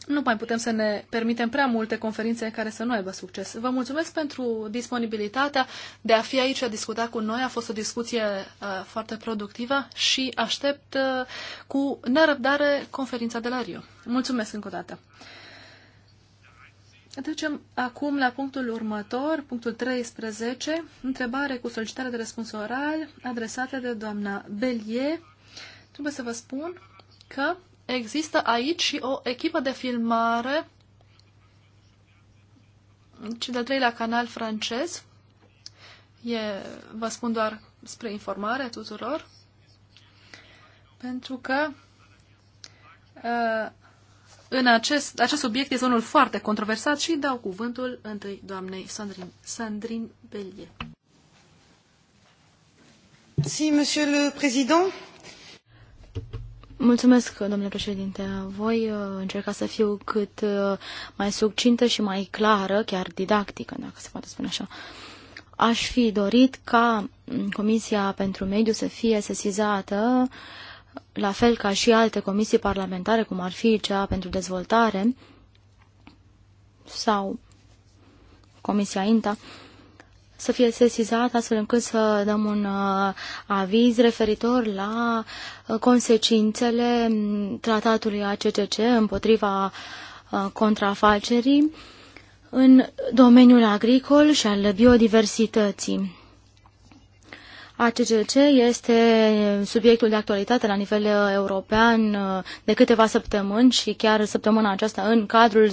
nu mai putem să ne permitem prea multe conferințe care să nu aibă succes. Vă mulțumesc pentru disponibilitatea de a fi aici a discuta cu noi. A fost o discuție uh, foarte productivă și aștept uh, cu nerăbdare conferința de la Rio. Mulțumesc încă o dată. Trecem acum la punctul următor, punctul 13, întrebare cu solicitare de răspuns oral adresată de doamna Belie. Trebuie să vă spun că există aici și o echipă de filmare și de-al treilea canal francez. E, vă spun doar spre informare tuturor. Pentru că uh, în acest, acest subiect este unul foarte controversat și dau cuvântul întâi doamnei Sandrine, Sandrine Bellier. Si, monsieur le président. Mulțumesc, domnule președinte. Voi uh, încerca să fiu cât uh, mai succintă și mai clară, chiar didactică, dacă se poate spune așa. Aș fi dorit ca mm, Comisia pentru Mediu să fie sesizată, la fel ca și alte comisii parlamentare, cum ar fi cea pentru dezvoltare sau Comisia INTA, să fie sesizat astfel încât să dăm un uh, aviz referitor la uh, consecințele mm, tratatului ACCC împotriva uh, contrafacerii în domeniul agricol și al biodiversității. ACCC este subiectul de actualitate la nivel uh, european uh, de câteva săptămâni și chiar săptămâna aceasta în cadrul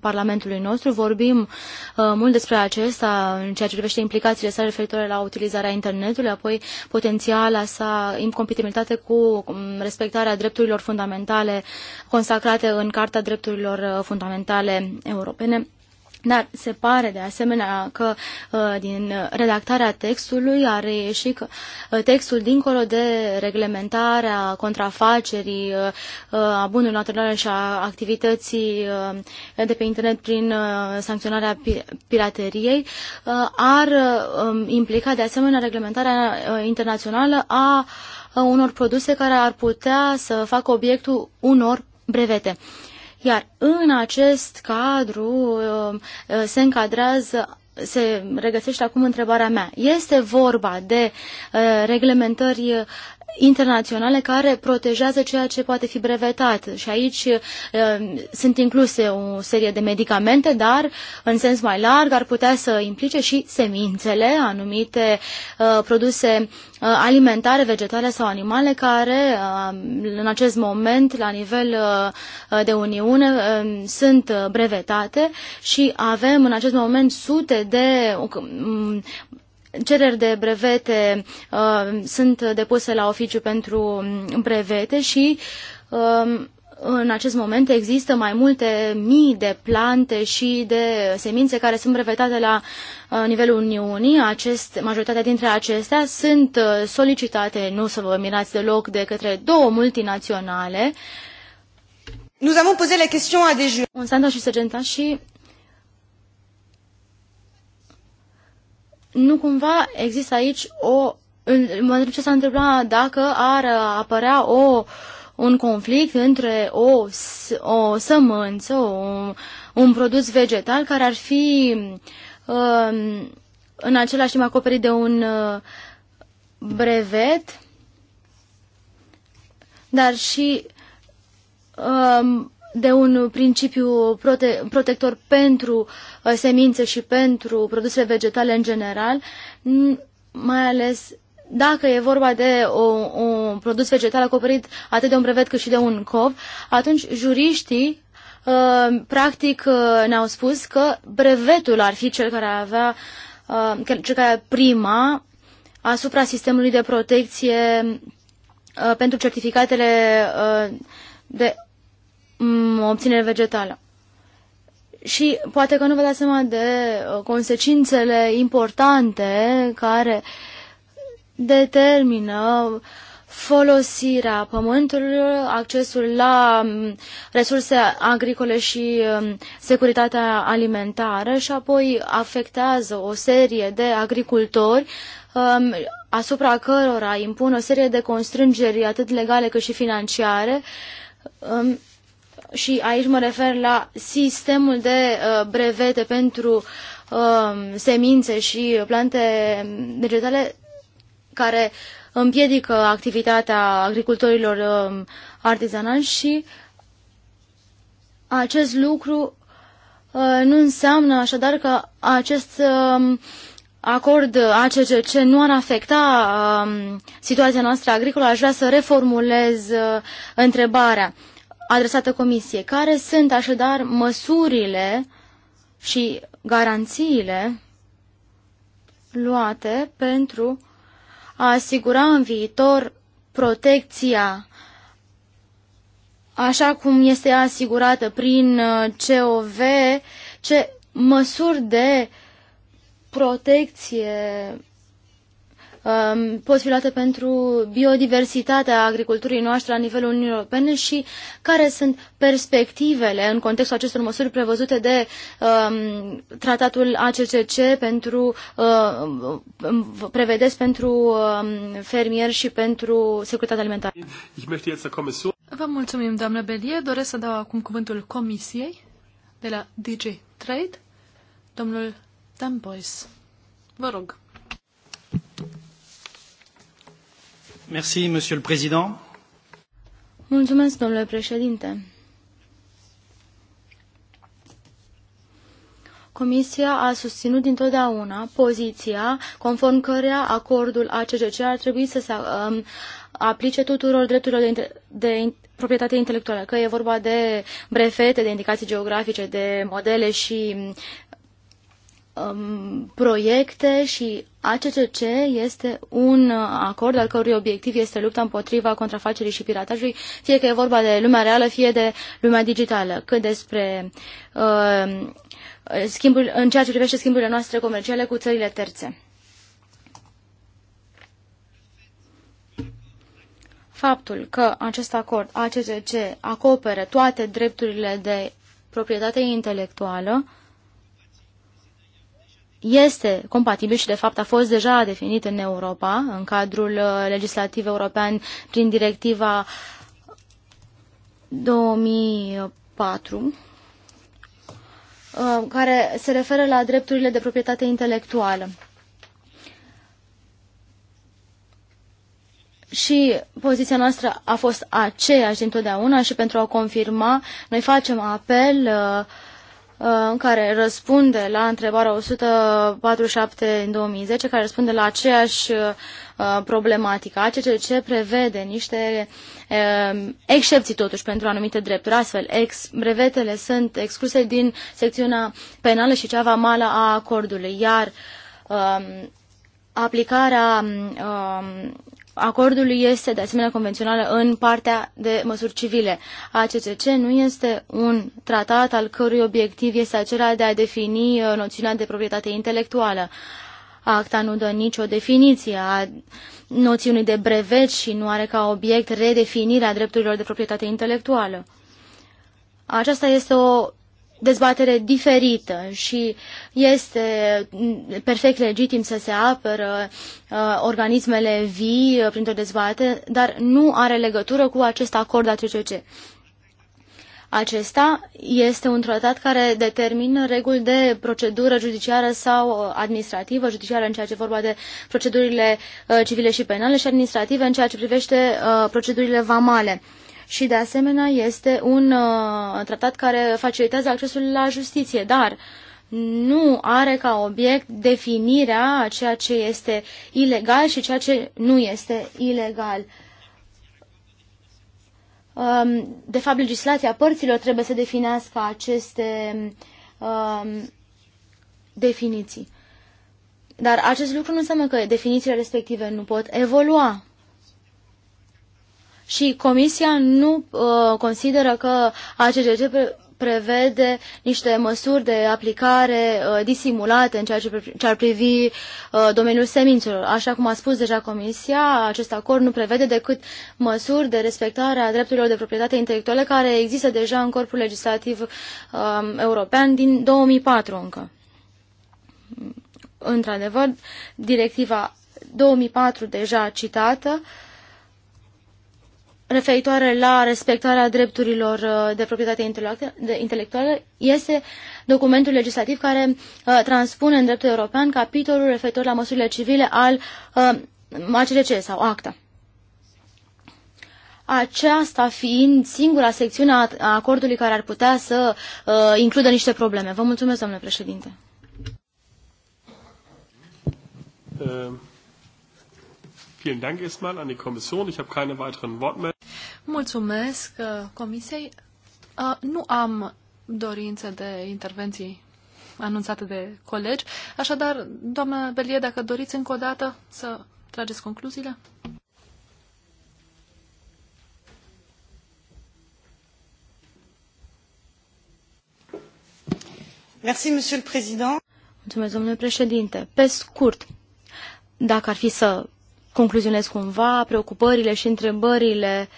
Parlamentului nostru vorbim uh, mult despre acesta în ceea ce privește implicațiile sale referitoare la utilizarea internetului, apoi potențiala sa incompatibilitate cu um, respectarea drepturilor fundamentale consacrate în Carta Drepturilor Fundamentale Europene dar se pare de asemenea că uh, din redactarea textului a reieșit uh, textul dincolo de reglementarea contrafacerii uh, a bunurilor naturale și a activității de pe internet prin sancționarea pirateriei ar um, implica de asemenea reglementarea internațională a unor produse care ar putea să facă obiectul unor brevete. Iar în acest cadru um, uh, se încadrează se regăsește acum întrebarea mea. Este vorba de uh, reglementări uh, internaționale care protejează ceea ce poate fi brevetat și aici uh, sunt incluse o serie de medicamente, dar în sens mai larg ar putea să implice și semințele, anumite uh, produse uh, alimentare, vegetale sau animale care în acest moment la nivel de Uniune sunt brevetate și avem în acest moment sute de cereri de brevete uh, sunt depuse la oficiu pentru mm, brevete și uh, în acest moment există mai multe mii de plante și de semințe care sunt brevetate la uh, nivelul Uniunii. Acest, majoritatea dintre acestea sunt uh, solicitate, nu să vă mirați deloc, de către două multinaționale. Nous avons posé la question à des jeunes. Monsanto și Sergenta și nu cumva există aici o... Mă întreb ce s a întâmplat dacă ar apărea o, un conflict între o, o sămânță, o, un produs vegetal care ar fi um, în același timp acoperit de un uh, brevet, dar și um, de un principiu prote protector pentru uh, semințe și pentru produsele vegetale în general, mai ales dacă e vorba de o, un produs vegetal acoperit atât de un brevet cât și de un cov, atunci juriștii uh, practic uh, ne-au spus că brevetul ar fi cel care avea uh, cel care prima asupra sistemului de protecție uh, pentru certificatele uh, de obținere vegetală. Și poate că nu vă dați seama de uh, consecințele importante care determină folosirea pământului, accesul la resurse agricole și securitatea alimentară și apoi afectează o serie de agricultori um, asupra cărora impun o serie de constrângeri atât legale cât și financiare um, și aici mă refer la sistemul de uh, brevete pentru um, semințe și plante vegetale care împiedică activitatea agricultorilor um, artizanali și acest lucru uh, nu înseamnă așadar că acest um, acord ACCC nu ar afecta situația noastră agricolă. Aș vrea să reformulez uh, întrebarea adresată Comisiei. Care sunt așadar măsurile și garanțiile luate pentru a asigura în viitor protecția așa cum este asigurată prin uh, COV, ce măsuri de protecție um, pot fi luate pentru biodiversitatea agriculturii noastre la nivelul Uniunii Europene și care sunt perspectivele în contextul acestor măsuri prevăzute de um, tratatul ACCC pentru uh, prevedeți pentru um, fermieri și pentru securitatea alimentară. Vă mulțumim, doamnă Belie. Doresc să dau acum cuvântul Comisiei de la DG Trade, domnul Dan Vă rog. Merci, Monsieur le Président. Mulțumesc, domnule președinte. Comisia a susținut întotdeauna poziția conform căreia acordul ce ar trebui să se um, aplice tuturor drepturilor de, de proprietate intelectuală, că e vorba de brefete, de indicații geografice, de modele și um, proiecte și ACCC este un acord al cărui obiectiv este lupta împotriva contrafacerii și piratajului, fie că e vorba de lumea reală, fie de lumea digitală. Cât despre uh, schimbul, în ceea ce privește schimburile noastre comerciale cu țările terțe. Faptul că acest acord ACCC acopere toate drepturile de proprietate intelectuală este compatibil și de fapt a fost deja definit în Europa, în cadrul uh, legislativ european prin directiva 2004, uh, care se referă la drepturile de proprietate intelectuală. și poziția noastră a fost aceeași dintotdeauna și pentru a confirma, noi facem apel uh, Uh, în care răspunde la întrebarea 147 în 2010, care răspunde la aceeași uh, problematică. ACCC prevede niște uh, excepții totuși pentru anumite drepturi. Astfel, ex, brevetele sunt excluse din secțiunea penală și cea vamală a acordului, iar um, aplicarea um, acordului este de asemenea convențională în partea de măsuri civile. ACCC nu este un tratat al cărui obiectiv este acela de a defini uh, noțiunea de proprietate intelectuală. Acta nu dă nicio definiție a noțiunii de brevet și nu are ca obiect redefinirea drepturilor de proprietate intelectuală. Aceasta este o dezbatere diferită și este perfect legitim să se apără uh, organismele vii uh, printr-o dezbatere, dar nu are legătură cu acest acord ATCC. Acesta este un tratat care determină reguli de procedură judiciară sau uh, administrativă, judiciară în ceea ce vorba de procedurile uh, civile și penale și administrative în ceea ce privește procedurile vamale. Uh, și de asemenea este un uh, tratat care facilitează accesul la justiție, dar nu are ca obiect definirea a ceea ce este ilegal și ceea ce nu este ilegal. Um, de fapt, legislația părților trebuie să definească aceste um, definiții. Dar acest lucru nu înseamnă că definițiile respective nu pot evolua și Comisia nu uh, consideră că ACGC prevede niște măsuri de aplicare uh, disimulate în ceea ce, ce ar privi uh, domeniul semințelor. Așa cum a spus deja Comisia, acest acord nu prevede decât măsuri de respectare a drepturilor de proprietate intelectuală care există deja în corpul legislativ uh, european din 2004 încă. Într-adevăr, directiva 2004 deja citată uh, referitoare la respectarea drepturilor uh, de proprietate intelectuală este documentul legislativ care uh, transpune în dreptul european capitolul referitor la măsurile civile al uh, ACDC sau ACTA. Aceasta fiind singura secțiune a acordului care ar putea să includă niște probleme. Vă mulțumesc, domnule președinte. Uh. Vielen Dank erstmal an die Kommission. Ich habe keine weiteren Wortmeldungen. Mulțumesc uh, Comisiei. Uh, nu am dorință de intervenții anunțate de colegi. Așadar, doamna Belie, dacă doriți încă o dată să trageți concluziile. Merci, Monsieur le Président. Mulțumesc, domnule președinte. Pe scurt, dacă ar fi să concluzionez cumva preocupările și întrebările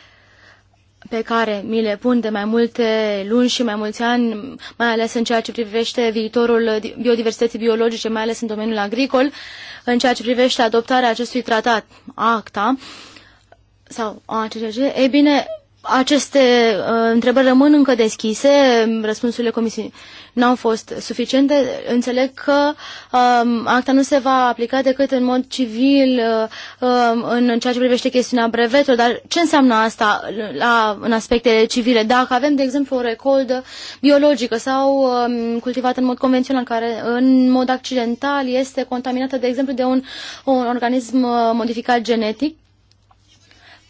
pe care mi le pun de mai multe luni și mai mulți ani, mai ales în ceea ce privește viitorul biodiversității biologice, mai ales în domeniul agricol, în ceea ce privește adoptarea acestui tratat, ACTA sau ACCG, e bine, aceste uh, întrebări rămân încă deschise, răspunsurile comisiei nu au fost suficiente. Înțeleg că um, acta nu se va aplica decât în mod civil uh, um, în ceea ce privește chestiunea brevetului, dar ce înseamnă asta la, în aspecte civile? Dacă avem, de exemplu, o recoldă biologică sau um, cultivată în mod convențional, care în mod accidental este contaminată, de exemplu, de un, un organism uh, modificat genetic,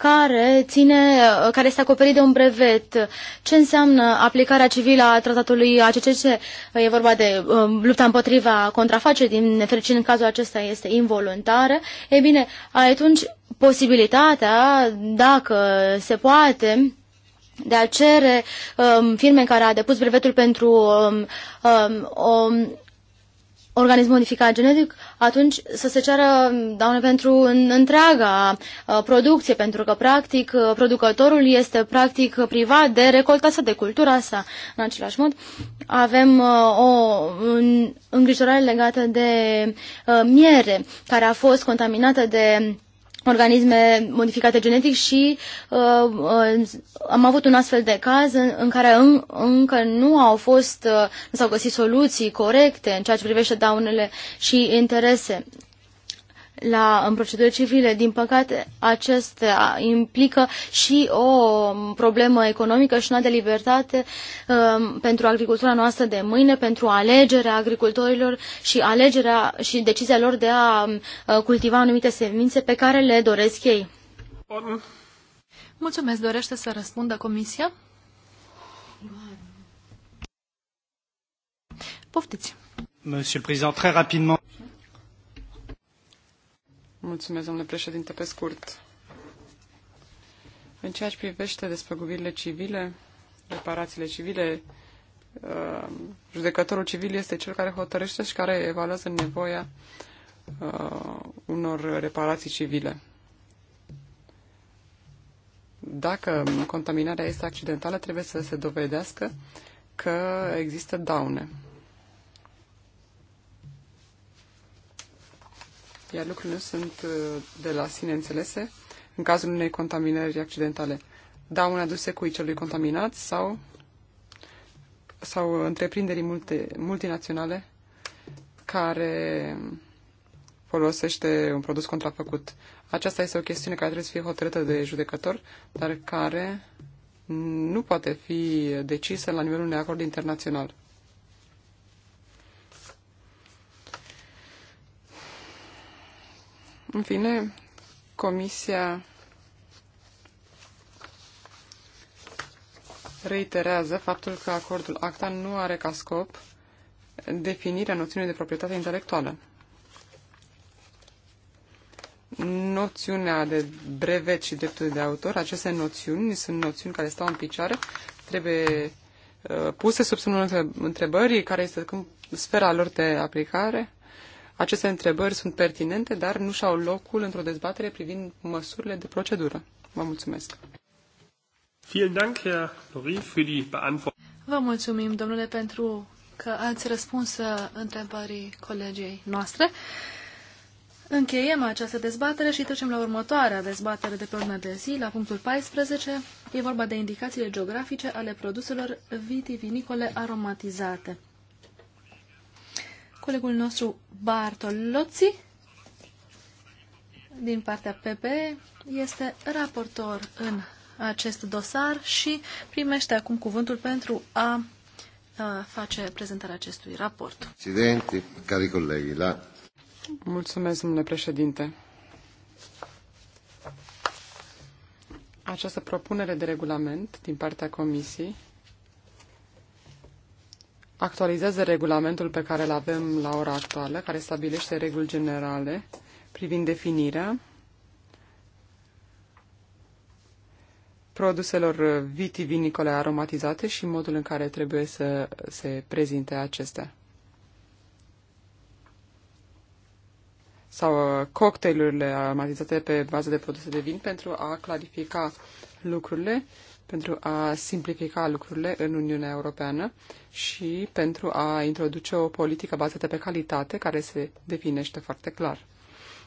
care, ține, care este acoperit de un brevet. Ce înseamnă aplicarea civilă a tratatului ACCC? E vorba de uh, lupta împotriva contrafacerii, din nefericire în cazul acesta este involuntară. E bine, atunci posibilitatea, dacă se poate, de a cere um, firme care a depus brevetul pentru um, um, um, organism modificat genetic, atunci să se ceară daune pentru în, întreaga uh, producție, pentru că, practic, uh, producătorul este, practic, privat de recolta sa, de cultura sa. În același mod, avem uh, o îngrijorare legată de miere, care a fost contaminată de organisme modificate genetic și uh, uh, am avut un astfel de caz în, în care în, încă nu au fost, uh, nu s-au găsit soluții corecte în ceea ce privește daunele și interese, la, în proceduri civile. Din păcate, acestea implică și o problemă economică și una de libertate um, pentru agricultura noastră de mâine, pentru alegerea agricultorilor și alegerea și decizia lor de a uh, cultiva anumite semințe pe care le doresc ei. Mulțumesc. Dorește să răspundă Comisia? Poftiți. Monsieur le Président, très rapidement. Mulțumesc, domnule președinte, pe scurt. În ceea ce privește despăgubirile civile, reparațiile civile, uh, judecătorul civil este cel care hotărăște și care evaluează nevoia uh, unor reparații civile. Dacă contaminarea este accidentală, trebuie să se dovedească că există daune. iar lucrurile nu sunt uh, de la sine înțelese în cazul unei contaminări accidentale. Daune aduse celui contaminat sau, sau întreprinderii multe, multinaționale care folosește un produs contrafăcut. Aceasta este o chestiune care trebuie să fie hotărâtă de judecător, dar care nu poate fi decisă la nivelul unui acord internațional. În fine, Comisia reiterează faptul că acordul ACTA nu are ca scop definirea noțiunii de proprietate intelectuală. Noțiunea de brevet și dreptul de autor, aceste noțiuni sunt noțiuni care stau în picioare, trebuie uh, puse sub semnul întrebării care este cum, sfera lor de aplicare aceste întrebări sunt pertinente, dar nu și-au locul într-o dezbatere privind măsurile de procedură. Vă mulțumesc. Vă mulțumim, domnule, pentru că ați răspuns întrebării colegii noastre. Încheiem această dezbatere și trecem la următoarea dezbatere de pe urmă de zi, la punctul 14. E vorba de indicațiile geografice ale produselor vitivinicole aromatizate. Colegul nostru Bartolozzi din partea PP este raportor în acest dosar și primește acum cuvântul pentru a face prezentarea acestui raport. Presidente, cari colegi, la... Mulțumesc, domnule președinte. Această propunere de regulament din partea Comisiei actualizeze regulamentul pe care îl avem la ora actuală, care stabilește reguli generale privind definirea produselor vitivinicole aromatizate și modul în care trebuie să se prezinte acestea. Sau uh, cocktailurile aromatizate pe bază de produse de vin pentru a clarifica lucrurile pentru a simplifica lucrurile în Uniunea Europeană și pentru a introduce o politică bazată pe calitate care se definește foarte clar.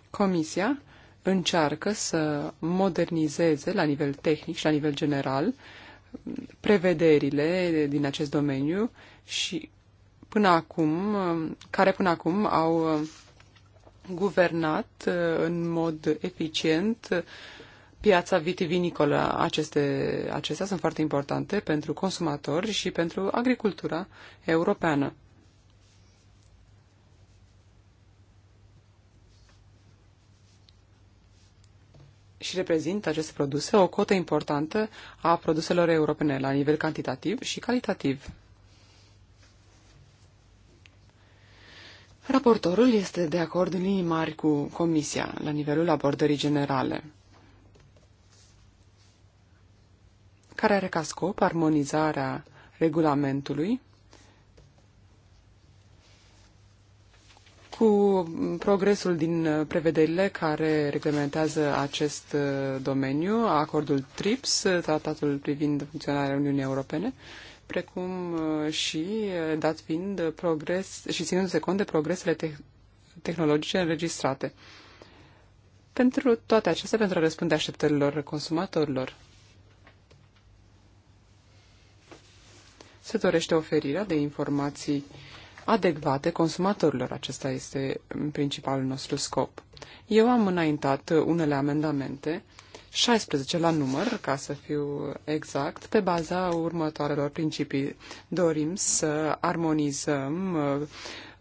Comisia încearcă să modernizeze la nivel tehnic și la nivel general prevederile din acest domeniu și până acum, care până acum au guvernat în mod eficient piața vitivinicolă. Aceste, acestea sunt foarte importante pentru consumatori și pentru agricultura europeană. și reprezintă aceste produse o cotă importantă a produselor europene la nivel cantitativ și calitativ. Raportorul este de acord în linii mari cu Comisia la nivelul abordării generale. care are ca scop armonizarea regulamentului cu progresul din prevederile care reglementează acest uh, domeniu, acordul TRIPS, tratatul privind funcționarea Uniunii Europene, precum uh, și uh, dat fiind progres și ținându-se cont de progresele te- tehnologice înregistrate. Pentru toate acestea, pentru a răspunde așteptărilor consumatorilor. se dorește oferirea de informații adecvate consumatorilor. Acesta este principalul nostru scop. Eu am înaintat unele amendamente, 16 la număr, ca să fiu exact, pe baza următoarelor principii. Dorim să armonizăm uh,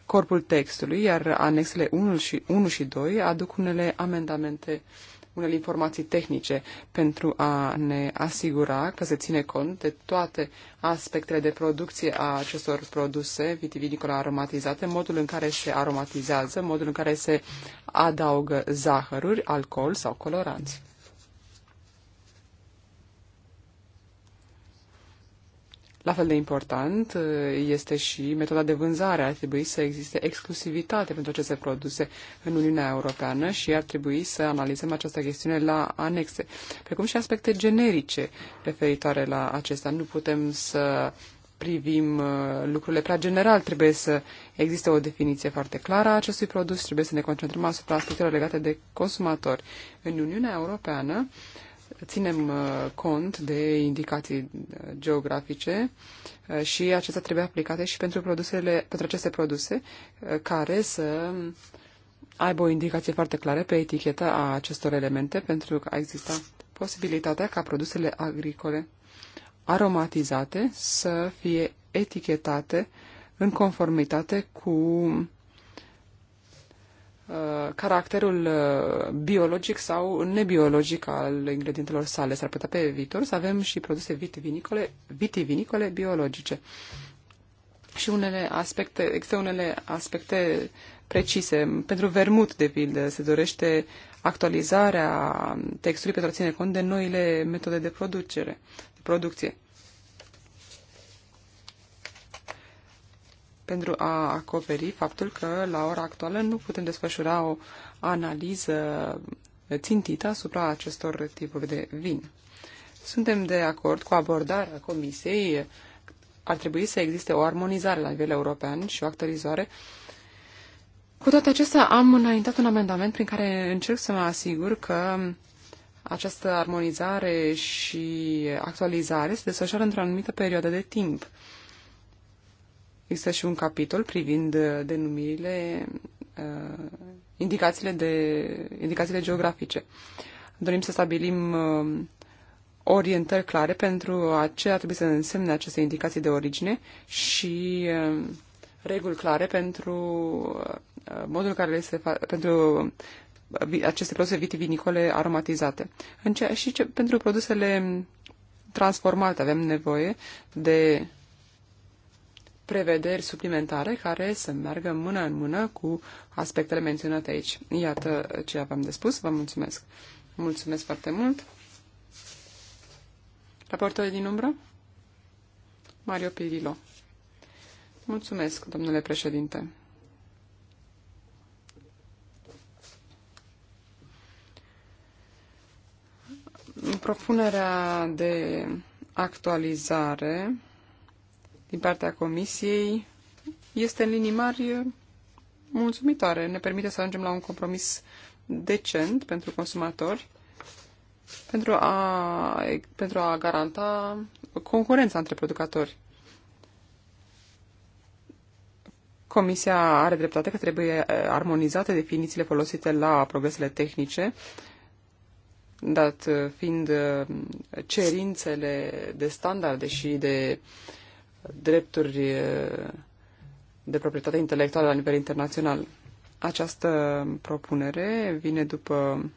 corpul textului, iar anexele 1 și, 1 și 2 aduc unele amendamente uh, unele informații tehnice pentru a ne asigura că se ține cont de toate aspectele de producție a acestor produse vitivinicole aromatizate, modul în care se aromatizează, modul în care se adaugă zahăruri, alcool sau coloranți. La fel de important uh, este și metoda de vânzare. Ar trebui să existe exclusivitate pentru aceste produse în Uniunea Europeană și ar trebui să analizăm această chestiune la anexe, precum și aspecte generice referitoare la acesta. Nu putem să privim uh, lucrurile prea general. Trebuie să existe o definiție foarte clară a acestui produs, trebuie să ne concentrăm asupra aspectelor legate de consumatori. În Uniunea Europeană, ținem uh, cont de indicații uh, geografice uh, și acestea trebuie aplicate și pentru, produsele, pentru aceste produse care să aibă o indicație foarte clară pe eticheta a acestor elemente pentru că exista posibilitatea ca produsele agricole aromatizate să fie etichetate în conformitate cu Uh, caracterul uh, biologic sau nebiologic al ingredientelor sale. S-ar putea pe viitor să avem și produse vitivinicole, vitivinicole biologice. Și unele aspecte, există unele aspecte precise. Pentru vermut, de pildă, se dorește actualizarea textului pentru a ține cont de noile metode de producere, de producție. pentru a acoperi faptul că la ora actuală nu putem desfășura o analiză țintită asupra acestor tipuri de vin. Suntem de acord cu abordarea Comisiei. Ar trebui să existe o armonizare la nivel european și o actualizare. Cu toate acestea, am înaintat un amendament prin care încerc să mă asigur că această armonizare și actualizare se desfășoară într-o anumită perioadă de timp. Există și un capitol privind uh, denumirile, uh, indicațiile, de, indicațiile geografice. Dorim să stabilim uh, orientări clare pentru a ce ar trebui să însemne aceste indicații de origine și reguli clare pentru modul în care se fa- pentru aceste produse vitivinicole aromatizate. În ce, și ce, pentru produsele transformate avem nevoie de prevederi suplimentare care să meargă mână în mână cu aspectele menționate aici. Iată ce aveam de spus, vă mulțumesc. Mulțumesc foarte mult. Raportorii din umbră? Mario Pirilo. Mulțumesc, domnule președinte. Propunerea de actualizare din partea Comisiei este în linii mari mulțumitoare. Ne permite să ajungem la un compromis decent pentru consumatori, pentru a, pentru a garanta concurența între producători. Comisia are dreptate că trebuie eh, armonizate definițiile folosite la progresele tehnice, dat eh, fiind eh, cerințele de standarde și de uh, drepturi eh, de proprietate intelectuală la nivel internațional. Această propunere vine după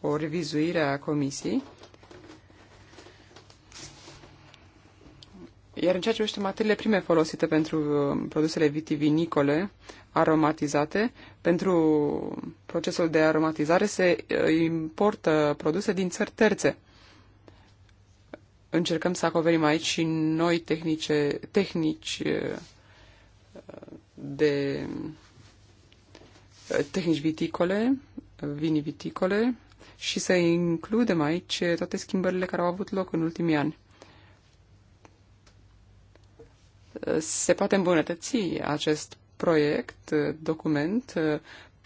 o revizuire a comisiei. Iar în ceea ce privește materiile prime folosite pentru eh, produsele vitivinicole aromatizate, pentru procesul de aromatizare se eh, importă produse din țări terțe încercăm să acoperim aici și noi tehnice, tehnici uh, de uh, tehnici viticole, vini viticole și să includem aici toate schimbările care au avut loc în ultimii ani. Uh, se poate îmbunătăți acest proiect, document,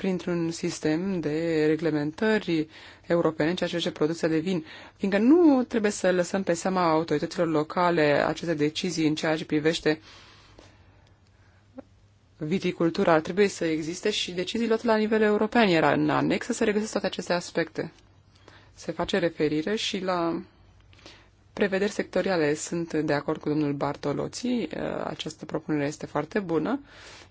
printr-un sistem de reglementări europene ceea ce privește produse de vin, fiindcă nu trebuie să lăsăm pe seama autorităților locale aceste decizii în ceea ce privește viticultura. Ar trebui să existe și decizii luate la nivel european, iar în să se regăsesc toate aceste aspecte. Se face referire și la prevederi sectoriale. Sunt de acord cu domnul Bartoloți. Uh, această propunere este foarte bună.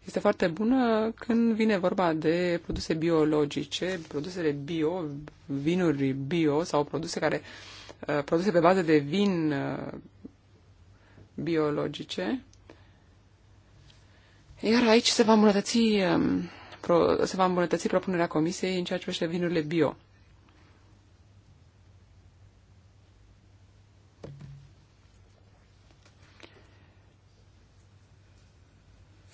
Este foarte bună când vine vorba de produse biologice, produsele bio, vinuri bio sau produse care uh, produse pe bază de vin uh, biologice. Iar aici se va îmbunătăți um, se va îmbunătăți propunerea comisiei în ceea ce privește vinurile bio.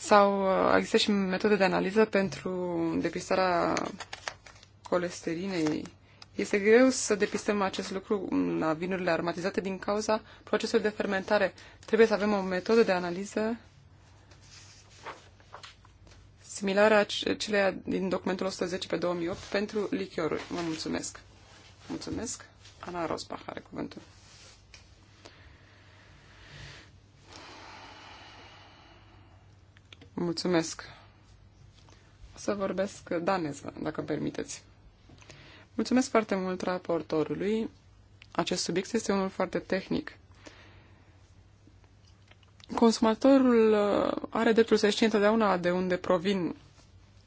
sau uh, există și metode de analiză pentru depistarea colesterinei. Este greu să depistăm acest lucru la vinurile aromatizate din cauza procesului de fermentare. Trebuie să avem o metodă de analiză similară celea din documentul 110 pe 2008 pentru lichioruri. Vă mulțumesc. Mulțumesc. Ana Rosbach are cuvântul. Mulțumesc. O să vorbesc daneză, dacă permiteți. Mulțumesc foarte mult raportorului. Acest subiect este unul foarte tehnic. Consumatorul uh, are dreptul să știe întotdeauna de unde provin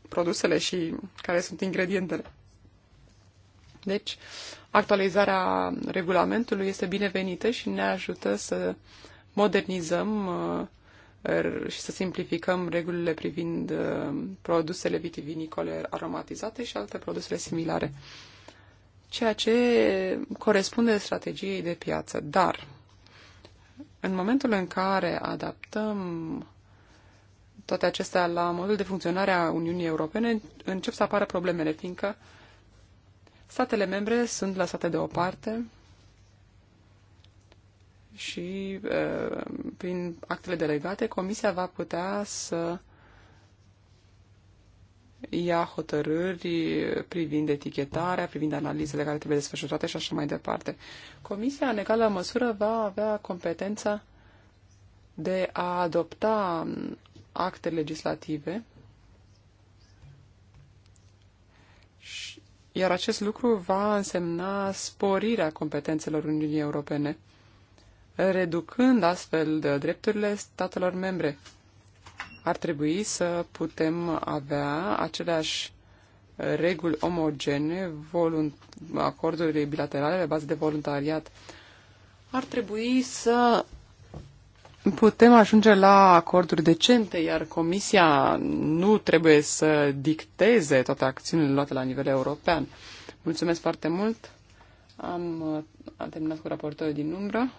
produsele și care sunt ingredientele. Deci, actualizarea regulamentului este binevenită și ne ajută să modernizăm uh, Er, și să simplificăm regulile privind uh, produsele vitivinicole aromatizate și alte produsele similare. Ceea ce corespunde strategiei de piață. Dar, în momentul în care adaptăm toate acestea la modul de funcționare a Uniunii Europene, încep să apară problemele, fiindcă statele membre sunt lăsate deoparte, și uh, prin actele delegate Comisia va putea să ia hotărâri privind etichetarea, privind analizele care trebuie desfășurate și așa mai departe. Comisia, în egală măsură, va avea competența de a adopta acte legislative, iar acest lucru va însemna sporirea competențelor Uniunii Europene reducând astfel de drepturile statelor membre. Ar trebui să putem avea aceleași reguli omogene, acorduri bilaterale pe bază de voluntariat. Ar trebui să putem ajunge la acorduri decente, iar Comisia nu trebuie să dicteze toate acțiunile luate la nivel european. Mulțumesc foarte mult! Am, uh, am terminat cu raportul din umbră.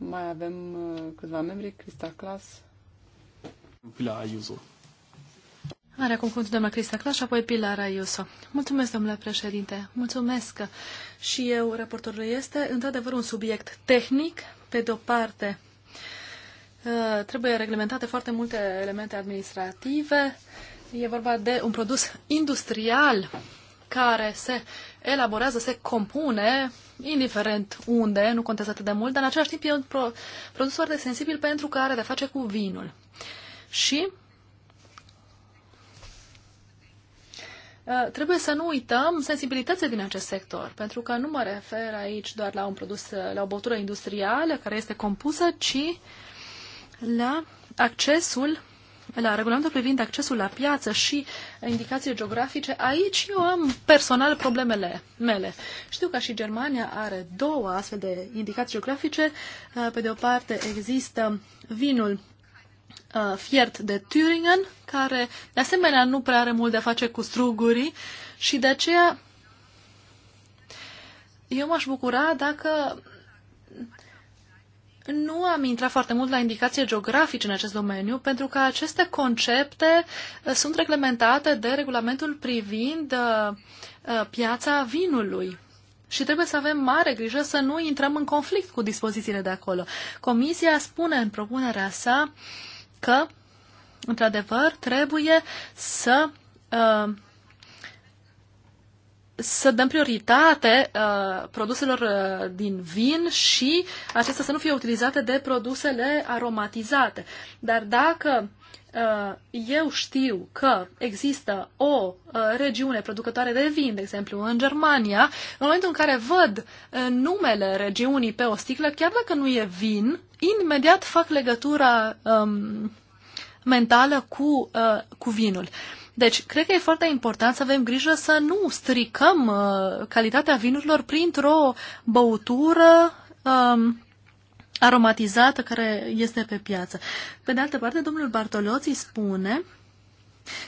Mai avem uh, câțiva membri, Crista Clas. Pila Ayuso. Are acum cuvântul doamna Crista Clas și apoi Pilar Ayuso. Mulțumesc, domnule președinte. Mulțumesc și eu, raportorul este, într-adevăr, un subiect tehnic, pe de-o parte, uh, trebuie reglementate foarte multe elemente administrative. E vorba de un produs industrial care se elaborează, se compune, indiferent unde, nu contează atât de mult, dar în același timp e un pro- produs foarte sensibil pentru că are de face cu vinul. Și uh, trebuie să nu uităm sensibilitățile din acest sector, pentru că nu mă refer aici doar la un produs, uh, la o băutură industrială care este compusă, ci la accesul la regulamentul privind accesul la piață și indicații geografice, aici eu am personal problemele mele. Știu că și Germania are două astfel de indicații geografice. Uh, pe de o parte există vinul uh, fiert de Thüringen, care de asemenea nu prea are mult de a face cu strugurii și de aceea eu m-aș bucura dacă nu am intrat foarte mult la indicații geografice în acest domeniu, pentru că aceste concepte uh, sunt reglementate de regulamentul privind uh, uh, piața vinului. Și trebuie să avem mare grijă să nu intrăm în conflict cu dispozițiile de acolo. Comisia spune în propunerea sa că, într-adevăr, trebuie să uh, să dăm prioritate uh, produselor uh, din vin și acestea să nu fie utilizate de produsele aromatizate. Dar dacă uh, eu știu că există o uh, regiune producătoare de vin, de exemplu în Germania, în momentul în care văd uh, numele regiunii pe o sticlă, chiar dacă nu e vin, imediat fac legătura um, mentală cu, uh, cu vinul. Uh, deci, cred că e foarte important să avem grijă să nu stricăm uh, calitatea vinurilor printr-o băutură um, aromatizată care este pe piață. Pe de altă parte, domnul Bartoloții spune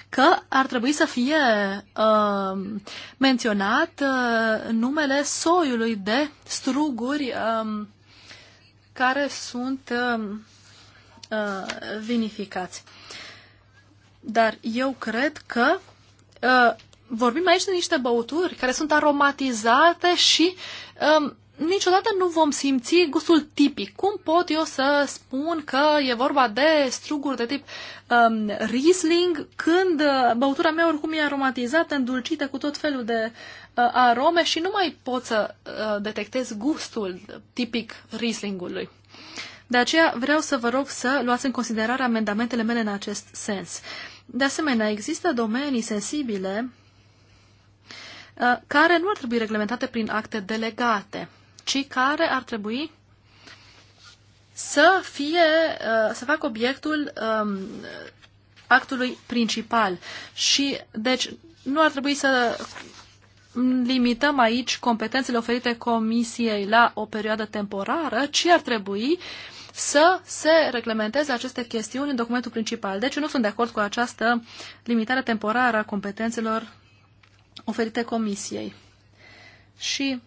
că ar trebui să fie uh, menționat uh, numele soiului de struguri uh, care sunt uh, uh, vinificați. Uh, dar eu cred că uh, vorbim aici de niște băuturi care sunt aromatizate și um, niciodată nu vom simți gustul tipic. Cum pot eu să spun că e vorba de struguri de tip um, Riesling când băutura mea oricum e aromatizată, îndulcită cu tot felul de uh, arome și nu mai pot să uh, detectez gustul tipic Rieslingului. De aceea vreau să vă rog să luați în considerare amendamentele mele în acest sens. De asemenea, există domenii sensibile uh, care nu ar trebui reglementate prin acte delegate, ci care ar trebui să fie, uh, să facă obiectul um, actului principal. Și, deci, nu ar trebui să limităm aici competențele oferite comisiei la o perioadă temporară, ci ar trebui uh, să se reglementeze aceste chestiuni în documentul principal. Deci eu nu sunt de acord cu această limitare temporară a competențelor oferite comisiei. Și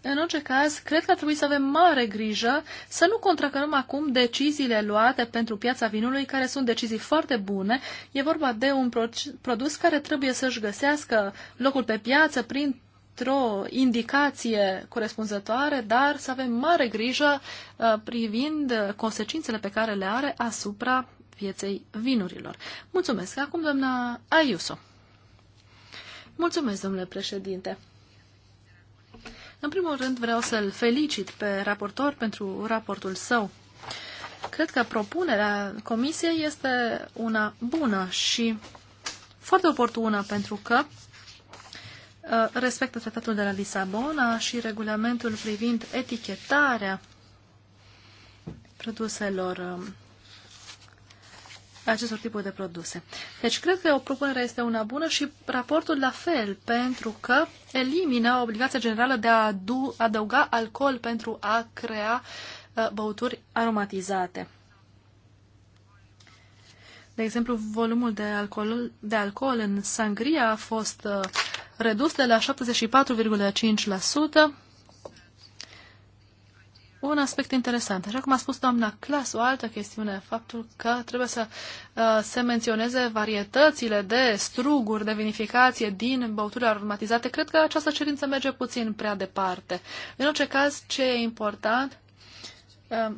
în orice caz, cred că ar trebui să avem mare grijă să nu contracărăm acum deciziile luate pentru piața vinului, care sunt decizii foarte bune. E vorba de un produs care trebuie să-și găsească locul pe piață prin într-o indicație corespunzătoare, dar să avem mare grijă uh, privind consecințele pe care le are asupra vieței vinurilor. Mulțumesc. Acum, doamna Ayuso. Mulțumesc, domnule președinte. În primul rând vreau să-l felicit pe raportor pentru raportul său. Cred că propunerea comisiei este una bună și foarte oportună pentru că Uh, respectă tratatul de la Lisabona și regulamentul privind etichetarea produselor uh, acestor tipuri de produse. Deci cred că o propunere este una bună și raportul la fel, pentru că elimină obligația generală de a adăuga alcool pentru a crea uh, băuturi aromatizate. De exemplu, volumul de alcool, de alcool în sangria a fost redus de la 74,5%. Un aspect interesant, așa cum a spus doamna Clas, o altă chestiune, faptul că trebuie să uh, se menționeze varietățile de struguri de vinificație din băuturile aromatizate, cred că această cerință merge puțin prea departe. În orice caz, ce e important, uh,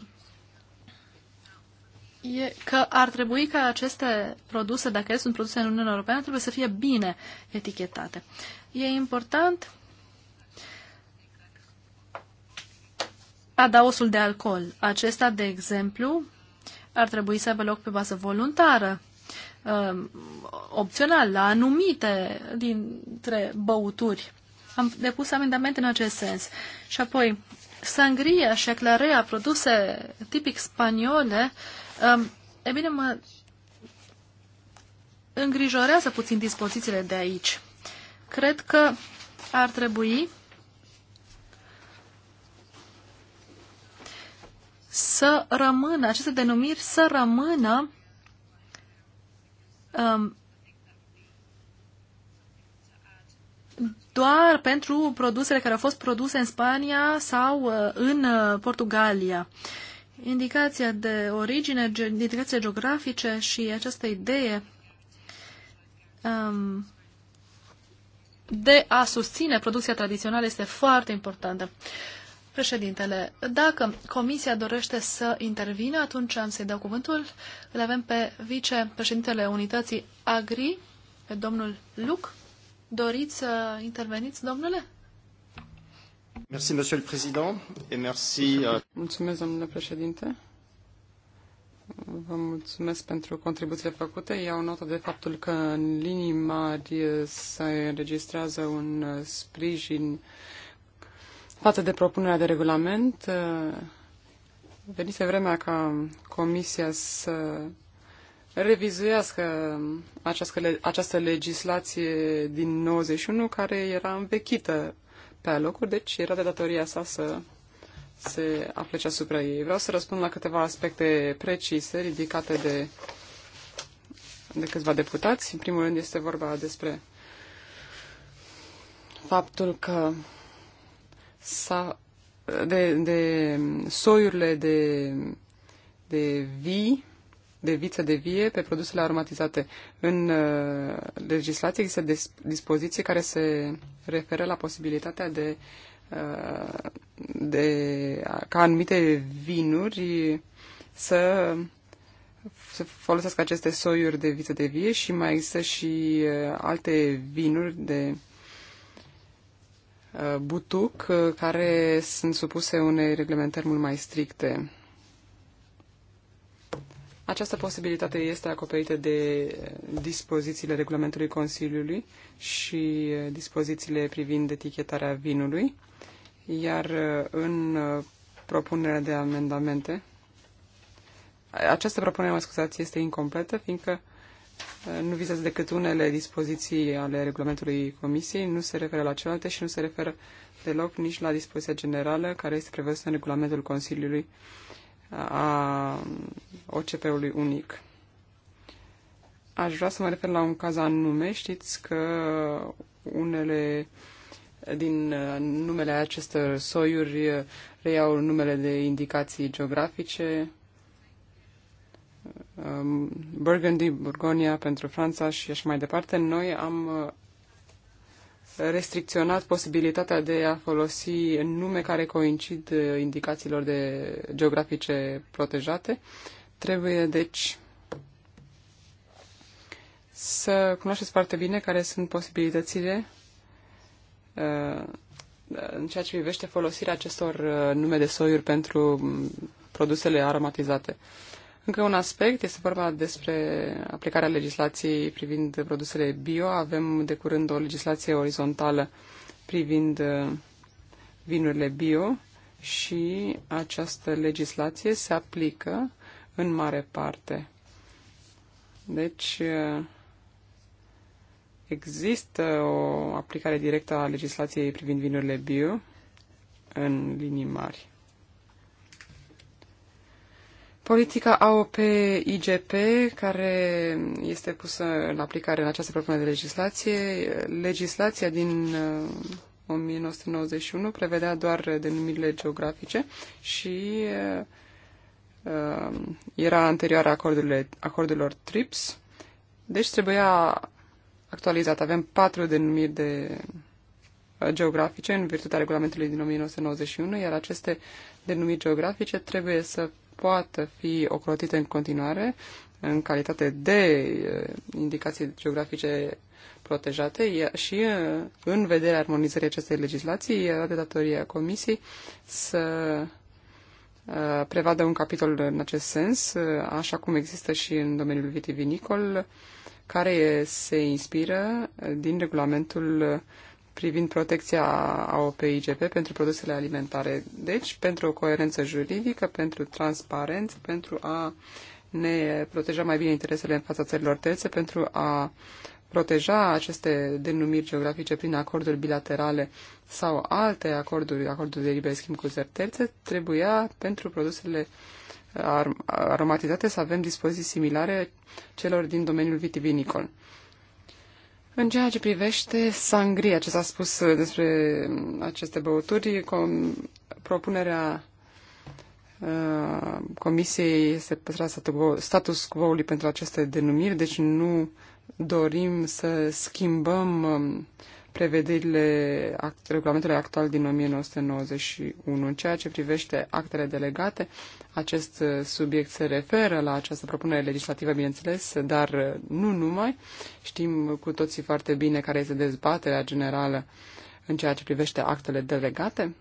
e că ar trebui ca aceste produse, dacă ele sunt produse în Uniunea Europeană, trebuie să fie bine etichetate. E important adaosul de alcool. Acesta, de exemplu, ar trebui să aibă loc pe bază voluntară, um, opțional, la anumite dintre băuturi. Am depus amendament în acest sens. Și apoi, sangria și aclarea, produse tipic spaniole, uh, E bine, mă îngrijorează puțin dispozițiile de aici. Cred că ar trebui să rămână, aceste denumiri să rămână um, doar pentru produsele care au fost produse în Spania sau uh, în uh, Portugalia. Uh, indicația de origine, indicația geografice și această idee um, de a susține producția tradițională este foarte importantă. Președintele, dacă comisia dorește să intervină, atunci am să-i dau cuvântul. Îl avem pe vicepreședintele unității Agri, pe domnul Luc. Doriți să interveniți, domnule? Merci, monsieur le président, et merci... Euh, mulțumesc, domnule președinte. Vă mulțumesc pentru contribuțiile făcute. Iau notă de faptul că în linii mari se înregistrează un sprijin față de propunerea de regulament. Venise vremea ca Comisia să revizuiască această, această legislație din 91 care era învechită pe alocuri, deci era de datoria sa să se aplece asupra ei. Vreau să răspund la câteva aspecte precise ridicate de, de câțiva deputați. În primul rând este vorba despre faptul că s-a, de, de soiurile de, de vii de viță de vie pe produsele aromatizate. În uh, legislație există dispoziții care se referă la posibilitatea de, uh, de ca anumite vinuri să se folosească aceste soiuri de viță de vie și mai există și uh, alte vinuri de butuc care sunt supuse unei reglementări mult mai stricte. Această posibilitate este acoperită de dispozițiile regulamentului Consiliului și eh, dispozițiile privind etichetarea vinului, iar eh, în eh, propunerea de amendamente, această propunere, mă scuzați, este incompletă, fiindcă nu vizează decât unele dispoziții ale regulamentului Comisiei, nu se referă la celelalte și nu se referă deloc nici la dispoziția generală care este prevăzută în regulamentul Consiliului a OCP-ului unic. Aș vrea să mă refer la un caz anume. Știți că unele din uh, numele acestor soiuri reiau numele de indicații geografice. Uh, um, Burgundy, Burgonia pentru Franța și așa mai departe. Noi am uh, restricționat posibilitatea de a folosi nume care coincid indicațiilor de geografice protejate. Trebuie, deci, să cunoașteți foarte bine care sunt posibilitățile uh, în ceea ce privește folosirea acestor uh, nume de soiuri pentru mm, produsele aromatizate. Încă un aspect este vorba despre aplicarea legislației privind produsele bio. Avem de curând o legislație orizontală privind uh, vinurile bio și această legislație se aplică în mare parte. Deci uh, există o aplicare directă a legislației privind vinurile bio în linii mari. Politica AOP-IGP, care este pusă în aplicare în această propunere de legislație, legislația din 1991 uh, prevedea doar denumirile geografice și uh, uh era anterioară acordurilor TRIPS, deci trebuia actualizat. Avem patru denumiri de uh, geografice în virtutea regulamentului din 1991, iar aceste denumiri geografice trebuie să poată fi ocrotite în continuare în calitate de indicații geografice protejate și în vederea armonizării acestei legislații era de datoria Comisiei să prevadă un capitol în acest sens, așa cum există și în domeniul vitivinicol, care se inspiră din regulamentul privind protecția AOPIGP pentru produsele alimentare. Deci, pentru o coerență juridică, pentru transparență, pentru a ne proteja mai bine interesele în fața țărilor terțe, pentru a proteja aceste denumiri geografice prin acorduri bilaterale sau alte acorduri, acorduri de liber schimb cu țări terțe, trebuia pentru produsele aromatizate să avem dispoziții similare celor din domeniul vitivinicol. În ceea ce privește sangria, ce s-a spus despre aceste băuturi, com- propunerea uh, Comisiei este păstrat status quo-ului pentru aceste denumiri, deci nu dorim să schimbăm uh, prevederile act, regulamentului actual din 1991. În ceea ce privește actele delegate, acest uh, subiect se referă la această propunere legislativă, bineînțeles, dar uh, nu numai. Știm cu toții foarte bine care este dezbaterea generală în ceea ce privește actele delegate.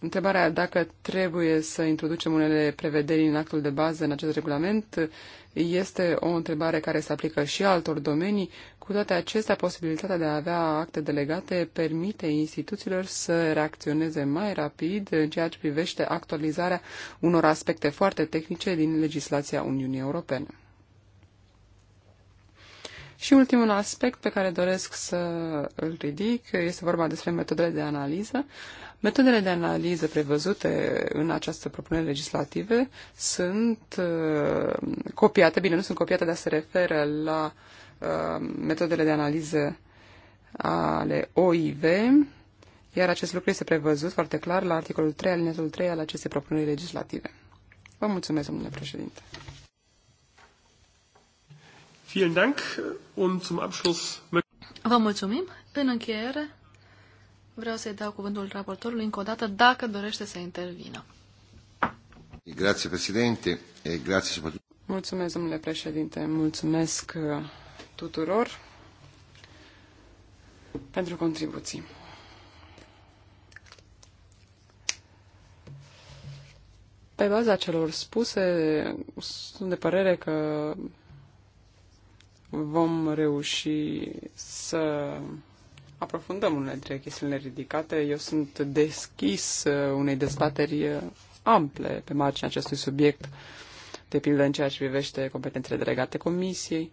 Întrebarea dacă trebuie să introducem unele prevederi în actul de bază în acest regulament este o întrebare care se aplică și altor domenii. Cu toate acestea, posibilitatea de a avea acte delegate permite instituțiilor să reacționeze mai rapid în ceea ce privește actualizarea unor aspecte foarte tehnice din legislația Uniunii Europene. Și ultimul aspect pe care doresc să îl ridic este vorba despre metodele de analiză. Metodele de analiză prevăzute în această propunere legislative sunt uh, copiate, bine, nu sunt copiate, dar se referă la uh, metodele de analiză ale OIV, iar acest lucru este prevăzut foarte clar la articolul 3, alineatul 3 al acestei propuneri legislative. Vă mulțumesc, domnule președinte. Vielen Dank und zum Abschluss Vă mulțumim. În încheiere, Vreau să-i dau cuvântul raportorului încă o dată, dacă dorește să intervină. Grazie, e grazie Mulțumesc, domnule președinte, mulțumesc uh, tuturor pentru contribuții. Pe baza celor spuse, sunt de părere că vom reuși să aprofundăm unele dintre chestiunile ridicate. Eu sunt deschis uh, unei dezbateri uh, ample pe marginea acestui subiect, de pildă în ceea ce privește competențele delegate comisiei,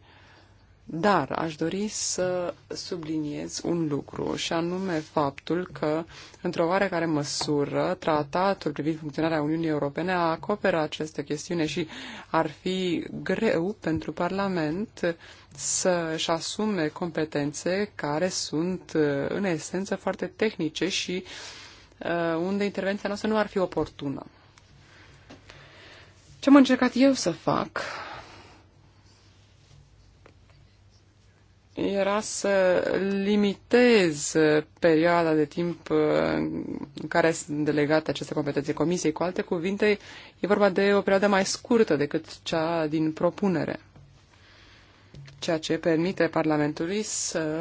dar aș dori să subliniez un lucru, și anume faptul că, într-o oarecare măsură, tratatul privind funcționarea Uniunii Europene acoperă această chestiune și ar fi greu pentru Parlament să-și asume competențe care sunt, uh, în esență, foarte tehnice și uh, unde intervenția noastră nu ar fi oportună. Ce am încercat eu să fac era să limitez perioada de timp uh, în care sunt delegate aceste competențe comisiei. Cu alte cuvinte, e vorba de o perioadă mai scurtă decât cea din propunere, ceea ce permite Parlamentului să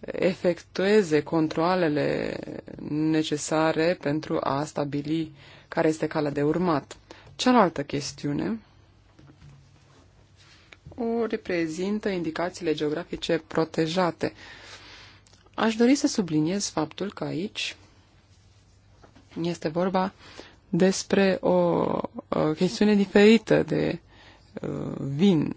efectueze controlele necesare pentru a stabili care este calea de urmat. Cealaltă chestiune o reprezintă indicațiile geografice protejate. Aș dori să subliniez faptul că aici este vorba despre o, o chestiune diferită de uh, vin.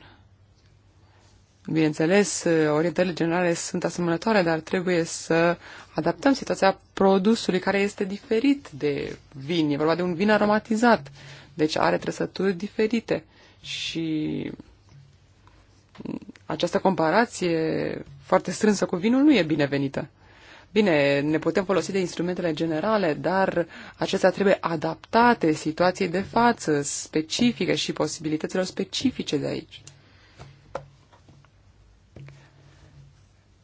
Bineînțeles, uh, orientările generale sunt asemănătoare, dar trebuie să adaptăm situația produsului care este diferit de vin. E vorba de un vin aromatizat, deci are trăsături diferite și această comparație foarte strânsă cu vinul nu e binevenită. Bine, ne putem folosi de instrumentele generale, dar acestea trebuie adaptate situației de față, specifice și posibilităților specifice de aici.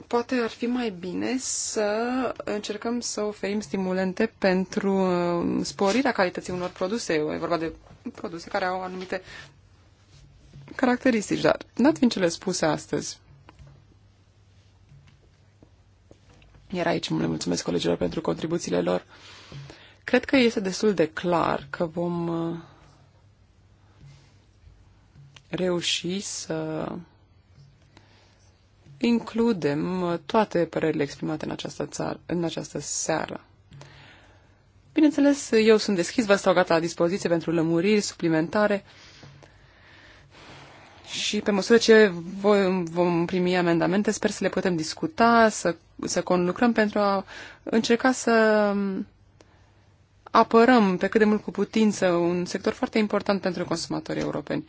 Poate ar fi mai bine să încercăm să oferim stimulente pentru uh, sporirea calității unor produse. E vorba de produse care au anumite caracteristici, dar dat fiind cele spuse astăzi, iar aici le mulțumesc colegilor pentru contribuțiile lor, cred că este destul de clar că vom uh, reuși să includem uh, toate părerile exprimate în această, țară, în această seară. Bineînțeles, eu sunt deschis, vă stau gata la dispoziție pentru lămuriri suplimentare și pe măsură ce vom, vom primi amendamente, sper să le putem discuta, să, să conlucrăm pentru a încerca să apărăm pe cât de mult cu putință un sector foarte important pentru consumatorii europeni.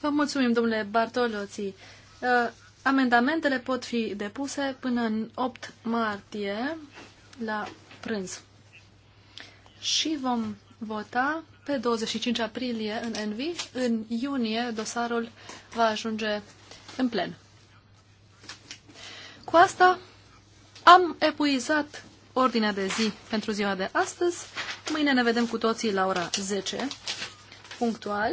Vă mulțumim, domnule Bartoloții. Uh, amendamentele pot fi depuse până în 8 martie la prânz. Și vom vota pe 25 aprilie în Envi. În iunie dosarul va ajunge în plen. Cu asta am epuizat ordinea de zi pentru ziua de astăzi. Mâine ne vedem cu toții la ora 10, punctual,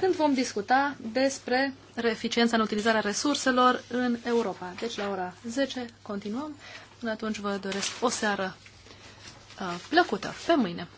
când vom discuta despre eficiența în utilizarea resurselor în Europa. Deci la ora 10 continuăm. Până atunci vă doresc o seară uh, plăcută. Pe mâine!